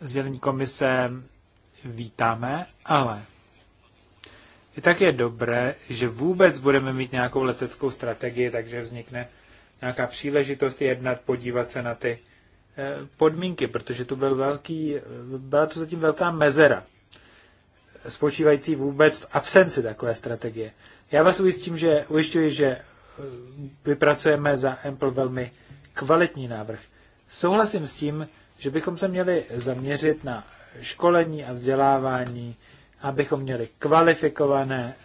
Zvělení komise vítáme, ale i tak je dobré, že vůbec budeme mít nějakou leteckou strategii, takže vznikne nějaká příležitost jednat, podívat se na ty podmínky, protože to byl velký, byla to zatím velká mezera, spočívající vůbec v absenci takové strategie. Já vás ujistím, že ujišťuji, že eh, vypracujeme za Ample velmi kvalitní návrh. Souhlasím s tím, že bychom se měli zaměřit na školení a vzdělávání, abychom měli kvalifikované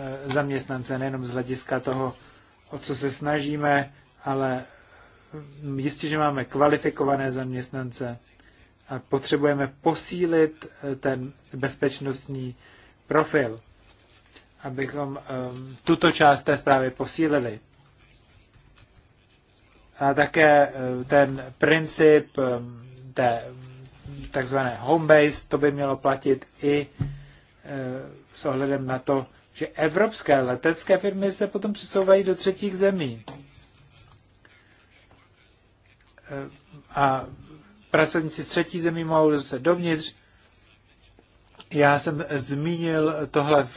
eh, zaměstnance nejenom z hlediska toho, o co se snažíme, ale jistě, že máme kvalifikované zaměstnance a potřebujeme posílit eh, ten bezpečnostní profil, abychom ehm, tuto část té zprávy posílili. A také eh, ten princip ehm, té takzvané home base, to by mělo platit i eh, s ohledem na to, že evropské letecké firmy se potom přesouvají do třetích zemí a pracovníci z třetí zemí mohou zase dovnitř. Já jsem zmínil tohle v,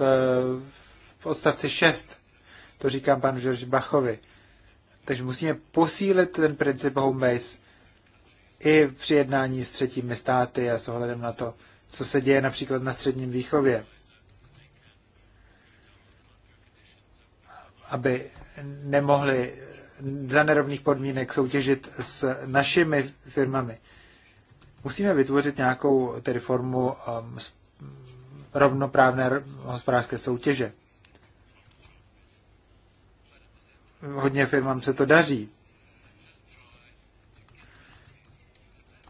v odstavci 6. To říkám panu George Bachovi. Takže musíme posílit ten princip home base i při jednání s třetími státy a s ohledem na to, co se děje například na středním výchově. Aby nemohli za nerovných podmínek soutěžit s našimi firmami. Musíme vytvořit nějakou tedy formu um, rovnoprávné hospodářské soutěže. Hodně firmám se to daří,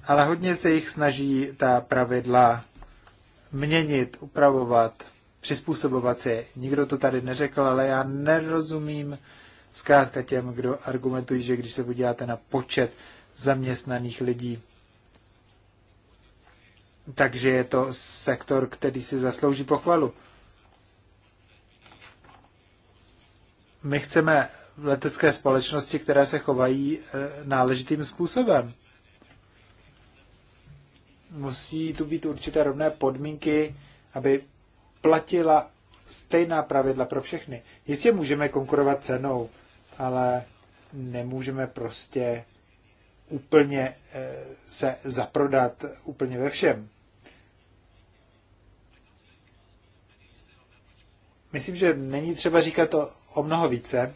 ale hodně se jich snaží ta pravidla měnit, upravovat, přizpůsobovat si. Nikdo to tady neřekl, ale já nerozumím zkrátka těm, kdo argumentují, že když se podíváte na počet zaměstnaných lidí, takže je to sektor, který si zaslouží pochvalu. My chceme letecké společnosti, které se chovají e, náležitým způsobem. Musí tu být určité rovné podmínky, aby platila stejná pravidla pro všechny. Jistě můžeme konkurovat cenou, ale nemůžeme prostě úplně eh, se zaprodat úplně ve všem. Myslím, že není třeba říkat to o mnoho více,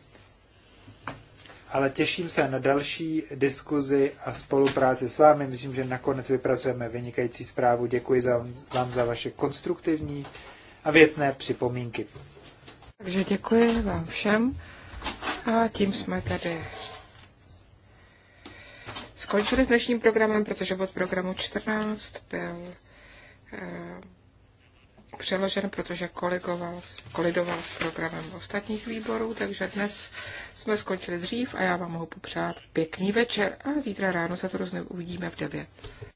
ale těším se na další diskuzi a spolupráci s vámi. Myslím, že nakonec vypracujeme vynikající zprávu. Děkuji vám za vaše konstruktivní a věcné připomínky. Takže děkuji vám všem a tím jsme tady skončili s dnešním programem, protože bod programu 14 byl eh, přeložen, protože kolidoval, kolidoval s programem ostatních výborů, takže dnes jsme skončili dřív a já vám mohu popřát pěkný večer a zítra ráno se to rozhodně uvidíme v 9.